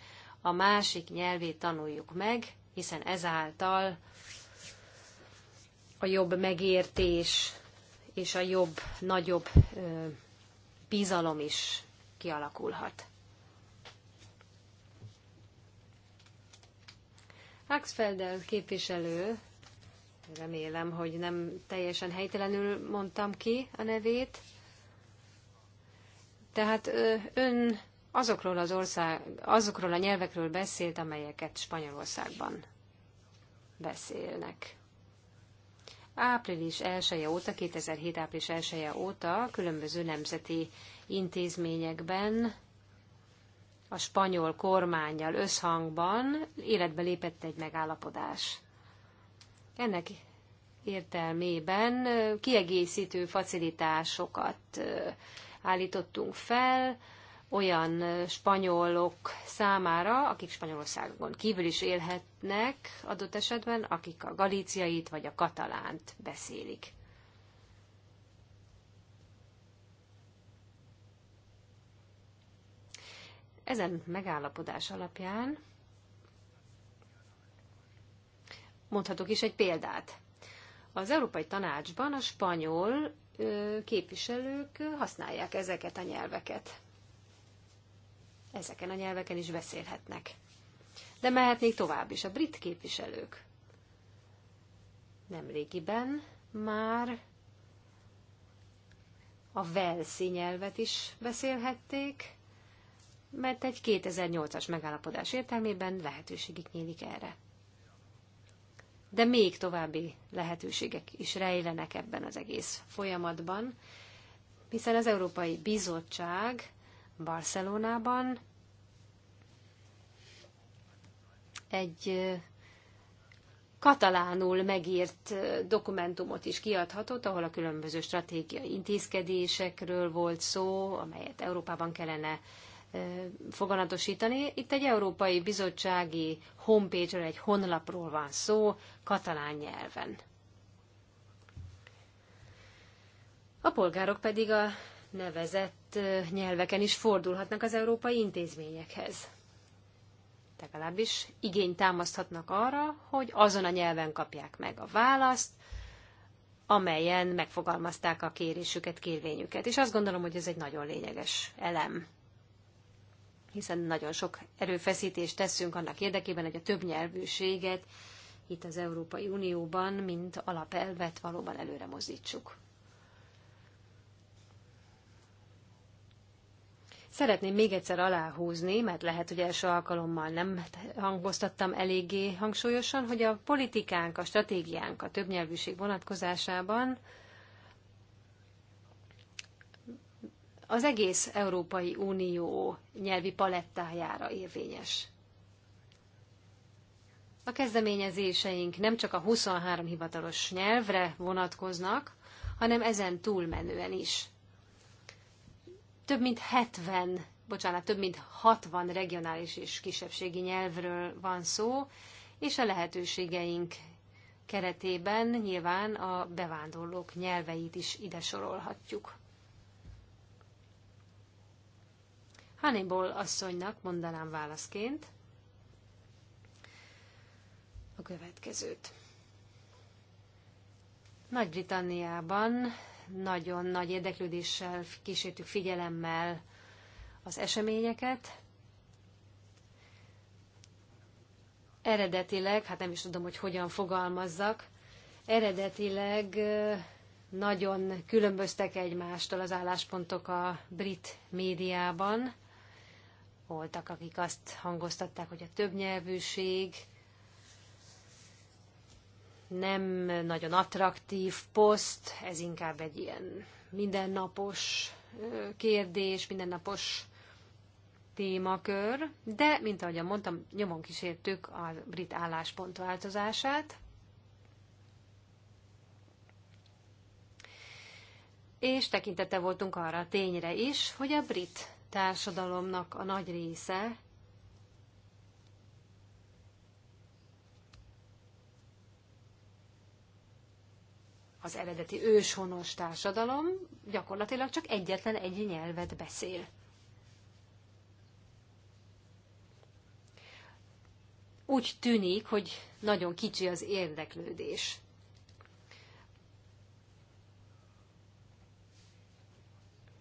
a másik nyelvét tanuljuk meg, hiszen ezáltal a jobb megértés és a jobb, nagyobb bizalom is kialakulhat. Axfelder képviselő, remélem, hogy nem teljesen helytelenül mondtam ki a nevét, tehát ön azokról az ország, azokról a nyelvekről beszélt, amelyeket Spanyolországban beszélnek. Április 1 -e óta, 2007 április 1 -e óta különböző nemzeti intézményekben a spanyol kormányjal összhangban életbe lépett egy megállapodás. Ennek értelmében kiegészítő facilitásokat állítottunk fel, olyan spanyolok számára, akik Spanyolországon kívül is élhetnek adott esetben, akik a galíciait vagy a katalánt beszélik. Ezen megállapodás alapján mondhatok is egy példát. Az Európai Tanácsban a spanyol képviselők használják ezeket a nyelveket ezeken a nyelveken is beszélhetnek. De mehetnék tovább is. A brit képviselők nemrégiben már a velszi nyelvet is beszélhették, mert egy 2008-as megállapodás értelmében lehetőségig nyílik erre. De még további lehetőségek is rejlenek ebben az egész folyamatban, hiszen az Európai Bizottság Barcelonában egy katalánul megírt dokumentumot is kiadhatott, ahol a különböző stratégiai intézkedésekről volt szó, amelyet Európában kellene foganatosítani. Itt egy Európai Bizottsági homepage egy honlapról van szó, katalán nyelven. A polgárok pedig a nevezett nyelveken is fordulhatnak az európai intézményekhez. Legalábbis igényt támaszthatnak arra, hogy azon a nyelven kapják meg a választ, amelyen megfogalmazták a kérésüket, kérvényüket. És azt gondolom, hogy ez egy nagyon lényeges elem. Hiszen nagyon sok erőfeszítést teszünk annak érdekében, hogy a többnyelvűséget itt az Európai Unióban, mint alapelvet valóban előre mozdítsuk. Szeretném még egyszer aláhúzni, mert lehet, hogy első alkalommal nem hangoztattam eléggé hangsúlyosan, hogy a politikánk, a stratégiánk a többnyelvűség vonatkozásában az egész Európai Unió nyelvi palettájára érvényes. A kezdeményezéseink nem csak a 23 hivatalos nyelvre vonatkoznak, hanem ezen túlmenően is több mint 70, bocsánat, több mint 60 regionális és kisebbségi nyelvről van szó, és a lehetőségeink keretében nyilván a bevándorlók nyelveit is ide sorolhatjuk. Hannibal asszonynak mondanám válaszként a következőt. Nagy-Britanniában nagyon nagy érdeklődéssel kísértük figyelemmel az eseményeket. Eredetileg, hát nem is tudom, hogy hogyan fogalmazzak, eredetileg nagyon különböztek egymástól az álláspontok a brit médiában. Voltak, akik azt hangoztatták, hogy a többnyelvűség, nem nagyon attraktív poszt, ez inkább egy ilyen mindennapos kérdés, mindennapos témakör, de, mint ahogy mondtam, nyomon kísértük a brit álláspont változását. És tekintete voltunk arra a tényre is, hogy a brit társadalomnak a nagy része az eredeti őshonos társadalom gyakorlatilag csak egyetlen egy nyelvet beszél. Úgy tűnik, hogy nagyon kicsi az érdeklődés.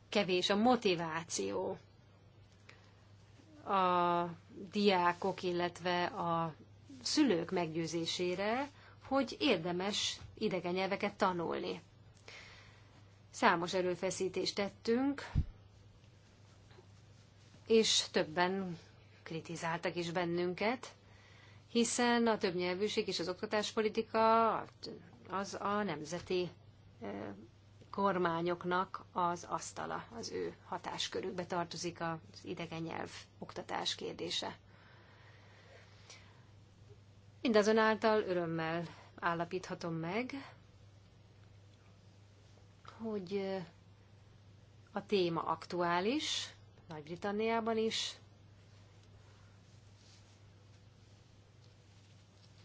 Kevés a motiváció a diákok, illetve a szülők meggyőzésére, hogy érdemes idegen nyelveket tanulni. Számos erőfeszítést tettünk, és többen kritizáltak is bennünket, hiszen a többnyelvűség és az oktatáspolitika az a nemzeti kormányoknak az asztala, az ő hatáskörükbe tartozik az idegen nyelv oktatás kérdése. Mindazonáltal örömmel állapíthatom meg, hogy a téma aktuális, Nagy-Britanniában is,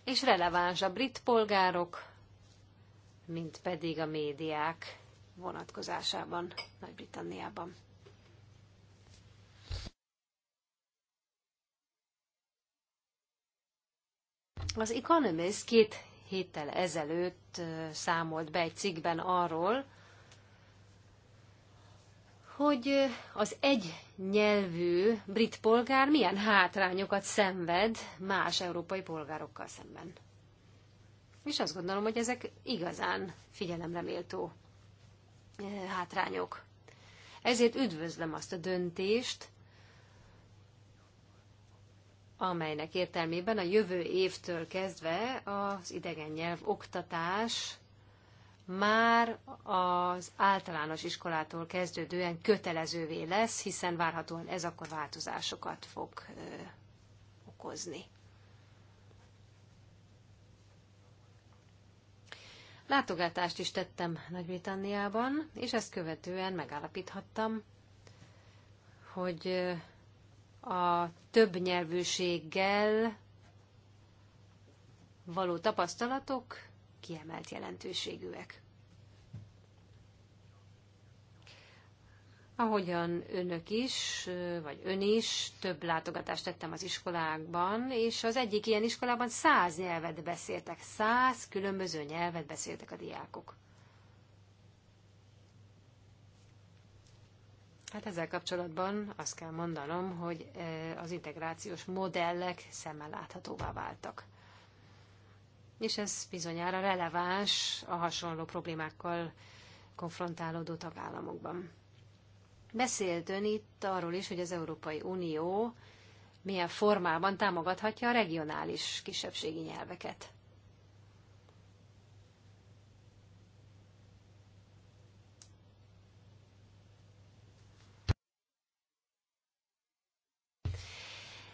és releváns a brit polgárok, mint pedig a médiák vonatkozásában Nagy-Britanniában. Az Economist két héttel ezelőtt számolt be egy cikkben arról, hogy az egy nyelvű brit polgár milyen hátrányokat szenved más európai polgárokkal szemben. És azt gondolom, hogy ezek igazán figyelemre méltó hátrányok. Ezért üdvözlöm azt a döntést, amelynek értelmében a jövő évtől kezdve az idegen nyelv oktatás már az általános iskolától kezdődően kötelezővé lesz, hiszen várhatóan ez akkor változásokat fog ö, okozni. Látogatást is tettem Nagy-Britanniában, és ezt követően megállapíthattam, hogy a többnyelvűséggel való tapasztalatok kiemelt jelentőségűek. Ahogyan önök is, vagy ön is, több látogatást tettem az iskolákban, és az egyik ilyen iskolában száz nyelvet beszéltek, száz különböző nyelvet beszéltek a diákok. Hát ezzel kapcsolatban azt kell mondanom, hogy e, az integrációs modellek szemmel láthatóvá váltak. És ez bizonyára releváns a hasonló problémákkal konfrontálódó tagállamokban. Beszélt ön itt arról is, hogy az Európai Unió milyen formában támogathatja a regionális kisebbségi nyelveket.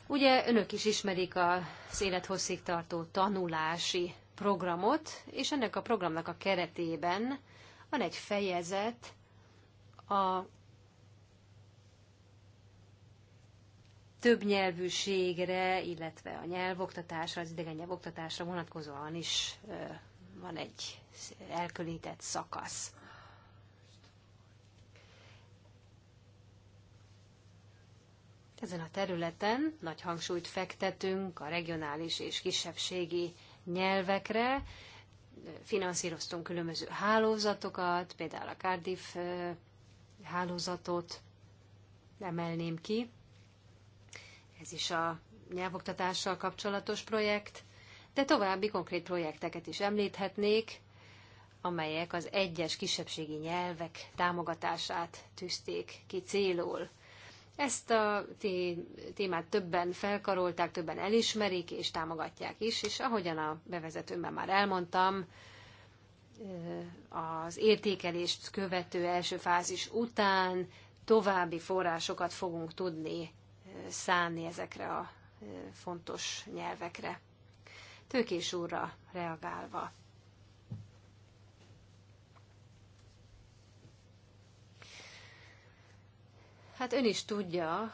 Ugye önök is ismerik az élethosszig tartó tanulási programot, és ennek a programnak a keretében van egy fejezet a többnyelvűségre, illetve a nyelvoktatásra, az idegen nyelvoktatásra vonatkozóan is van egy elkülönített szakasz. Ezen a területen nagy hangsúlyt fektetünk a regionális és kisebbségi nyelvekre, finanszíroztunk különböző hálózatokat, például a Cardiff hálózatot emelném ki. Ez is a nyelvoktatással kapcsolatos projekt, de további konkrét projekteket is említhetnék, amelyek az egyes kisebbségi nyelvek támogatását tűzték ki célul. Ezt a témát többen felkarolták, többen elismerik és támogatják is, és ahogyan a bevezetőmben már elmondtam, az értékelést követő első fázis után további forrásokat fogunk tudni szánni ezekre a fontos nyelvekre. Tőkés úrra reagálva. Hát ön is tudja,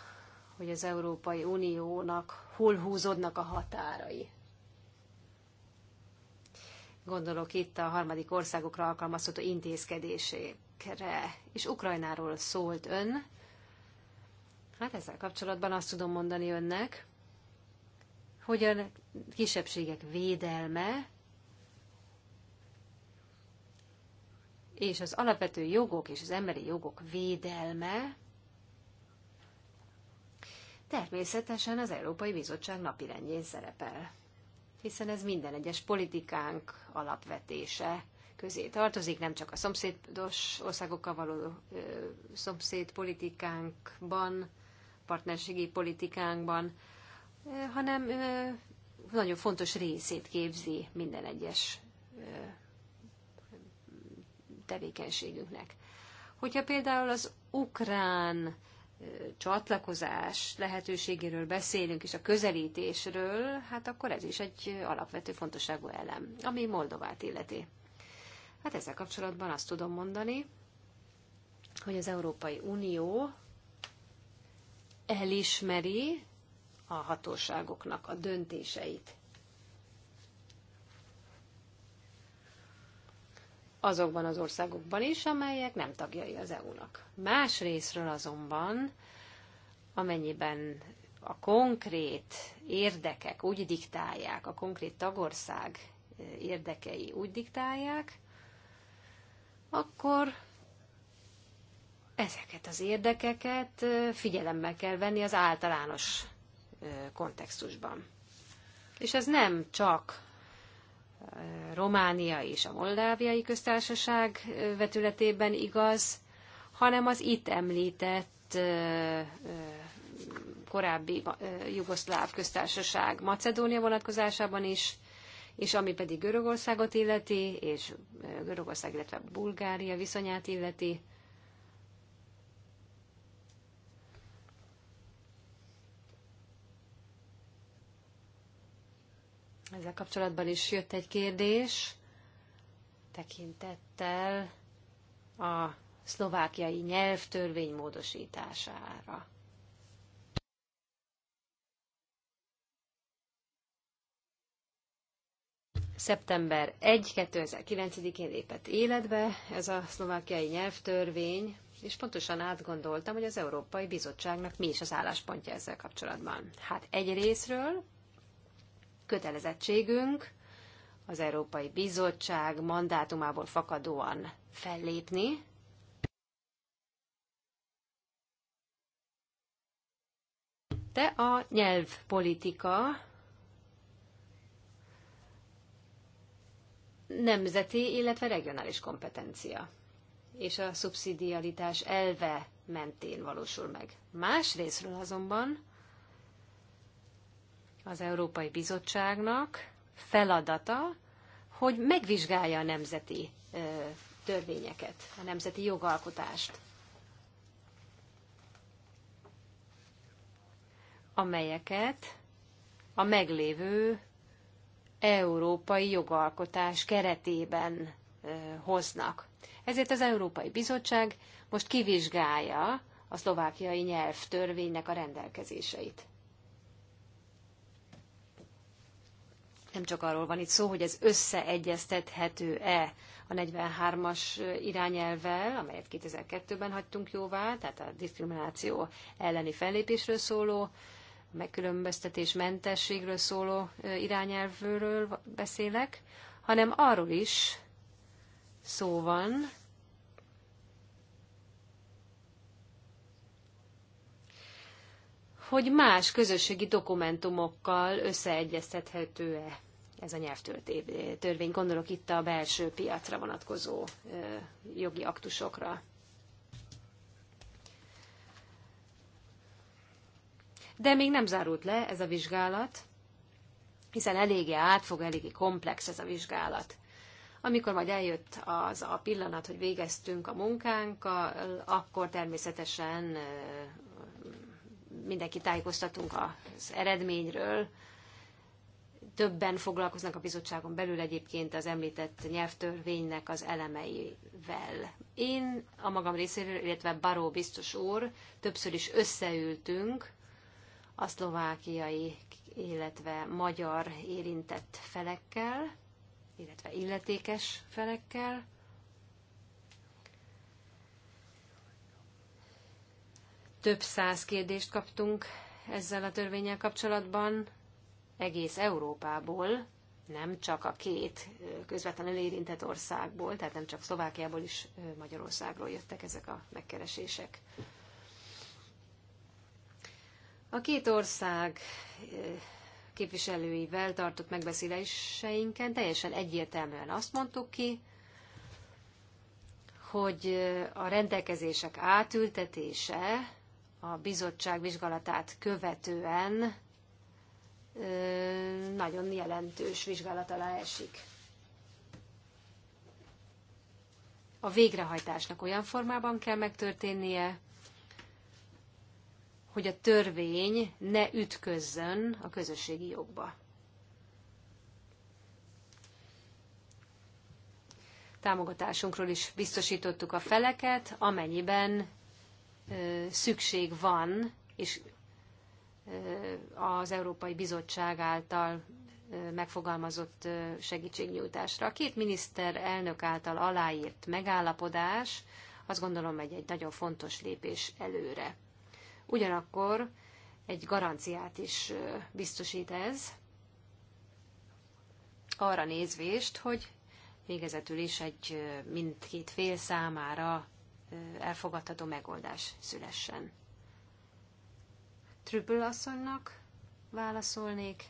hogy az Európai Uniónak hol húzódnak a határai. Gondolok itt a harmadik országokra alkalmazható intézkedésekre, és Ukrajnáról szólt ön. Hát ezzel kapcsolatban azt tudom mondani önnek, hogy a kisebbségek védelme és az alapvető jogok és az emberi jogok védelme természetesen az Európai Bizottság napirendjén szerepel, hiszen ez minden egyes politikánk alapvetése közé tartozik, nem csak a szomszédos országokkal való ö, szomszéd politikánkban, partnerségi politikánkban, ö, hanem ö, nagyon fontos részét képzi minden egyes ö, tevékenységünknek. Hogyha például az ukrán csatlakozás lehetőségéről beszélünk, és a közelítésről, hát akkor ez is egy alapvető fontosságú elem, ami Moldovát illeti. Hát ezzel kapcsolatban azt tudom mondani, hogy az Európai Unió elismeri a hatóságoknak a döntéseit azokban az országokban is, amelyek nem tagjai az EU-nak. Más részről azonban, amennyiben a konkrét érdekek úgy diktálják, a konkrét tagország eh, érdekei úgy diktálják, akkor ezeket az érdekeket eh, figyelembe kell venni az általános eh, kontextusban. És ez nem csak Románia és a Moldáviai Köztársaság vetületében igaz, hanem az itt említett korábbi jugoszláv köztársaság Macedónia vonatkozásában is, és ami pedig Görögországot illeti, és Görögország, illetve Bulgária viszonyát illeti, Ezzel kapcsolatban is jött egy kérdés tekintettel a szlovákiai nyelvtörvény módosítására. Szeptember 1. 2009-én lépett életbe ez a szlovákiai nyelvtörvény, és pontosan átgondoltam, hogy az Európai Bizottságnak mi is az álláspontja ezzel kapcsolatban. Hát egy részről kötelezettségünk az Európai Bizottság mandátumából fakadóan fellépni, de a nyelvpolitika nemzeti, illetve regionális kompetencia és a szubszidialitás elve mentén valósul meg. Másrésztről azonban az Európai Bizottságnak feladata, hogy megvizsgálja a nemzeti törvényeket, a nemzeti jogalkotást, amelyeket a meglévő európai jogalkotás keretében hoznak. Ezért az Európai Bizottság most kivizsgálja a szlovákiai nyelvtörvénynek a rendelkezéseit. Nem csak arról van itt szó, hogy ez összeegyeztethető-e a 43-as irányelvvel, amelyet 2002-ben hagytunk jóvá, tehát a diszkrimináció elleni fellépésről szóló, megkülönböztetés mentességről szóló irányelvről beszélek, hanem arról is szó van, hogy más közösségi dokumentumokkal összeegyeztethető-e ez a nyelvtörvény. Gondolok itt a belső piacra vonatkozó jogi aktusokra. De még nem zárult le ez a vizsgálat, hiszen eléggé átfog, eléggé komplex ez a vizsgálat. Amikor majd eljött az a pillanat, hogy végeztünk a munkánkkal, akkor természetesen mindenki tájékoztatunk az eredményről. Többen foglalkoznak a bizottságon belül egyébként az említett nyelvtörvénynek az elemeivel. Én a magam részéről, illetve Baró biztos úr, többször is összeültünk a szlovákiai, illetve magyar érintett felekkel, illetve illetékes felekkel, Több száz kérdést kaptunk ezzel a törvényel kapcsolatban egész Európából, nem csak a két közvetlenül érintett országból, tehát nem csak Szlovákiából is Magyarországról jöttek ezek a megkeresések. A két ország képviselőivel tartott megbeszéléseinken teljesen egyértelműen azt mondtuk ki, hogy a rendelkezések átültetése a bizottság vizsgálatát követően nagyon jelentős vizsgálat alá esik. A végrehajtásnak olyan formában kell megtörténnie, hogy a törvény ne ütközzön a közösségi jogba. Támogatásunkról is biztosítottuk a feleket, amennyiben szükség van, és az Európai Bizottság által megfogalmazott segítségnyújtásra. A két miniszter elnök által aláírt megállapodás azt gondolom egy, egy nagyon fontos lépés előre. Ugyanakkor egy garanciát is biztosít ez, arra nézvést, hogy végezetül is egy mindkét fél számára elfogadható megoldás szülessen. Trübül asszonynak válaszolnék.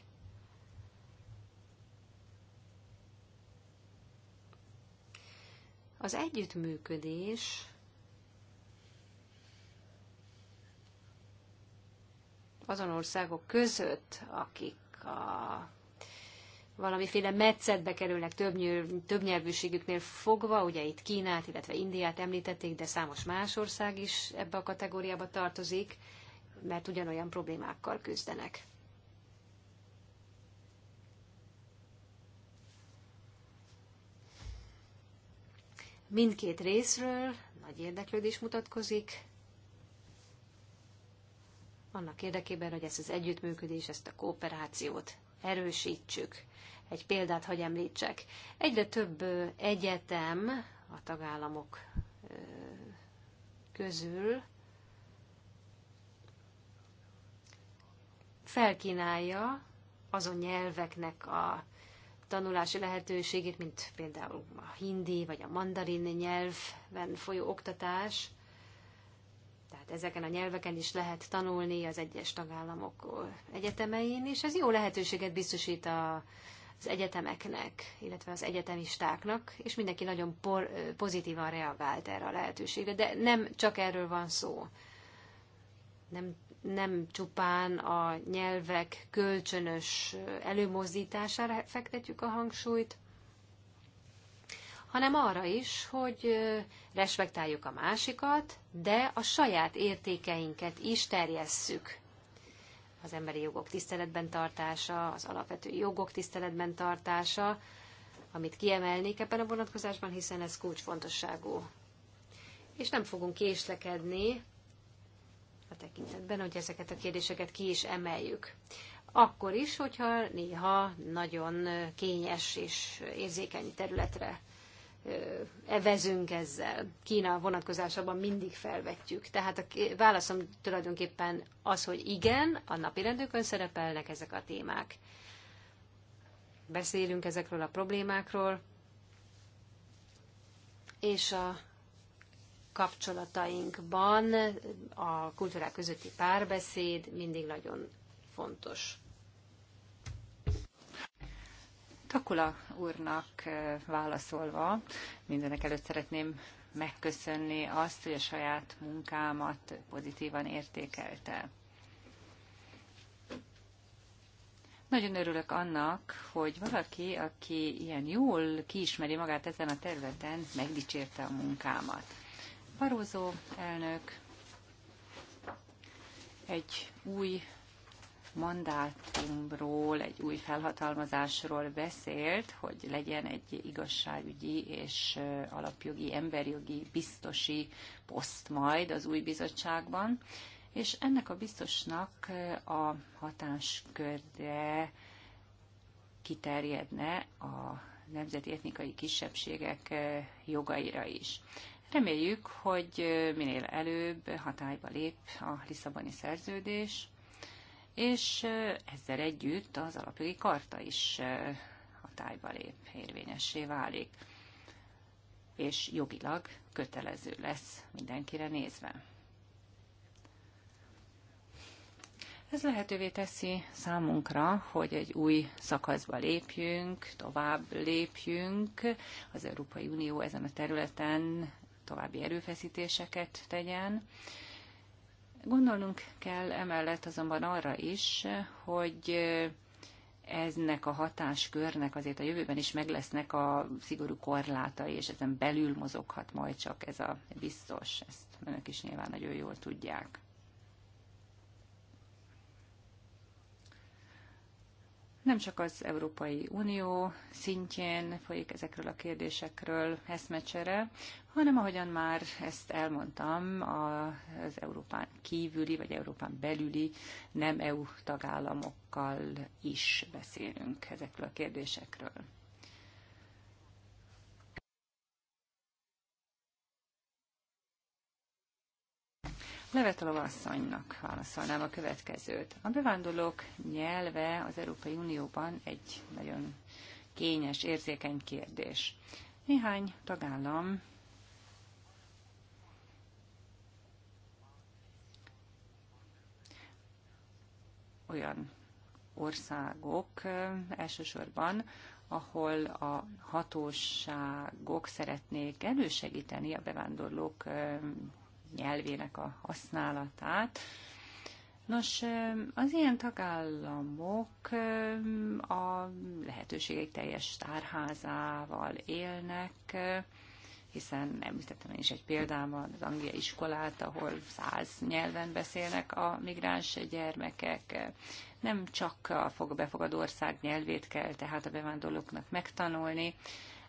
Az együttműködés azon országok között, akik a valamiféle metszetbe kerülnek több, több nyelvűségüknél fogva, ugye itt Kínát, illetve Indiát említették, de számos más ország is ebbe a kategóriába tartozik, mert ugyanolyan problémákkal küzdenek. Mindkét részről nagy érdeklődés mutatkozik, annak érdekében, hogy ezt az együttműködés, ezt a kooperációt erősítsük egy példát hagy említsek. Egyre több egyetem a tagállamok közül felkínálja azon nyelveknek a tanulási lehetőségét, mint például a hindi vagy a mandarin nyelven folyó oktatás. Tehát ezeken a nyelveken is lehet tanulni az egyes tagállamok egyetemein, és ez jó lehetőséget biztosít a az egyetemeknek, illetve az egyetemistáknak, és mindenki nagyon por, pozitívan reagált erre a lehetőségre, de nem csak erről van szó. Nem, nem csupán a nyelvek kölcsönös előmozdítására fektetjük a hangsúlyt, hanem arra is, hogy respektáljuk a másikat, de a saját értékeinket is terjesszük az emberi jogok tiszteletben tartása, az alapvető jogok tiszteletben tartása, amit kiemelnék ebben a vonatkozásban, hiszen ez kulcsfontosságú. És nem fogunk késlekedni a tekintetben, hogy ezeket a kérdéseket ki is emeljük. Akkor is, hogyha néha nagyon kényes és érzékeny területre evezünk ezzel. Kína vonatkozásában mindig felvetjük. Tehát a válaszom tulajdonképpen az, hogy igen, a napi rendőkön szerepelnek ezek a témák. Beszélünk ezekről a problémákról, és a kapcsolatainkban a kultúrák közötti párbeszéd mindig nagyon fontos. Takula úrnak válaszolva, mindenek előtt szeretném megköszönni azt, hogy a saját munkámat pozitívan értékelte. Nagyon örülök annak, hogy valaki, aki ilyen jól kiismeri magát ezen a területen, megdicsérte a munkámat. Barózó elnök egy új mandátumról, egy új felhatalmazásról beszélt, hogy legyen egy igazságügyi és alapjogi, emberjogi biztosi poszt majd az új bizottságban, és ennek a biztosnak a hatáskörre kiterjedne a nemzeti etnikai kisebbségek jogaira is. Reméljük, hogy minél előbb hatályba lép a Lisszaboni szerződés, és ezzel együtt az alapjogi karta is hatályba lép, érvényessé válik, és jogilag kötelező lesz mindenkire nézve. Ez lehetővé teszi számunkra, hogy egy új szakaszba lépjünk, tovább lépjünk, az Európai Unió ezen a területen további erőfeszítéseket tegyen, Gondolnunk kell emellett azonban arra is, hogy eznek a hatáskörnek azért a jövőben is meg lesznek a szigorú korlátai, és ezen belül mozoghat majd csak ez a biztos. Ezt önök is nyilván nagyon jól tudják. Nem csak az Európai Unió szintjén folyik ezekről a kérdésekről eszmecsere, hanem ahogyan már ezt elmondtam, az Európán kívüli vagy Európán belüli nem EU tagállamokkal is beszélünk ezekről a kérdésekről. Levetolova asszonynak válaszolnám a következőt. A bevándorlók nyelve az Európai Unióban egy nagyon kényes, érzékeny kérdés. Néhány tagállam olyan országok elsősorban, ahol a hatóságok szeretnék elősegíteni a bevándorlók nyelvének a használatát. Nos, az ilyen tagállamok a lehetőségek teljes tárházával élnek, hiszen említettem én is egy példában az angliai iskolát, ahol száz nyelven beszélnek a migráns gyermekek. Nem csak a befogadó ország nyelvét kell tehát a bevándorlóknak megtanulni,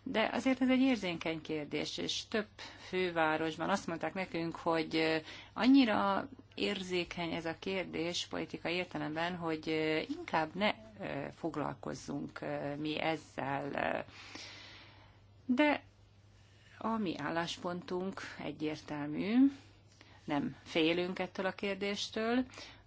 de azért ez egy érzékeny kérdés, és több fővárosban azt mondták nekünk, hogy annyira érzékeny ez a kérdés politikai értelemben, hogy inkább ne foglalkozzunk mi ezzel. De a mi álláspontunk egyértelmű, nem félünk ettől a kérdéstől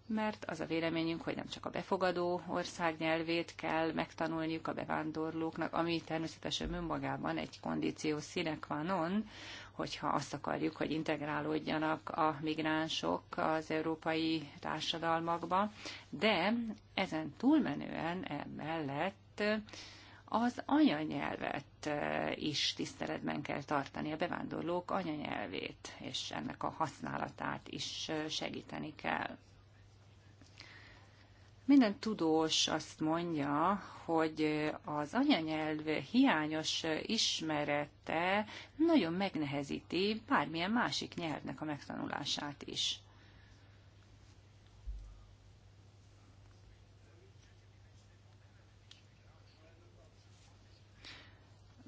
mert az a véleményünk, hogy nem csak a befogadó ország nyelvét kell megtanulniuk a bevándorlóknak, ami természetesen önmagában egy kondíció sine qua non, hogyha azt akarjuk, hogy integrálódjanak a migránsok az európai társadalmakba, de ezen túlmenően emellett az anyanyelvet eh, is tiszteletben kell tartani, a bevándorlók anyanyelvét, és ennek a használatát is eh, segíteni kell. Minden tudós azt mondja, hogy az anyanyelv hiányos ismerete nagyon megnehezíti bármilyen másik nyelvnek a megtanulását is.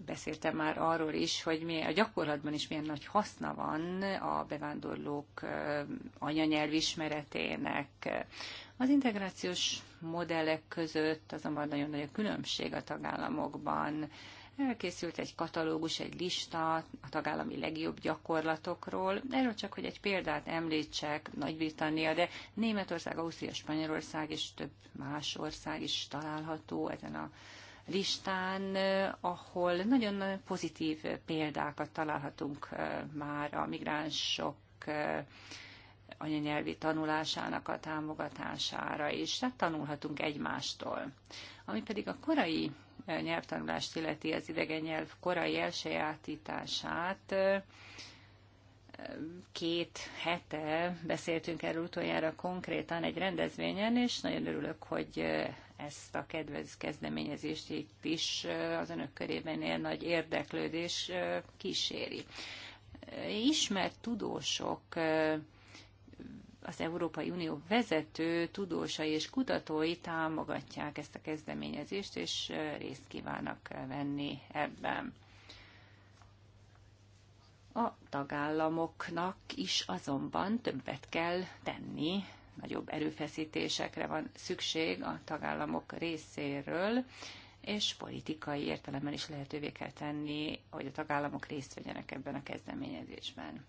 beszéltem már arról is, hogy mi a gyakorlatban is milyen nagy haszna van a bevándorlók anyanyelv ismeretének. Az integrációs modellek között azonban nagyon nagy a különbség a tagállamokban. Elkészült egy katalógus, egy lista a tagállami legjobb gyakorlatokról. Erről csak, hogy egy példát említsek, Nagy-Britannia, de Németország, Ausztria, Spanyolország és több más ország is található ezen a listán, ahol nagyon pozitív példákat találhatunk eh, már a migránsok eh, anyanyelvi tanulásának a támogatására és tehát tanulhatunk egymástól. Ami pedig a korai eh, nyelvtanulást illeti az idegen nyelv korai elsajátítását, eh, két hete beszéltünk erről utoljára konkrétan egy rendezvényen, és nagyon örülök, hogy eh, ezt a kedvez kezdeményezést itt is az önök körében ilyen nagy érdeklődés kíséri. Ismert tudósok az Európai Unió vezető tudósai és kutatói támogatják ezt a kezdeményezést, és részt kívánnak venni ebben. A tagállamoknak is azonban többet kell tenni, nagyobb erőfeszítésekre van szükség a tagállamok részéről, és politikai értelemben is lehetővé kell tenni, hogy a tagállamok részt vegyenek ebben a kezdeményezésben.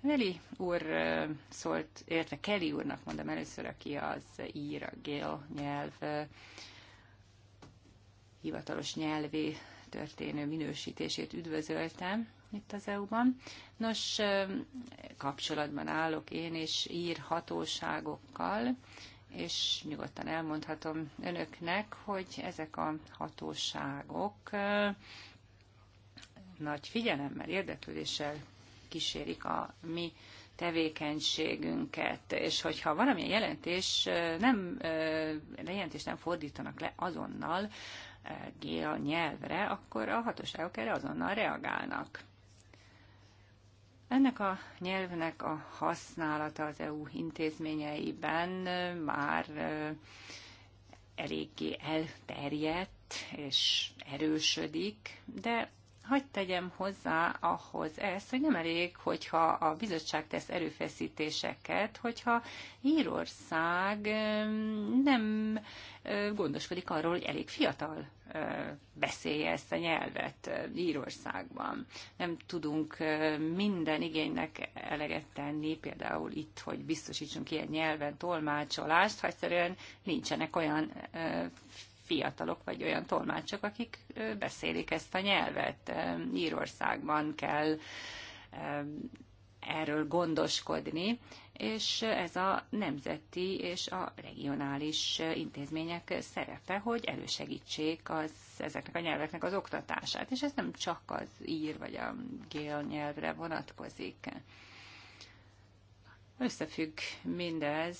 Veli úr szólt, illetve Kelly úrnak mondom először, aki az ír, a gél nyelv hivatalos nyelvé történő minősítését üdvözöltem itt az EU-ban. Nos, kapcsolatban állok én és ír hatóságokkal, és nyugodtan elmondhatom önöknek, hogy ezek a hatóságok nagy figyelemmel, érdeklődéssel kísérik a mi tevékenységünket, és hogyha valamilyen jelentés nem, jelentés nem fordítanak le azonnal gél nyelvre, akkor a hatóságok erre azonnal reagálnak. Ennek a nyelvnek a használata az EU intézményeiben már eléggé elterjedt és erősödik, de Hagy tegyem hozzá ahhoz ezt, hogy nem elég, hogyha a bizottság tesz erőfeszítéseket, hogyha Írország nem gondoskodik arról, hogy elég fiatal beszélje ezt a nyelvet Írországban. Nem tudunk minden igénynek eleget tenni, például itt, hogy biztosítsunk ilyen nyelven tolmácsolást, ha egyszerűen nincsenek olyan fiatalok, vagy olyan tolmácsok, akik beszélik ezt a nyelvet. Írországban kell erről gondoskodni, és ez a nemzeti és a regionális intézmények szerepe, hogy elősegítsék az, ezeknek a nyelveknek az oktatását, és ez nem csak az ír vagy a gél nyelvre vonatkozik. Összefügg mindez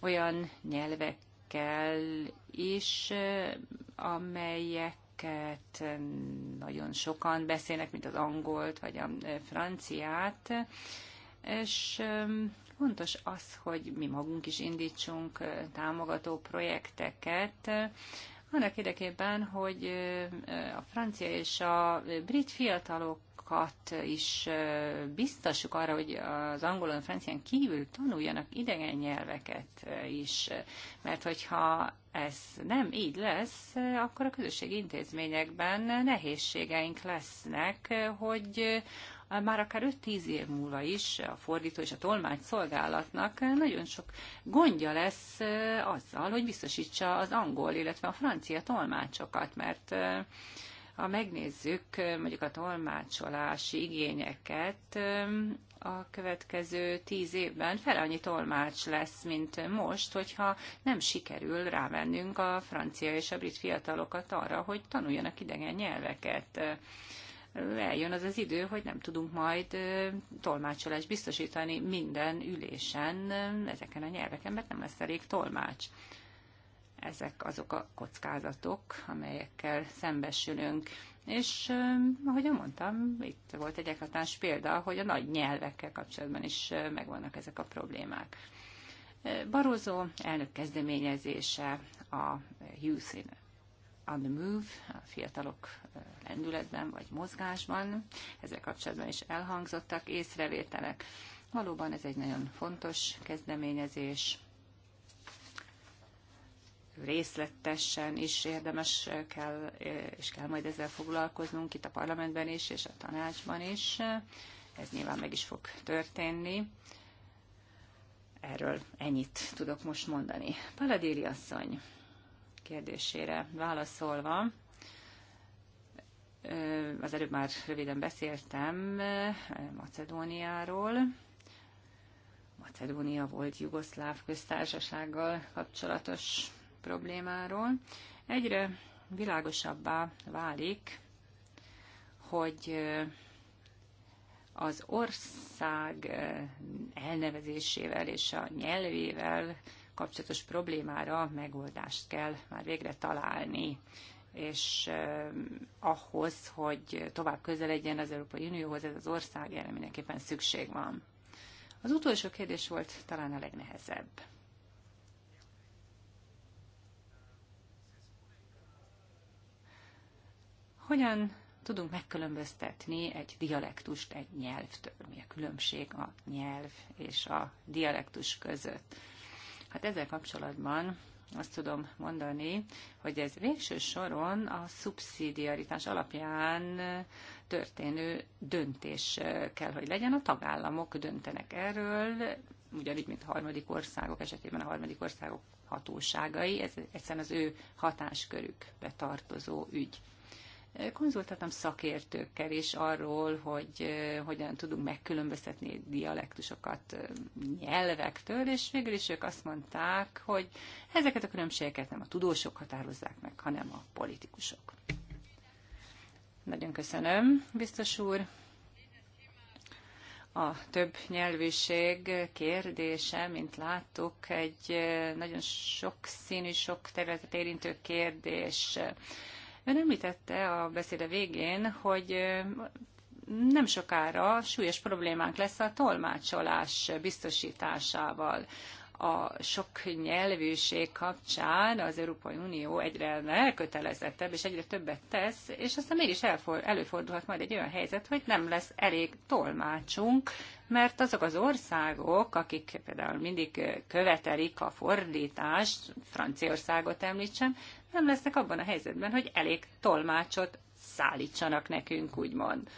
olyan nyelvek ügyekkel is, amelyeket nagyon sokan beszélnek, mint az angolt vagy a e, franciát, és e, fontos az, hogy mi magunk is indítsunk e, támogató projekteket, annak érdekében, hogy a francia és a brit fiatalok fiatalokat is biztassuk arra, hogy az angolon, francián kívül tanuljanak idegen nyelveket is, mert hogyha ez nem így lesz, akkor a közösségi intézményekben nehézségeink lesznek, hogy már akár 5-10 év múlva is a fordító és a tolmács szolgálatnak nagyon sok gondja lesz azzal, hogy biztosítsa az angol, illetve a francia tolmácsokat, mert ha megnézzük mondjuk a tolmácsolási igényeket, a következő tíz évben fel annyi tolmács lesz, mint most, hogyha nem sikerül rávennünk a francia és a brit fiatalokat arra, hogy tanuljanak idegen nyelveket eljön az az idő, hogy nem tudunk majd tolmácsolást biztosítani minden ülésen ezeken a nyelveken, mert nem lesz elég tolmács ezek azok a kockázatok, amelyekkel szembesülünk. És ahogy mondtam, itt volt egy eklatáns példa, hogy a nagy nyelvekkel kapcsolatban is megvannak ezek a problémák. Barozó elnök kezdeményezése a Youth in on the move, a fiatalok lendületben vagy mozgásban. Ezzel kapcsolatban is elhangzottak észrevételek. Valóban ez egy nagyon fontos kezdeményezés, részletesen is érdemes kell, és kell majd ezzel foglalkoznunk itt a parlamentben is, és a tanácsban is. Ez nyilván meg is fog történni. Erről ennyit tudok most mondani. Paladéli asszony kérdésére válaszolva, az előbb már röviden beszéltem Macedóniáról. Macedónia volt Jugoszláv köztársasággal kapcsolatos problémáról. Egyre világosabbá válik, hogy az ország elnevezésével és a nyelvével kapcsolatos problémára megoldást kell már végre találni és ahhoz, hogy tovább közeledjen az Európai Unióhoz, ez az ország erre mindenképpen szükség van. Az utolsó kérdés volt talán a legnehezebb. Hogyan tudunk megkülönböztetni egy dialektust egy nyelvtől? Mi a különbség a nyelv és a dialektus között? Hát ezzel kapcsolatban azt tudom mondani, hogy ez végső soron a szubszidiaritás alapján történő döntés kell, hogy legyen. A tagállamok döntenek erről, ugyanígy, mint a harmadik országok esetében a harmadik országok hatóságai, ez egyszerűen az ő hatáskörükbe tartozó ügy. Konzultáltam szakértőkkel is arról, hogy hogyan tudunk megkülönböztetni dialektusokat nyelvektől, és végül is ők azt mondták, hogy ezeket a különbségeket nem a tudósok határozzák meg, hanem a politikusok. Nagyon köszönöm, biztos úr. A több nyelvűség kérdése, mint láttuk, egy nagyon sok színű, sok területet érintő kérdés. Ön említette a beszéde végén, hogy nem sokára súlyos problémánk lesz a tolmácsolás biztosításával. A sok nyelvűség kapcsán az Európai Unió egyre elkötelezettebb és egyre többet tesz, és aztán mégis előfordulhat majd egy olyan helyzet, hogy nem lesz elég tolmácsunk, mert azok az országok, akik például mindig követelik a fordítást, Franciaországot említsem, nem lesznek abban a helyzetben, hogy elég tolmácsot szállítsanak nekünk, úgymond.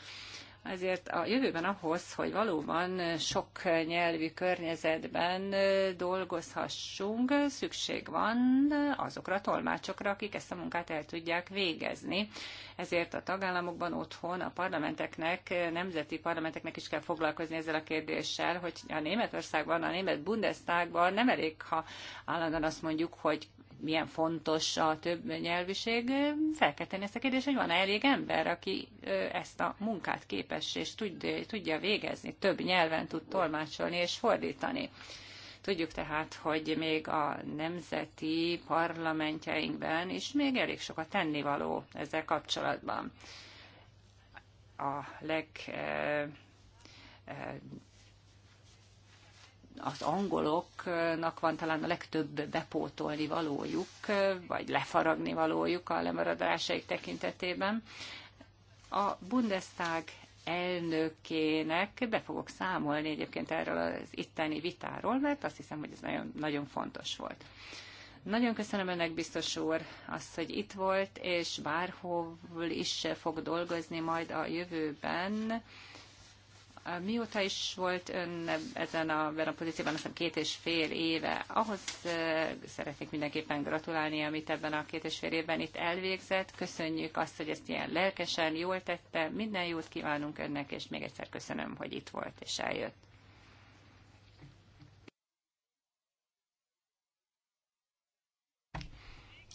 Azért a jövőben ahhoz, hogy valóban sok nyelvű környezetben dolgozhassunk, szükség van azokra a tolmácsokra, akik ezt a munkát el tudják végezni. Ezért a tagállamokban otthon a parlamenteknek, nemzeti parlamenteknek is kell foglalkozni ezzel a kérdéssel, hogy a Németországban, a német Bundestagban nem elég, ha állandóan azt mondjuk, hogy milyen fontos a több nyelviség, fel kell tenni ezt a kérdést, hogy van-e elég ember, aki ezt a munkát képes és tud, tudja végezni, több nyelven tud tolmácsolni és fordítani. Tudjuk tehát, hogy még a nemzeti parlamentjeinkben is még elég sok a tennivaló ezzel kapcsolatban. A leg az angoloknak van talán a legtöbb bepótolni valójuk, vagy lefaragni valójuk a lemaradásaik tekintetében. A Bundestag elnökének be fogok számolni egyébként erről az itteni vitáról, mert azt hiszem, hogy ez nagyon, nagyon fontos volt. Nagyon köszönöm önnek, biztos úr, azt, hogy itt volt, és bárhol is fog dolgozni majd a jövőben. Mióta is volt ön ezen a, ebben a pozícióban, azt két és fél éve. Ahhoz szeretnék mindenképpen gratulálni, amit ebben a két és fél évben itt elvégzett. Köszönjük azt, hogy ezt ilyen lelkesen, jól tette. Minden jót kívánunk önnek, és még egyszer köszönöm, hogy itt volt és eljött.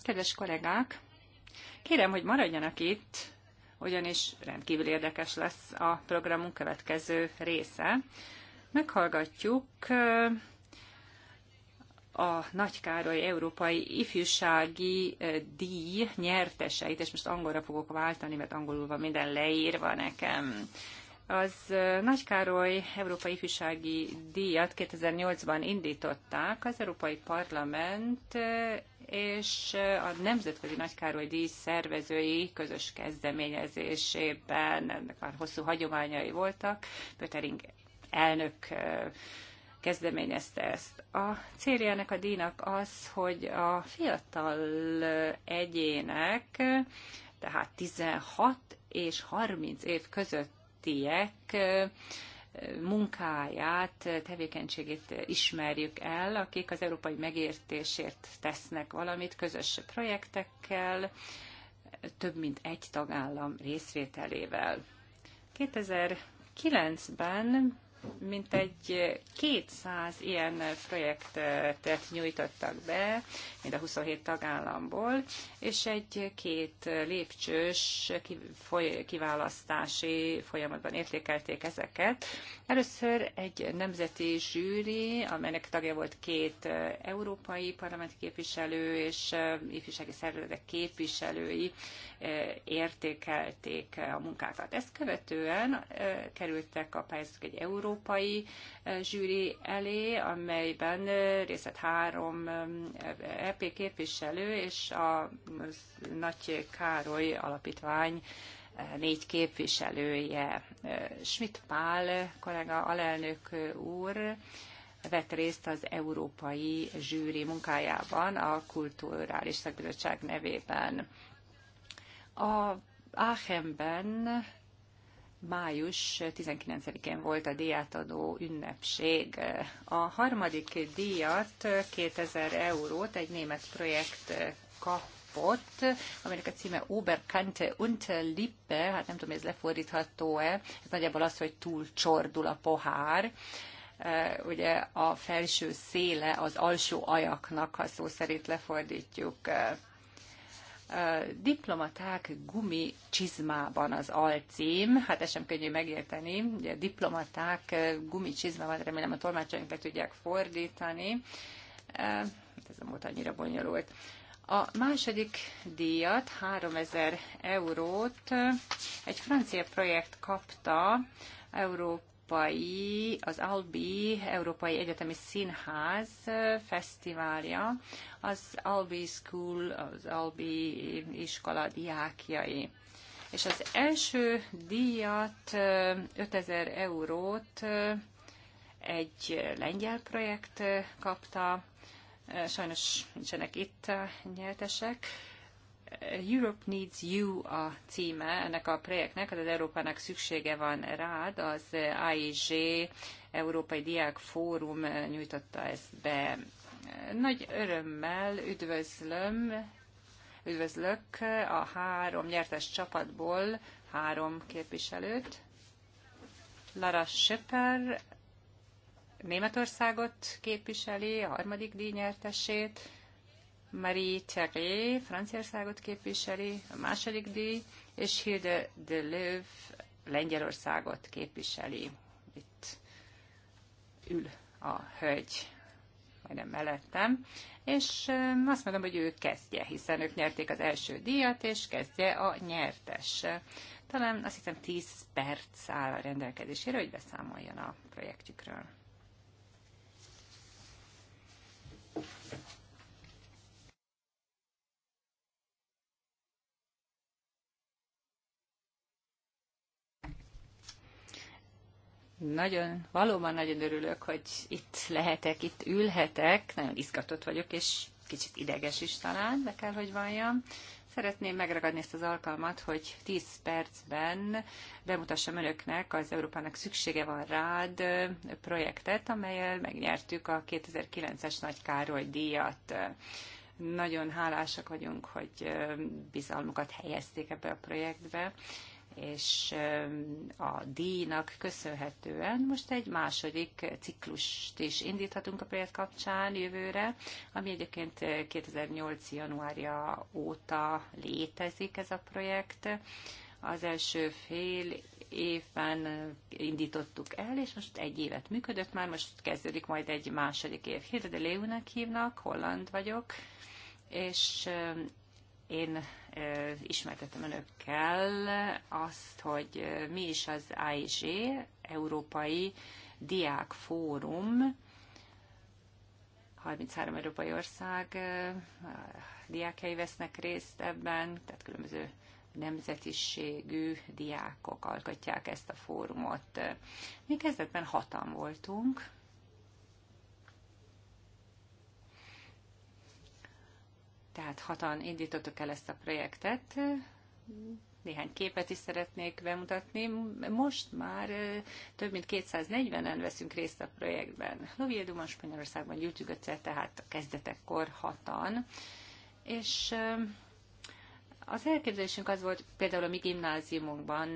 Kedves kollégák, kérem, hogy maradjanak itt, ugyanis rendkívül érdekes lesz a programunk következő része. Meghallgatjuk a Nagy Károly Európai Ifjúsági Díj nyerteseit, és most angolra fogok váltani, mert angolul van minden leírva nekem. Az Nagy Károly Európai Ifjúsági Díjat 2008-ban indították az Európai Parlament és a Nemzetközi Nagykároly Díj szervezői közös kezdeményezésében, ennek már hosszú hagyományai voltak, Pötering elnök kezdeményezte ezt. A célja ennek a díjnak az, hogy a fiatal egyének, tehát 16 és 30 év között helyiek munkáját, tevékenységét ismerjük el, akik az európai megértésért tesznek valamit közös projektekkel, több mint egy tagállam részvételével. 2009-ben mintegy 200 ilyen projektet nyújtottak be, mind a 27 tagállamból, és egy két lépcsős kiválasztási folyamatban értékelték ezeket. Először egy nemzeti zsűri, amelynek tagja volt két európai parlamenti képviselő és ifjúsági szervezetek képviselői értékelték a munkákat. Hát ezt követően kerültek a pályázatok egy euró európai eh, zsűri elé, amelyben eh, részt három EP eh, e képviselő és a Nagy Károly Alapítvány négy képviselője. Schmidt Pál kollega alelnök úr vett részt az európai zsűri munkájában a Kulturális Szakbizottság nevében. A Aachenben május 19-én volt a díjátadó ünnepség. A harmadik díjat, 2000 eurót egy német projekt kapott, aminek a címe Oberkante und Lippe, hát nem tudom, ez lefordítható-e, ez hát nagyjából az, hogy túl csordul a pohár eh, ugye a felső széle az alsó ajaknak, ha szó szerint lefordítjuk. Eh, diplomaták gumi csizmában az alcím, hát ez sem könnyű megérteni, ugye diplomaták gumi csizmában, remélem a tolmácsaink le tudják fordítani, hát ez nem volt annyira bonyolult. A második díjat, 3000 eurót egy francia projekt kapta, Európa európai, az Albi Európai Egyetemi Színház fesztiválja, az Albi School, az Albi iskola diákjai. És az első díjat, 5000 eurót egy lengyel projekt kapta, sajnos nincsenek itt nyertesek, Europe Needs You a címe ennek a projektnek, az Európának szüksége van rád, az AIG Európai Diák Fórum nyújtotta ezt be. Nagy örömmel üdvözlöm, üdvözlök a három nyertes csapatból három képviselőt. Lara Schöper Németországot képviseli, a harmadik díjnyertesét, Marie Thierry Franciaországot képviseli, a második díj, és Hilde de Löw Lengyelországot képviseli. Itt ül a hölgy majdnem mellettem, és um, azt mondom, hogy ő kezdje, hiszen ők nyerték az első díjat, és kezdje a nyertes. Talán azt hiszem 10 perc áll a rendelkezésére, hogy beszámoljon a projektjükről. Nagyon, valóban nagyon örülök, hogy itt lehetek, itt ülhetek. Nagyon izgatott vagyok, és kicsit ideges is talán, de kell, hogy valljam. Szeretném megragadni ezt az alkalmat, hogy 10 percben bemutassam önöknek az Európának szüksége van rád projektet, amelyel megnyertük a 2009-es Nagy Károly díjat. Nagyon hálásak vagyunk, hogy bizalmukat helyezték ebbe a projektbe, és a díjnak köszönhetően most egy második ciklust is indíthatunk a projekt kapcsán jövőre, ami egyébként 2008. januárja óta létezik ez a projekt. Az első fél évben indítottuk el, és most egy évet működött már, most kezdődik majd egy második év. Hilde de hívnak, holland vagyok, és én ismertetem önökkel azt, hogy mi is az AIG, Európai Diák Fórum, 33 európai ország diákjai vesznek részt ebben, tehát különböző nemzetiségű diákok alkotják ezt a fórumot. Mi kezdetben hatan voltunk, Tehát hatan indítottuk el ezt a projektet, néhány képet is szeretnék bemutatni. Most már több mint 240-en veszünk részt a projektben. Lovieduma Spanyolországban gyűjtjük össze, tehát a kezdetekkor hatan. És az elképzelésünk az volt, például a mi gimnáziumunkban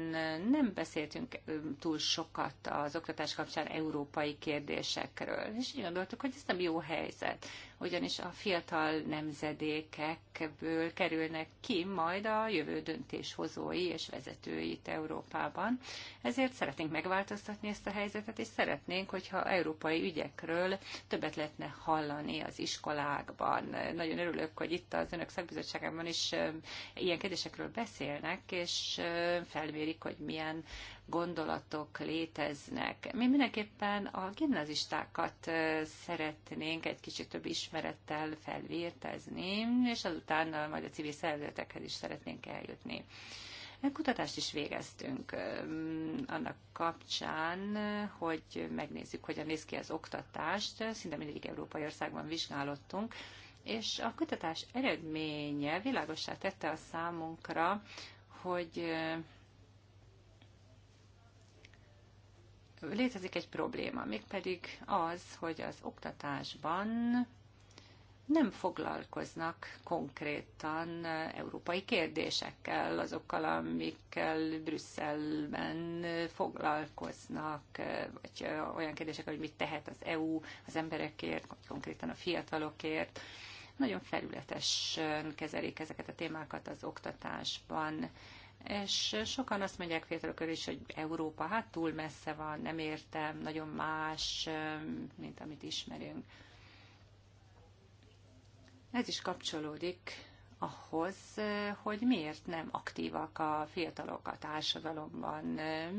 nem beszéltünk túl sokat az oktatás kapcsán európai kérdésekről, és így gondoltuk, hogy ez nem jó helyzet ugyanis a fiatal nemzedékekből kerülnek ki majd a jövő döntéshozói és vezetői itt Európában. Ezért szeretnénk megváltoztatni ezt a helyzetet, és szeretnénk, hogyha európai ügyekről többet lehetne hallani az iskolákban. Nagyon örülök, hogy itt az Önök szakbizottságában is ilyen kérdésekről beszélnek, és felmérik, hogy milyen gondolatok léteznek. Mi mindenképpen a gimnazistákat szeretnénk egy kicsit több ismerettel felvértezni, és azután majd a civil szervezetekhez is szeretnénk eljutni. Kutatást is végeztünk annak kapcsán, hogy megnézzük, hogyan néz ki az oktatást. Szinte mindegyik európai országban vizsgálottunk, és a kutatás eredménye világosá tette a számunkra, hogy létezik egy probléma, mégpedig az, hogy az oktatásban nem foglalkoznak konkrétan európai kérdésekkel, azokkal, amikkel Brüsszelben foglalkoznak, vagy olyan kérdésekkel, hogy mit tehet az EU az emberekért, konkrétan a fiatalokért. Nagyon felületesen kezelik ezeket a témákat az oktatásban és sokan azt mondják fiatalok is, hogy Európa hát túl messze van, nem értem, nagyon más, mint amit ismerünk. Ez is kapcsolódik ahhoz, hogy miért nem aktívak a fiatalok a társadalomban,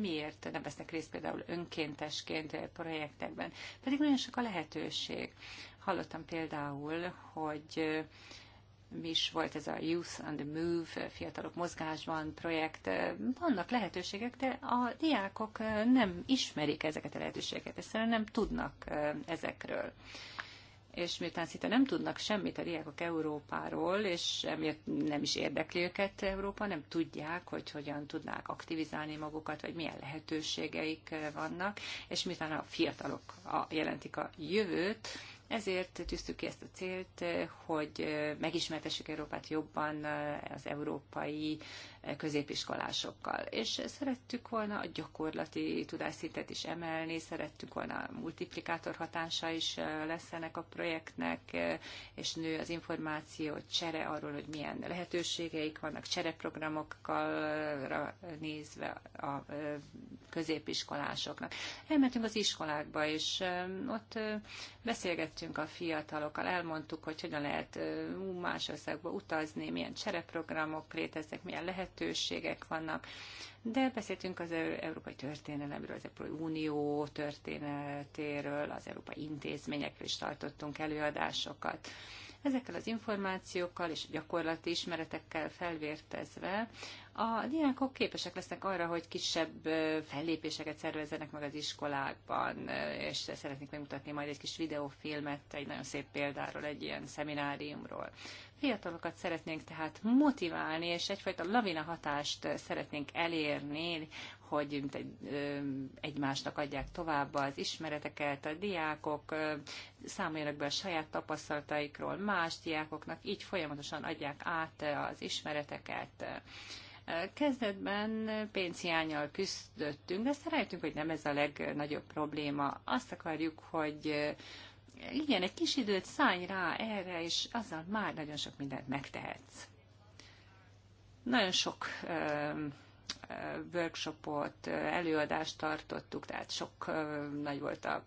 miért nem vesznek részt például önkéntesként projektekben. Pedig nagyon sok a lehetőség. Hallottam például, hogy is volt ez a Youth on the Move, fiatalok mozgásban projekt. Vannak lehetőségek, de a diákok nem ismerik ezeket a lehetőségeket, egyszerűen nem tudnak ezekről és miután szinte nem tudnak semmit a diákok Európáról, és emiatt nem is érdekli őket Európa, nem tudják, hogy hogyan tudnák aktivizálni magukat, vagy milyen lehetőségeik vannak, és miután a fiatalok a, jelentik a jövőt, ezért tűztük ki ezt a célt, hogy megismertessük Európát jobban az európai középiskolásokkal. És szerettük volna a gyakorlati tudásszintet is emelni, szerettük volna a multiplikátor hatása is lesz ennek a projektnek, és nő az információ csere arról, hogy milyen lehetőségeik vannak csereprogramokkal nézve a középiskolásoknak. Elmentünk az iskolákba, és ott beszélgettünk a fiatalokkal, elmondtuk, hogy hogyan lehet más országba utazni, milyen csereprogramok léteznek, milyen lehetőségek, lehetőségek vannak. De beszéltünk az európai történelemről, az Európai Unió történetéről, az európai intézményekről is tartottunk előadásokat. Ezekkel az információkkal és gyakorlati ismeretekkel felvértezve a diákok képesek lesznek arra, hogy kisebb fellépéseket szervezzenek meg az iskolákban, és szeretnék megmutatni majd egy kis videófilmet egy nagyon szép példáról, egy ilyen szemináriumról. Fiatalokat szeretnénk tehát motiválni, és egyfajta lavina hatást szeretnénk elérni, hogy egymásnak adják tovább az ismereteket, a diákok számoljanak be a saját tapasztalataikról más diákoknak, így folyamatosan adják át az ismereteket. Kezdetben pénzhiányjal küzdöttünk, de azt rájöttünk, hogy nem ez a legnagyobb probléma. Azt akarjuk, hogy igen, egy kis időt szállj rá erre, és azzal már nagyon sok mindent megtehetsz. Nagyon sok ö, workshopot, előadást tartottuk, tehát sok nagy volt a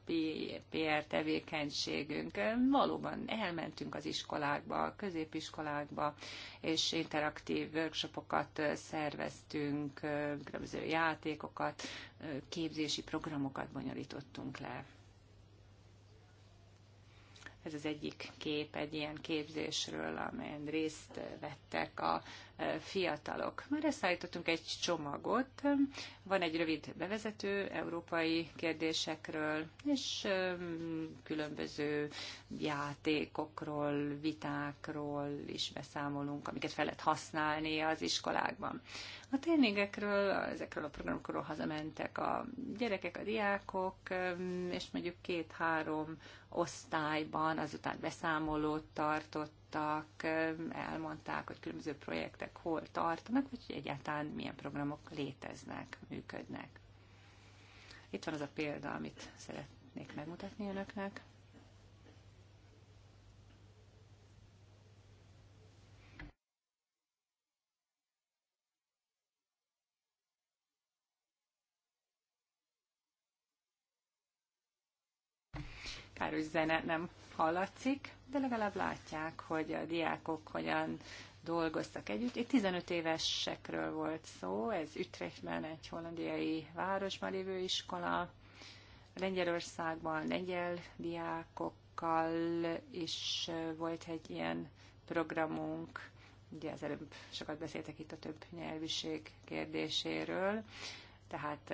PR tevékenységünk. Valóban elmentünk az iskolákba, a középiskolákba, és interaktív workshopokat szerveztünk, különböző játékokat, képzési programokat bonyolítottunk le. Ez az egyik kép egy ilyen képzésről, amelyen részt vettek a fiatalok. Már összeállítottunk egy csomagot, van egy rövid bevezető európai kérdésekről, és különböző játékokról, vitákról is beszámolunk, amiket fel lehet használni az iskolákban. A tréningekről, ezekről a programokról hazamentek a gyerekek, a diákok, és mondjuk két-három osztályban azután beszámolót tartott beszámoltak, elmondták, hogy különböző projektek hol tartanak, vagy hogy egyáltalán milyen programok léteznek, működnek. Itt van az a példa, amit szeretnék megmutatni önöknek. káros zene nem hallatszik, de legalább látják, hogy a diákok hogyan dolgoztak együtt. Itt 15 évesekről volt szó, ez Ütrechtben, egy hollandiai városban lévő iskola, Lengyelországban lengyel diákokkal is volt egy ilyen programunk, ugye az előbb sokat beszéltek itt a több nyelviség kérdéséről, tehát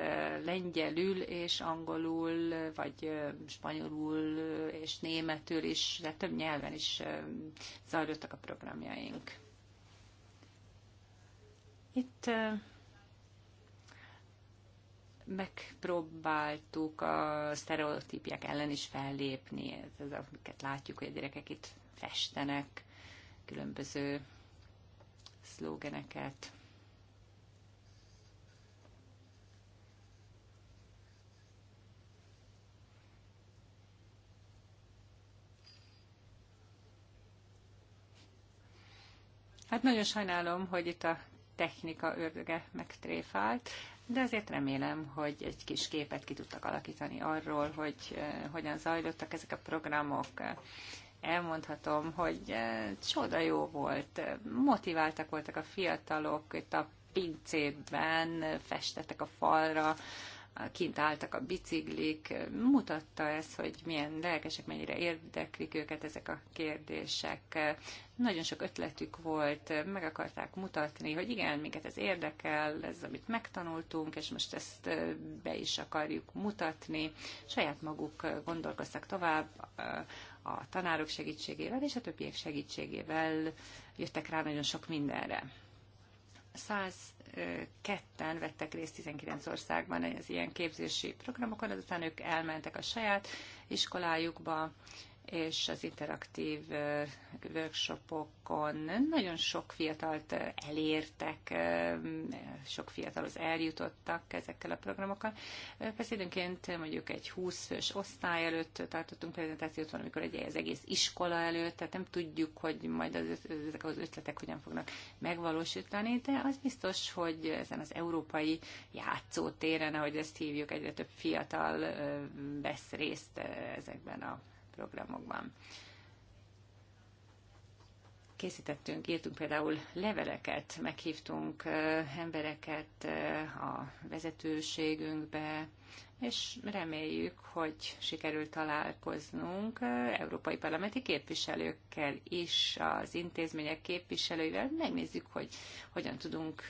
lengyelül és angolul, vagy spanyolul és németül is, de több nyelven is zajlottak a programjaink. Itt megpróbáltuk a sztereotípiák ellen is fellépni, ez az, amiket látjuk, hogy a gyerekek itt festenek különböző szlógeneket. Hát nagyon sajnálom, hogy itt a technika ördöge megtréfált, de azért remélem, hogy egy kis képet ki tudtak alakítani arról, hogy eh, hogyan zajlottak ezek a programok. Elmondhatom, hogy eh, csoda jó volt, motiváltak voltak a fiatalok, itt a pincében festettek a falra, kint álltak a biciklik, mutatta ez, hogy milyen lelkesek, mennyire érdeklik őket ezek a kérdések. Nagyon sok ötletük volt, meg akarták mutatni, hogy igen, minket ez érdekel, ez, amit megtanultunk, és most ezt be is akarjuk mutatni. Saját maguk gondolkoztak tovább, a tanárok segítségével és a többiek segítségével jöttek rá nagyon sok mindenre. 102-en vettek részt 19 országban az ilyen képzési programokon, azután ők elmentek a saját iskolájukba, és az interaktív workshopokon nagyon sok fiatalt elértek, sok fiatalhoz eljutottak ezekkel a programokkal. Persze időnként mondjuk egy 20 fős osztály előtt tartottunk prezentációt, amikor egy az egész iskola előtt, tehát nem tudjuk, hogy majd az, ezek az ötletek hogyan fognak megvalósítani, de az biztos, hogy ezen az európai játszótéren, ahogy ezt hívjuk, egyre több fiatal vesz részt ezekben a programokban. Készítettünk, írtunk például leveleket, meghívtunk embereket a vezetőségünkbe, és reméljük, hogy sikerül találkoznunk európai parlamenti képviselőkkel is, az intézmények képviselőivel, megnézzük, hogy hogyan tudunk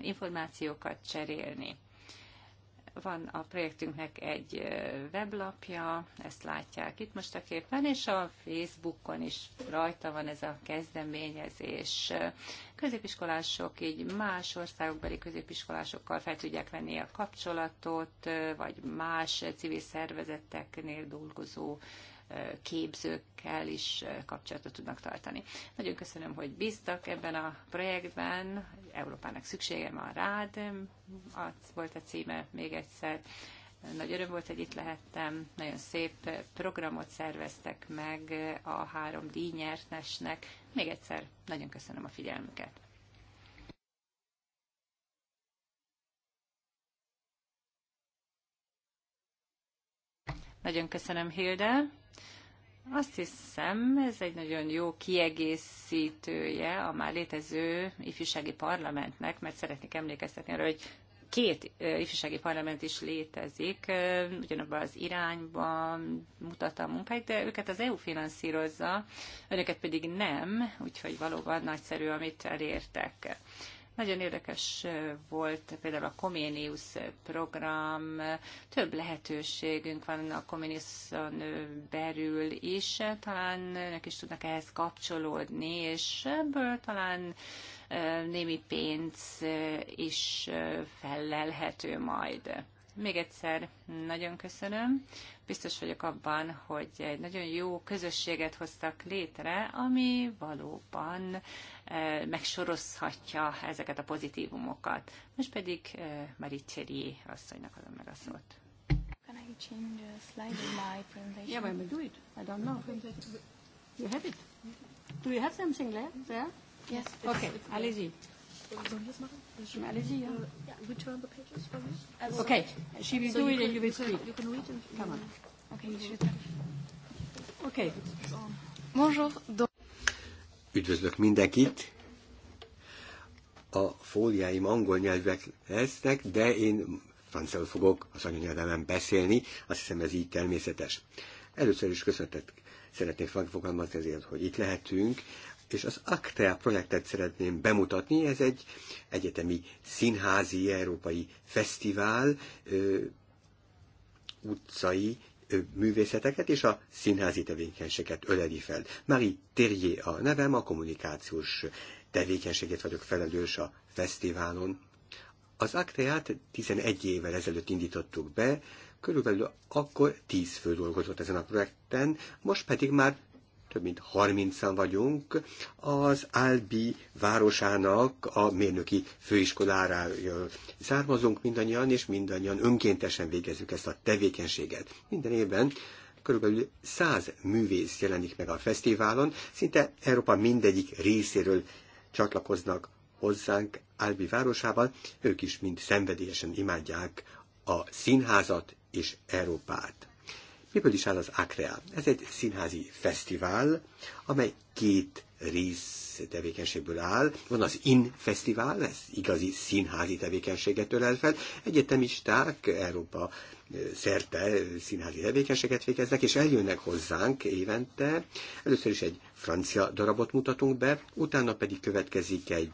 információkat cserélni. Van a projektünknek egy weblapja, ezt látják itt most a képen, és a Facebookon is rajta van ez a kezdeményezés. Középiskolások így más országokbeli középiskolásokkal fel tudják venni a kapcsolatot, vagy más civil szervezeteknél dolgozó képzőkkel is kapcsolatot tudnak tartani. Nagyon köszönöm, hogy bíztak ebben a projektben, Európának szüksége van rád, az volt a címe még egyszer. Nagy öröm volt, hogy itt lehettem. Nagyon szép programot szerveztek meg a három díjnyertesnek. Még egyszer nagyon köszönöm a figyelmüket. Nagyon köszönöm, Hilde. Azt hiszem, ez egy nagyon jó kiegészítője a már létező ifjúsági parlamentnek, mert szeretnék emlékeztetni arra, hogy két ifjúsági parlament is létezik, ugyanabban az irányban mutatta a munkáit, de őket az EU finanszírozza, önöket pedig nem, úgyhogy valóban nagyszerű, amit elértek. Nagyon érdekes volt például a Comenius program, több lehetőségünk van a Comenius-on belül is, talán önök is tudnak ehhez kapcsolódni, és ebből talán némi pénz is fellelhető majd. Még egyszer nagyon köszönöm. Biztos vagyok abban, hogy egy nagyon jó közösséget hoztak létre, ami valóban megsorozhatja ezeket a pozitívumokat. Most pedig Marie Thierry asszonynak adom meg a szót. Can I change a slide in my presentation? Yeah, well, do it. I don't know. You have it. Do you have something there? Yes. Okay, allez-y. Sollen Allez-y. Ja. Uh, which are the pages for you? Uh, okay, she will so do it and you will see. You can read and Come on. Okay, you should. Okay. Bonjour. Üdvözlök mindenkit! A fóliáim angol nyelvek lesznek, de én franciául fogok az anyanyelvemen beszélni, azt hiszem ez így természetes. Először is köszöntet szeretnék megfogalmazni azért, hogy itt lehetünk, és az Actea projektet szeretném bemutatni, ez egy egyetemi színházi európai fesztivál, ö, utcai művészeteket és a színházi tevékenységet öleli fel. Marie Térjé a nevem, a kommunikációs tevékenységet vagyok felelős a fesztiválon. Az Akteát 11 évvel ezelőtt indítottuk be, körülbelül akkor 10 fő dolgozott ezen a projekten, most pedig már több mint 30-an vagyunk, az Albi városának a mérnöki főiskolára származunk mindannyian, és mindannyian önkéntesen végezzük ezt a tevékenységet. Minden évben körülbelül 100 művész jelenik meg a fesztiválon, szinte Európa mindegyik részéről csatlakoznak hozzánk Albi városában, ők is mind szenvedélyesen imádják a színházat és Európát. Miből is áll az Akrea? Ez egy színházi fesztivál, amely két rész tevékenységből áll. Van az IN Fesztivál, ez igazi színházi tevékenységet ölel fel. Egyetemisták Európa szerte színházi tevékenységet végeznek, és eljönnek hozzánk évente. Először is egy francia darabot mutatunk be, utána pedig következik egy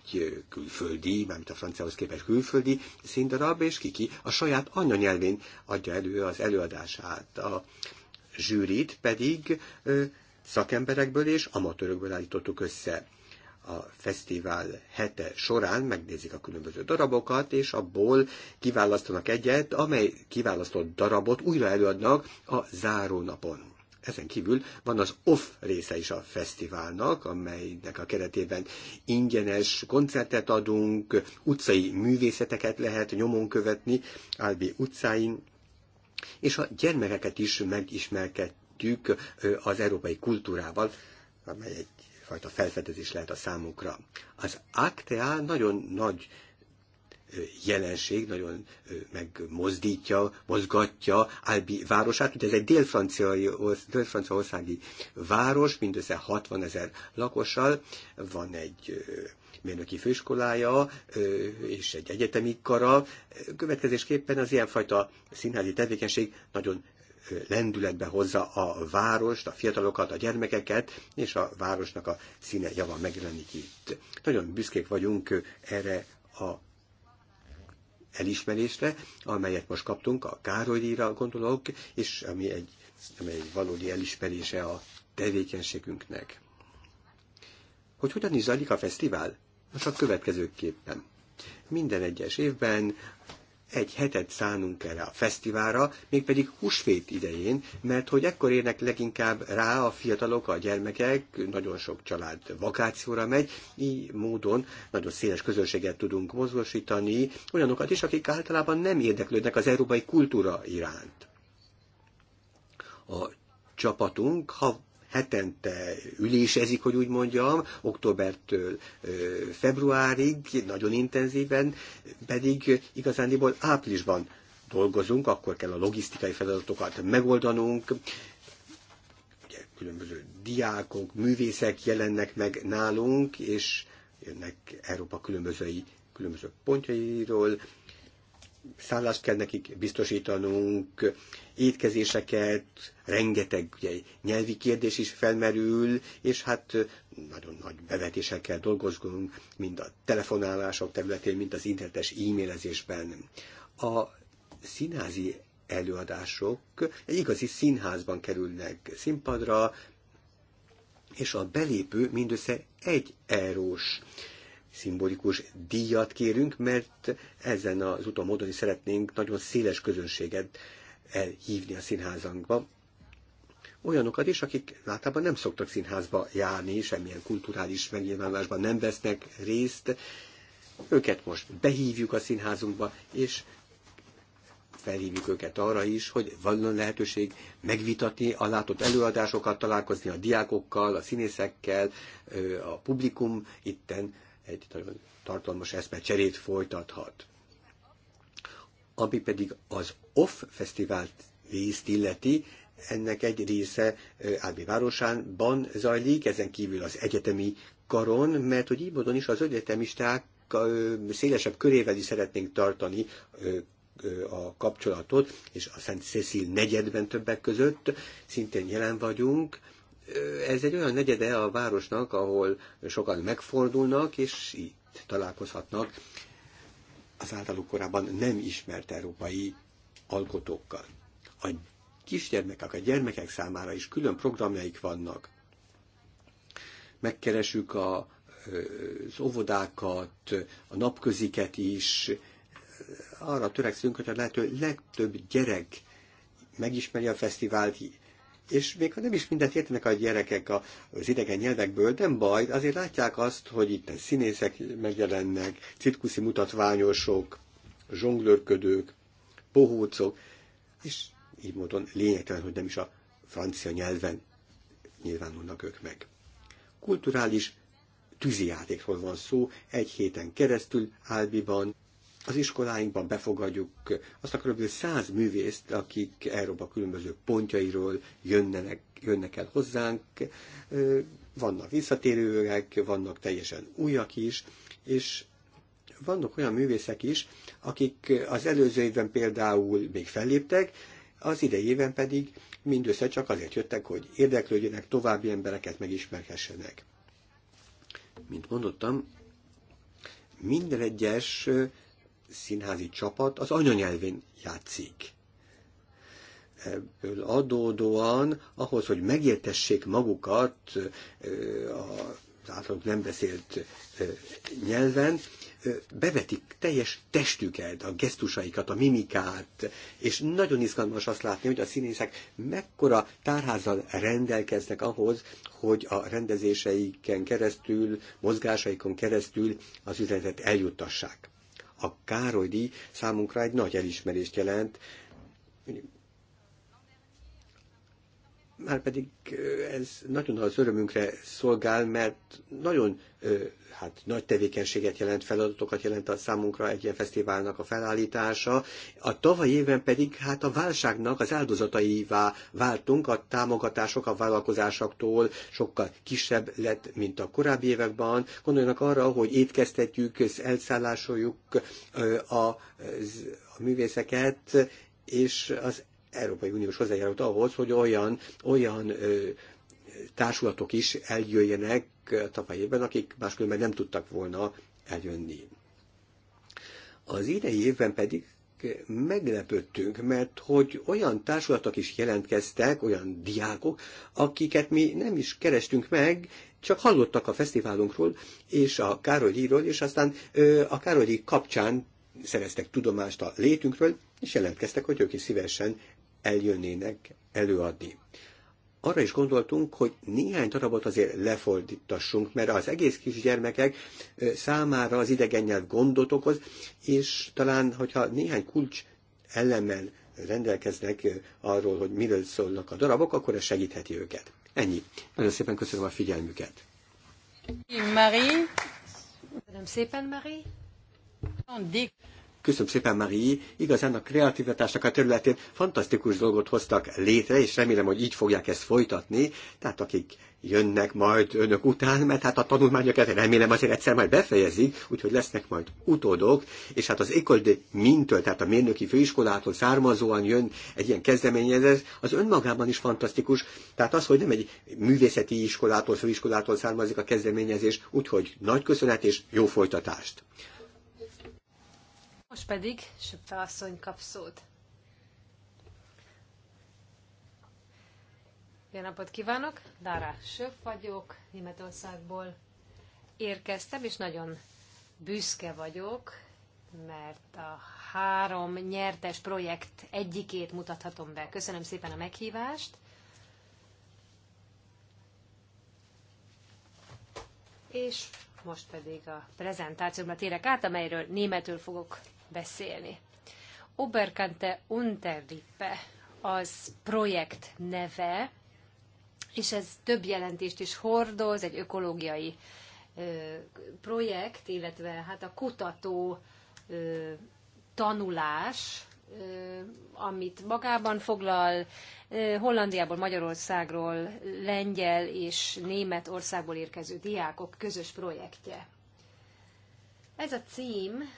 külföldi, mármint a franciához képest külföldi színdarab, és Kiki a saját anyanyelvén adja elő az előadását. A zsűrit pedig szakemberekből és amatőrökből állítottuk össze a fesztivál hete során megnézik a különböző darabokat, és abból kiválasztanak egyet, amely kiválasztott darabot újra előadnak a zárónapon. Ezen kívül van az off része is a fesztiválnak, amelynek a keretében ingyenes koncertet adunk, utcai művészeteket lehet nyomon követni, Albi utcáin, és a gyermekeket is megismerkedtük az európai kultúrával, amely egyfajta felfedezés lehet a számukra. Az Actea nagyon nagy jelenség nagyon megmozdítja, mozgatja Albi városát. Ugye ez egy dél-franciaországi város, mindössze 60 ezer lakossal, van egy mérnöki főiskolája és egy egyetemi kara. Következésképpen az ilyenfajta színházi tevékenység nagyon lendületbe hozza a várost, a fiatalokat, a gyermekeket, és a városnak a színe java megjelenik itt. Nagyon büszkék vagyunk erre a elismerésre, amelyet most kaptunk, a Károlyra gondolok, és ami egy, ami egy valódi elismerése a tevékenységünknek. Hogy hogyan is zajlik a fesztivál? Most a következőképpen. Minden egyes évben egy hetet szánunk erre a fesztiválra, mégpedig húsvét idején, mert hogy ekkor érnek leginkább rá a fiatalok, a gyermekek, nagyon sok család vakációra megy, így módon nagyon széles közönséget tudunk mozgósítani, olyanokat is, akik általában nem érdeklődnek az európai kultúra iránt. A csapatunk, ha hetente ülésezik, hogy úgy mondjam, októbertől februárig, nagyon intenzíven, pedig igazándiból áprilisban dolgozunk, akkor kell a logisztikai feladatokat megoldanunk, ugye különböző diákok, művészek jelennek meg nálunk, és jönnek Európa különbözői, különböző pontjairól, szállást kell nekik biztosítanunk, étkezéseket, rengeteg ugye, nyelvi kérdés is felmerül, és hát nagyon nagy bevetésekkel dolgozunk, dolgozgunk, mind a telefonálások területén, mind az internetes e-mailezésben. A színházi előadások egy igazi színházban kerülnek színpadra, és a belépő mindössze egy erős szimbolikus díjat kérünk, mert ezen az úton módon is szeretnénk nagyon széles közönséget elhívni a színházankba. Olyanokat is, akik általában nem szoktak színházba járni, semmilyen kulturális megnyilvánulásban nem vesznek részt. Őket most behívjuk a színházunkba, és felhívjuk őket arra is, hogy van lehetőség megvitatni a látott előadásokat, találkozni a diákokkal, a színészekkel, a publikum itten egy nagyon tartalmas eszmecserét folytathat. Ami pedig az Off Fesztivált részt illeti, ennek egy része Álbi városánban zajlik, ezen kívül az egyetemi karon, mert hogy így módon is az egyetemisták szélesebb körével is szeretnénk tartani a kapcsolatot, és a Szent Cecil negyedben többek között szintén jelen vagyunk, ez egy olyan negyede a városnak, ahol sokan megfordulnak, és itt találkozhatnak az általuk korábban nem ismert európai alkotókkal. A kisgyermekek, a gyermekek számára is külön programjaik vannak. Megkeresük a, az óvodákat, a napköziket is. Arra törekszünk, hogy a lehető legtöbb gyerek megismeri a fesztivált, és még ha nem is mindent értenek a gyerekek az idegen nyelvekből, nem baj, azért látják azt, hogy itt színészek megjelennek, cirkuszi mutatványosok, zsonglőrködők, bohócok, és így módon lényegtelen, hogy nem is a francia nyelven nyilvánulnak ők meg. Kulturális tűzijátékról van szó, egy héten keresztül Álbiban az iskoláinkban befogadjuk azt a kb. 100 művészt, akik Európa különböző pontjairól jönnek, jönnek el hozzánk, vannak visszatérőek, vannak teljesen újak is, és vannak olyan művészek is, akik az előző évben például még felléptek, az idejében pedig mindössze csak azért jöttek, hogy érdeklődjenek, további embereket megismerhessenek. Mint mondottam, minden egyes színházi csapat az anyanyelvén játszik. Ebből adódóan ahhoz, hogy megértessék magukat eh, az általunk nem beszélt eh, nyelven, eh, bevetik teljes testüket, a gesztusaikat, a mimikát, és nagyon izgalmas azt látni, hogy a színészek mekkora tárházzal rendelkeznek ahhoz, hogy a rendezéseiken keresztül, mozgásaikon keresztül az üzenetet eljuttassák a díj számunkra egy nagy elismerést jelent, már pedig ez nagyon az örömünkre szolgál, mert nagyon hát nagy tevékenységet jelent, feladatokat jelent a számunkra egy ilyen fesztiválnak a felállítása. A tavaly évben pedig hát a válságnak az áldozataivá váltunk, a támogatások a vállalkozásoktól sokkal kisebb lett, mint a korábbi években. Gondoljanak arra, hogy étkeztetjük, elszállásoljuk a, a művészeket, és az Európai Uniós hozzájárult ahhoz, hogy olyan, olyan ö, társulatok is eljöjjenek tavaly évben, akik máskülönben nem tudtak volna eljönni. Az idei évben pedig meglepődtünk, mert hogy olyan társulatok is jelentkeztek, olyan diákok, akiket mi nem is kerestünk meg, csak hallottak a fesztiválunkról és a Károlyiról, és aztán ö, a Károlyi kapcsán szereztek tudomást a létünkről, és jelentkeztek, hogy ők is szívesen eljönnének előadni. Arra is gondoltunk, hogy néhány darabot azért lefordítassunk, mert az egész kisgyermekek számára az idegen nyelv gondot okoz, és talán, hogyha néhány kulcs ellemmel rendelkeznek arról, hogy miről szólnak a darabok, akkor ez segítheti őket. Ennyi. Nagyon szépen köszönöm a figyelmüket. Marie. Köszönöm szépen, Marie. Köszönöm szépen, Marie! Igazán a kreativitásnak a területén fantasztikus dolgot hoztak létre, és remélem, hogy így fogják ezt folytatni. Tehát akik jönnek majd önök után, mert hát a tanulmányokat remélem azért egyszer majd befejezik, úgyhogy lesznek majd utódok, és hát az École de Mintől, tehát a mérnöki főiskolától származóan jön egy ilyen kezdeményezés, az önmagában is fantasztikus, tehát az, hogy nem egy művészeti iskolától, főiskolától származik a kezdeményezés, úgyhogy nagy köszönet és jó folytatást. Most pedig Söpfe asszony kap szót. Jó napot kívánok! Dára Söpf vagyok, Németországból érkeztem, és nagyon büszke vagyok, mert a három nyertes projekt egyikét mutathatom be. Köszönöm szépen a meghívást. És most pedig a prezentációmra térek át, amelyről németül fogok beszélni. Oberkante Unterlippe az projekt neve, és ez több jelentést is hordoz, egy ökológiai ö, projekt, illetve hát a kutató ö, tanulás, ö, amit magában foglal, ö, Hollandiából, Magyarországról, Lengyel és Németországból érkező diákok közös projektje. Ez a cím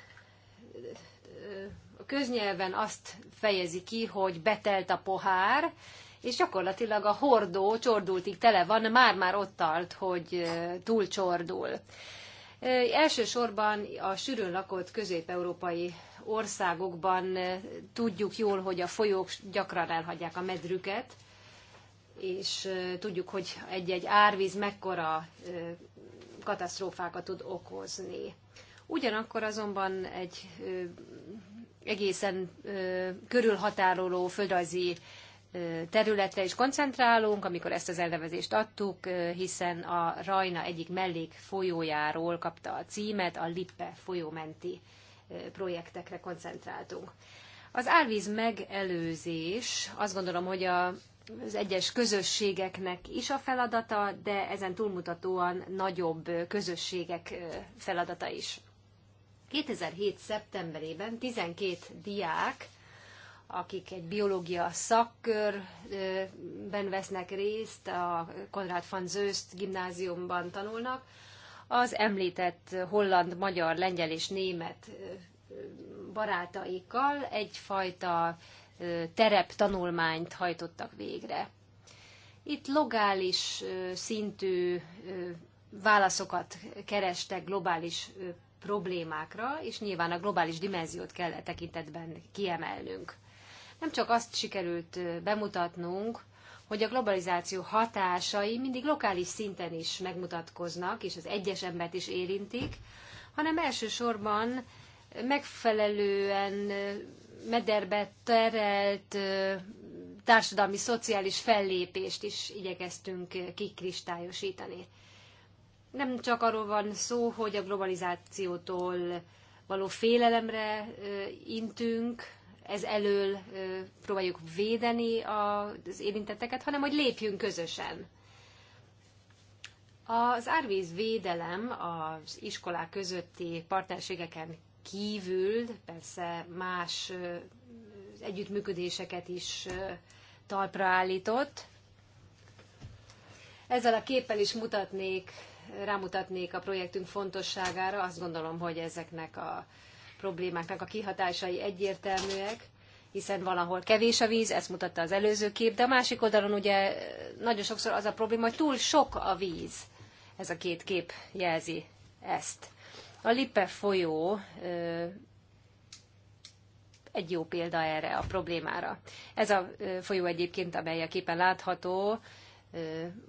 a köznyelven azt fejezi ki, hogy betelt a pohár, és gyakorlatilag a hordó csordultig tele van, már-már ott tart, hogy túl csordul. Elsősorban a sűrűn lakott közép-európai országokban tudjuk jól, hogy a folyók gyakran elhagyják a medrüket, és tudjuk, hogy egy-egy árvíz mekkora katasztrófákat tud okozni. Ugyanakkor azonban egy egészen körülhatároló földrajzi területre is koncentrálunk, amikor ezt az elnevezést adtuk, hiszen a Rajna egyik mellék folyójáról kapta a címet, a Lippe folyómenti projektekre koncentráltunk. Az árvíz megelőzés azt gondolom, hogy a, az egyes közösségeknek is a feladata, de ezen túlmutatóan nagyobb közösségek feladata is. 2007. szeptemberében 12 diák, akik egy biológia szakkörben vesznek részt, a Konrad van Zöst gimnáziumban tanulnak, az említett holland, magyar, lengyel és német barátaikkal egyfajta terep tanulmányt hajtottak végre. Itt logális szintű válaszokat kerestek globális problémákra, és nyilván a globális dimenziót kell e tekintetben kiemelnünk. Nem csak azt sikerült bemutatnunk, hogy a globalizáció hatásai mindig lokális szinten is megmutatkoznak, és az egyes embert is érintik, hanem elsősorban megfelelően mederbe terelt társadalmi-szociális fellépést is igyekeztünk kikristályosítani. Nem csak arról van szó, hogy a globalizációtól való félelemre intünk, ez elől próbáljuk védeni az érintetteket, hanem hogy lépjünk közösen. Az árvíz védelem az iskolák közötti partnerségeken kívül persze más együttműködéseket is talpra állított. Ezzel a képpel is mutatnék rámutatnék a projektünk fontosságára, azt gondolom, hogy ezeknek a problémáknak a kihatásai egyértelműek, hiszen valahol kevés a víz, ezt mutatta az előző kép, de a másik oldalon ugye nagyon sokszor az a probléma, hogy túl sok a víz. Ez a két kép jelzi ezt. A Lippe folyó egy jó példa erre a problémára. Ez a folyó egyébként, amely a képen látható,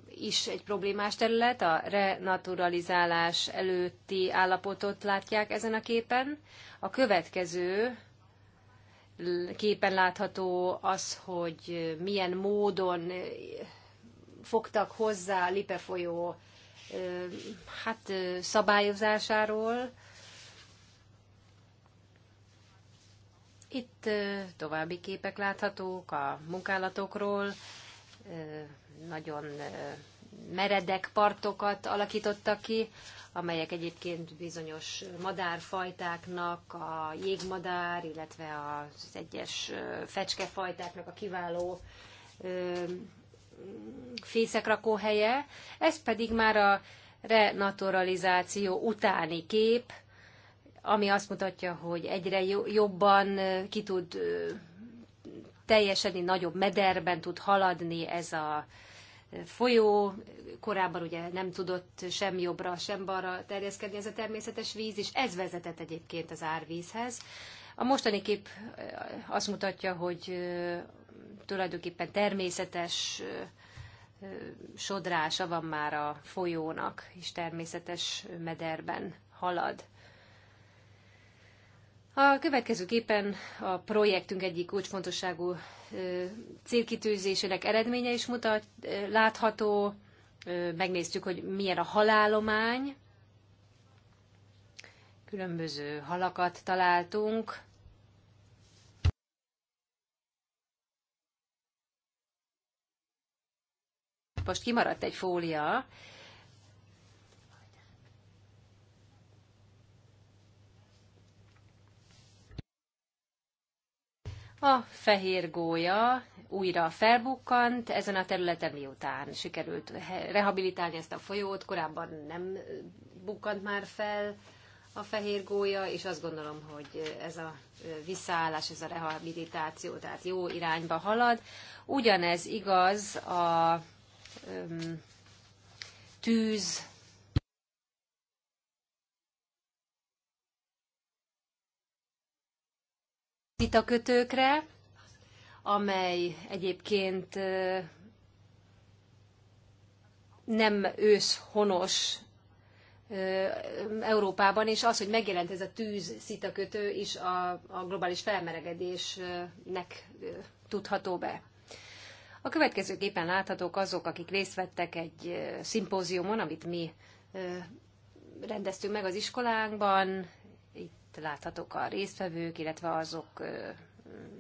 is egy problémás terület, a renaturalizálás előtti állapotot látják ezen a képen. A következő képen látható az, hogy milyen módon fogtak hozzá a Lipe folyó hát, szabályozásáról. Itt további képek láthatók a munkálatokról, nagyon meredek partokat alakítottak ki, amelyek egyébként bizonyos madárfajtáknak, a jégmadár, illetve az egyes fecskefajtáknak a kiváló fészekrakó helye. Ez pedig már a renaturalizáció utáni kép, ami azt mutatja, hogy egyre jobban ki tud teljesen nagyobb mederben tud haladni ez a folyó, korábban ugye nem tudott sem jobbra, sem balra terjeszkedni ez a természetes víz, és ez vezetett egyébként az árvízhez. A mostani kép eh, azt mutatja, hogy eh, tulajdonképpen természetes eh, sodrása van már a folyónak, és természetes mederben halad. A következőképpen a projektünk egyik kulcsfontosságú célkitűzésének eredménye is mutat, látható. Megnéztük, hogy milyen a halálomány. Különböző halakat találtunk. Most kimaradt egy fólia, A fehér gólya újra felbukkant ezen a területen, miután sikerült rehabilitálni ezt a folyót, korábban nem bukkant már fel a fehér gólya, és azt gondolom, hogy ez a visszaállás, ez a rehabilitáció, tehát jó irányba halad. Ugyanez igaz a tűz vitakötőkre, amely egyébként nem honos Európában, és az, hogy megjelent ez a tűz szitakötő is a, a globális felmelegedésnek tudható be. A következőképpen láthatók azok, akik részt vettek egy szimpóziumon, amit mi rendeztünk meg az iskolánkban, láthatók a résztvevők, illetve azok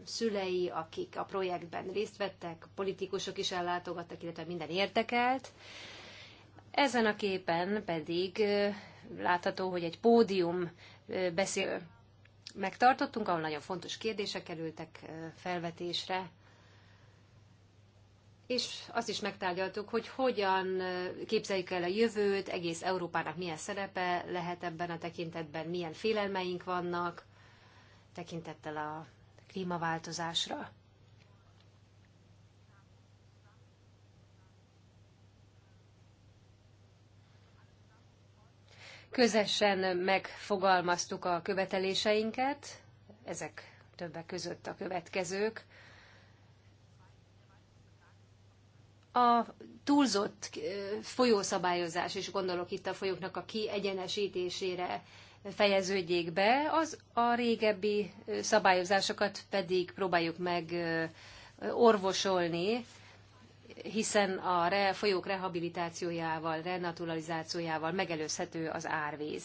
szülei, akik a projektben részt vettek, politikusok is ellátogattak, illetve minden értekelt. Ezen a képen pedig látható, hogy egy pódium beszél megtartottunk, ahol nagyon fontos kérdések kerültek felvetésre, és azt is megtárgyaltuk, hogy hogyan képzeljük el a jövőt, egész Európának milyen szerepe lehet ebben a tekintetben, milyen félelmeink vannak, tekintettel a klímaváltozásra. Közösen megfogalmaztuk a követeléseinket, ezek többek között a következők a túlzott folyószabályozás, és gondolok itt a folyóknak a kiegyenesítésére fejeződjék be, az a régebbi szabályozásokat pedig próbáljuk meg orvosolni, hiszen a re, folyók rehabilitációjával, renaturalizációjával megelőzhető az árvíz.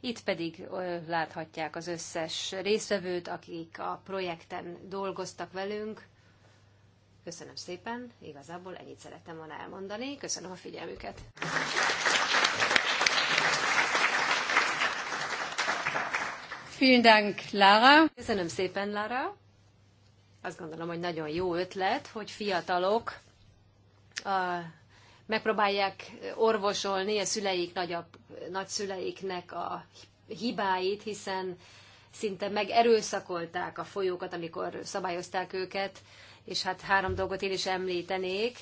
Itt pedig láthatják az összes résztvevőt, akik a projekten dolgoztak velünk, Köszönöm szépen, igazából ennyit szerettem volna elmondani. Köszönöm a figyelmüket. Vielen Dank, Lara. Köszönöm szépen, Lara. Azt gondolom, hogy nagyon jó ötlet, hogy fiatalok a, megpróbálják orvosolni a szüleik, nagyabb, nagyszüleiknek a hibáit, hiszen szinte megerőszakolták a folyókat, amikor szabályozták őket és hát három dolgot én is említenék.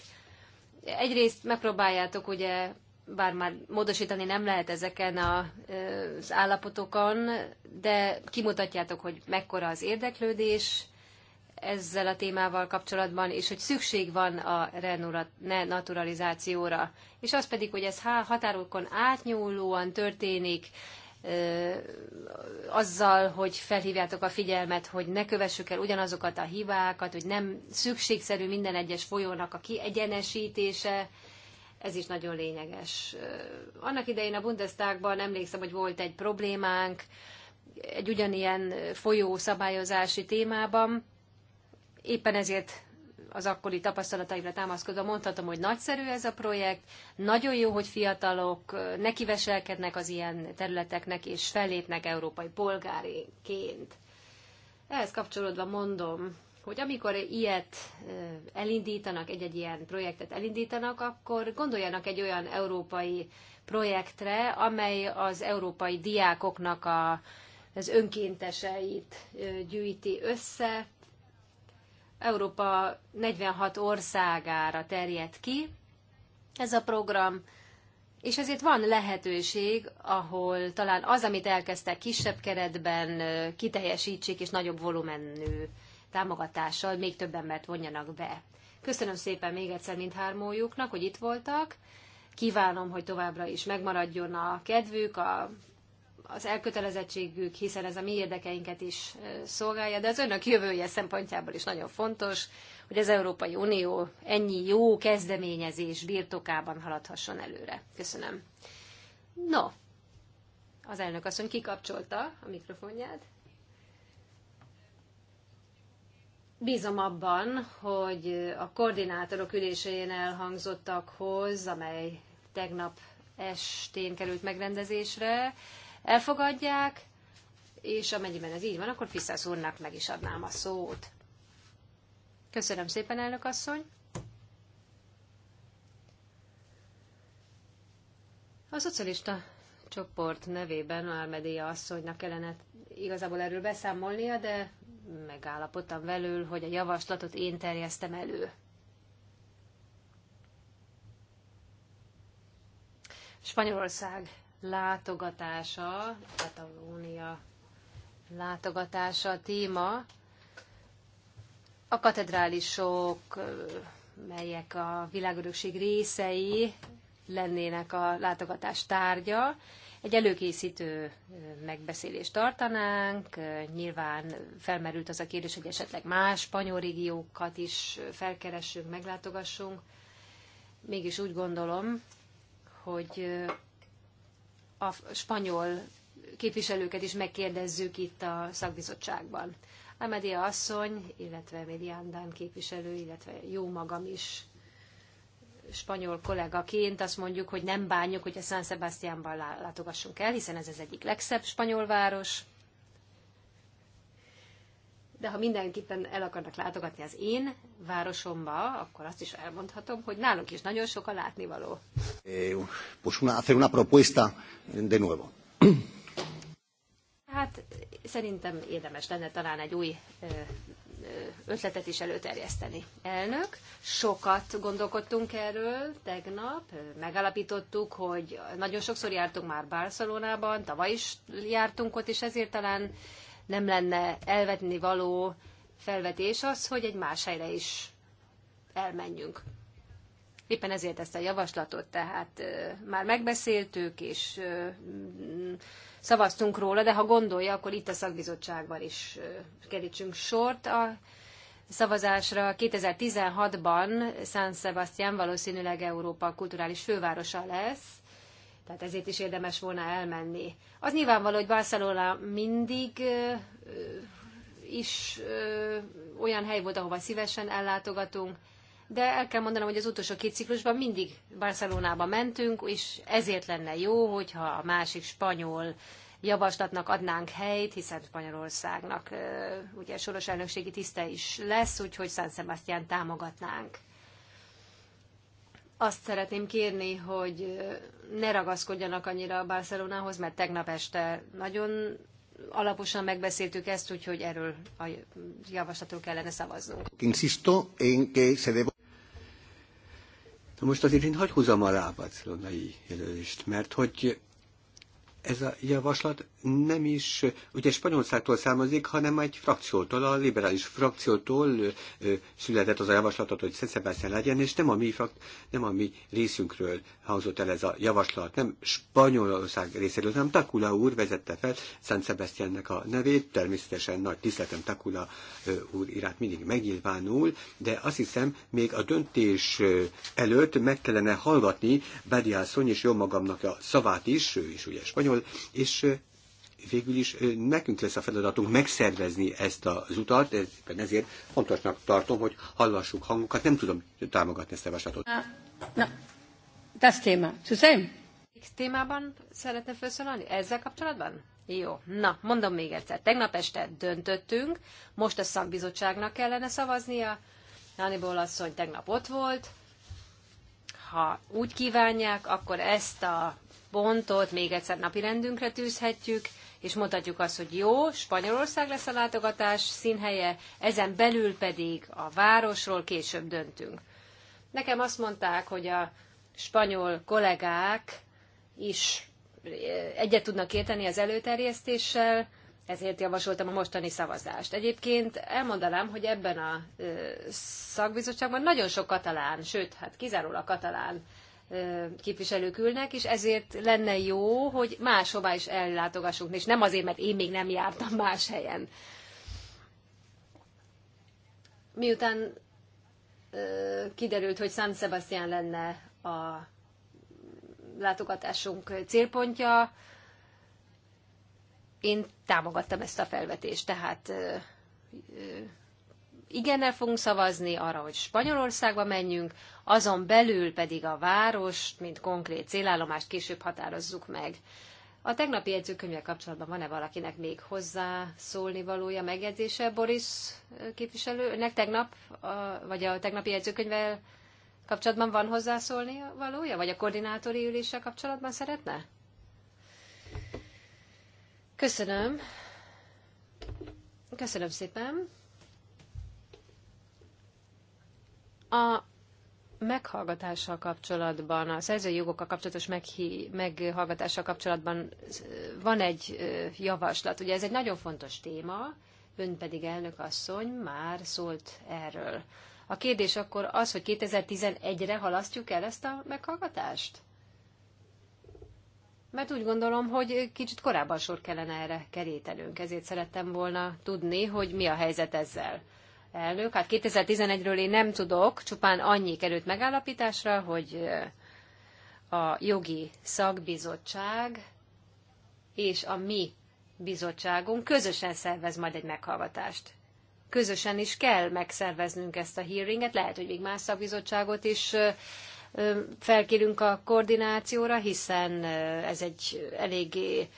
Egyrészt megpróbáljátok ugye bár már módosítani nem lehet ezeken a, az állapotokon, de kimutatjátok, hogy mekkora az érdeklődés ezzel a témával kapcsolatban, és hogy szükség van a renaturalizációra. És az pedig, hogy ez határokon átnyúlóan történik, azzal, hogy felhívjátok a figyelmet, hogy ne kövessük el ugyanazokat a hibákat, hogy nem szükségszerű minden egyes folyónak a kiegyenesítése, ez is nagyon lényeges. Annak idején a Bundestagban emlékszem, hogy volt egy problémánk, egy ugyanilyen folyó szabályozási témában, éppen ezért az akkori tapasztalataimra támaszkodva mondhatom, hogy nagyszerű ez a projekt, nagyon jó, hogy fiatalok nekiveselkednek az ilyen területeknek, és fellépnek európai polgáriként. Ehhez kapcsolódva mondom, hogy amikor ilyet elindítanak, egy-egy ilyen projektet elindítanak, akkor gondoljanak egy olyan európai projektre, amely az európai diákoknak a, az önkénteseit gyűjti össze, Európa 46 országára terjed ki ez a program, és ezért van lehetőség, ahol talán az, amit elkezdtek kisebb keretben, kiteljesítsék és nagyobb volumenű támogatással még több embert vonjanak be. Köszönöm szépen még egyszer mindhármójuknak, hogy itt voltak. Kívánom, hogy továbbra is megmaradjon a kedvük, a az elkötelezettségük, hiszen ez a mi érdekeinket is szolgálja, de az önök jövője szempontjából is nagyon fontos, hogy az Európai Unió ennyi jó kezdeményezés birtokában haladhasson előre. Köszönöm. No, az elnök asszony kikapcsolta a mikrofonját. Bízom abban, hogy a koordinátorok ülésén elhangzottakhoz, amely tegnap estén került megrendezésre, elfogadják, és amennyiben ez így van, akkor Fiszász úrnak meg is adnám a szót. Köszönöm szépen, elnök asszony! A szocialista csoport nevében Almedia asszonynak kellene igazából erről beszámolnia, de megállapodtam velül, hogy a javaslatot én terjesztem elő. Spanyolország látogatása, Katalónia látogatása a téma. A katedrálisok, melyek a világörökség részei lennének a látogatás tárgya, egy előkészítő megbeszélést tartanánk. Nyilván felmerült az a kérdés, hogy esetleg más spanyol régiókat is felkeressünk, meglátogassunk. Mégis úgy gondolom, hogy a spanyol képviselőket is megkérdezzük itt a szakbizottságban. Amedia asszony, illetve Médiándán képviselő, illetve jó magam is spanyol kollégaként azt mondjuk, hogy nem bánjuk, hogy a San Sebastiánban látogassunk el, hiszen ez az egyik legszebb spanyol város, de ha mindenképpen el akarnak látogatni az én városomba, akkor azt is elmondhatom, hogy nálunk is nagyon sok a látnivaló. Eh, pues una, hacer una propuesta de nuevo. Hát szerintem érdemes lenne talán egy új eh, eh, ötletet is előterjeszteni. Elnök, sokat gondolkodtunk erről tegnap, megalapítottuk, hogy nagyon sokszor jártunk már Barcelonában, tavaly is jártunk ott, és ezért talán nem lenne elvetni való felvetés az, hogy egy más helyre is elmenjünk. Éppen ezért ezt a javaslatot tehát már megbeszéltük, és mm, szavaztunk róla, de ha gondolja, akkor itt a szakbizottságban is kerítsünk sort a szavazásra. 2016-ban San Sebastian valószínűleg Európa kulturális fővárosa lesz, tehát ezért is érdemes volna elmenni. Az nyilvánvaló, hogy Barcelona mindig ö, is ö, olyan hely volt, ahova szívesen ellátogatunk, de el kell mondanom, hogy az utolsó két ciklusban mindig Barcelonába mentünk, és ezért lenne jó, hogyha a másik spanyol javaslatnak adnánk helyt, hiszen Spanyolországnak ugye soros elnökségi tiszte is lesz, úgyhogy San Sebastián támogatnánk azt szeretném kérni, hogy ne ragaszkodjanak annyira a Barcelonához, mert tegnap este nagyon alaposan megbeszéltük ezt, úgyhogy erről a javaslatról kellene szavaznunk. Insisto en que se debo... Na most azért én hagy húzom alá a barcelonai jelölést, mert hogy ez a javaslat nem is, ugye Spanyolországtól származik, hanem egy frakciótól, a liberális frakciótól ö, született az a javaslatot, hogy Szent Sebastian legyen, és nem a, mi frak, nem a mi részünkről hangzott el ez a javaslat, nem Spanyolország részéről, hanem Takula úr vezette fel Szent Sebastiannek a nevét, természetesen nagy tiszteletem Takula ö, úr iránt mindig megnyilvánul, de azt hiszem, még a döntés előtt meg kellene hallgatni Badiászony és jó magamnak a szavát is, ő is ugye spanyol, és végül is nekünk lesz a feladatunk megszervezni ezt az utat, ezért fontosnak tartom, hogy hallassuk hangokat, nem tudom támogatni ezt a javaslatot. Na, das téma. Szüzem? témában szeretne felszólalni? Ezzel kapcsolatban? Jó, na, mondom még egyszer. Tegnap este döntöttünk, most a szakbizottságnak kellene szavaznia. Hannibal asszony tegnap ott volt. Ha úgy kívánják, akkor ezt a pontot még egyszer napirendünkre tűzhetjük, és mondhatjuk azt, hogy jó, Spanyolország lesz a látogatás színhelye, ezen belül pedig a városról később döntünk. Nekem azt mondták, hogy a spanyol kollégák is eh, egyet tudnak érteni az előterjesztéssel, ezért javasoltam a mostani szavazást. Egyébként elmondanám, hogy ebben a eh, szakbizottságban nagyon sok katalán, sőt, hát kizárólag katalán képviselők ülnek, és ezért lenne jó, hogy máshová is ellátogassunk, és nem azért, mert én még nem jártam más helyen. Miután kiderült, hogy San Sebastian lenne a látogatásunk célpontja, én támogattam ezt a felvetést, tehát igennel fogunk szavazni arra, hogy Spanyolországba menjünk, azon belül pedig a várost, mint konkrét célállomást később határozzuk meg. A tegnapi jegyzőkönyvvel kapcsolatban van-e valakinek még hozzá szólni valója megjegyzése Boris Önnek tegnap, vagy a tegnapi jegyzőkönyvvel kapcsolatban van hozzászólni valója, vagy a koordinátori üléssel kapcsolatban szeretne? Köszönöm. Köszönöm szépen. A meghallgatással kapcsolatban, a szerzői jogokkal kapcsolatos meghi, meghallgatással kapcsolatban van egy javaslat. Ugye ez egy nagyon fontos téma, ön pedig elnök asszony már szólt erről. A kérdés akkor az, hogy 2011-re halasztjuk el ezt a meghallgatást? Mert úgy gondolom, hogy kicsit korábban sor kellene erre kerítenünk, ezért szerettem volna tudni, hogy mi a helyzet ezzel elnök. Hát 2011-ről én nem tudok, csupán annyi került megállapításra, hogy a jogi szakbizottság és a mi bizottságunk közösen szervez majd egy meghallgatást. Közösen is kell megszerveznünk ezt a hearinget, lehet, hogy még más szakbizottságot is felkérünk a koordinációra, hiszen ez egy eléggé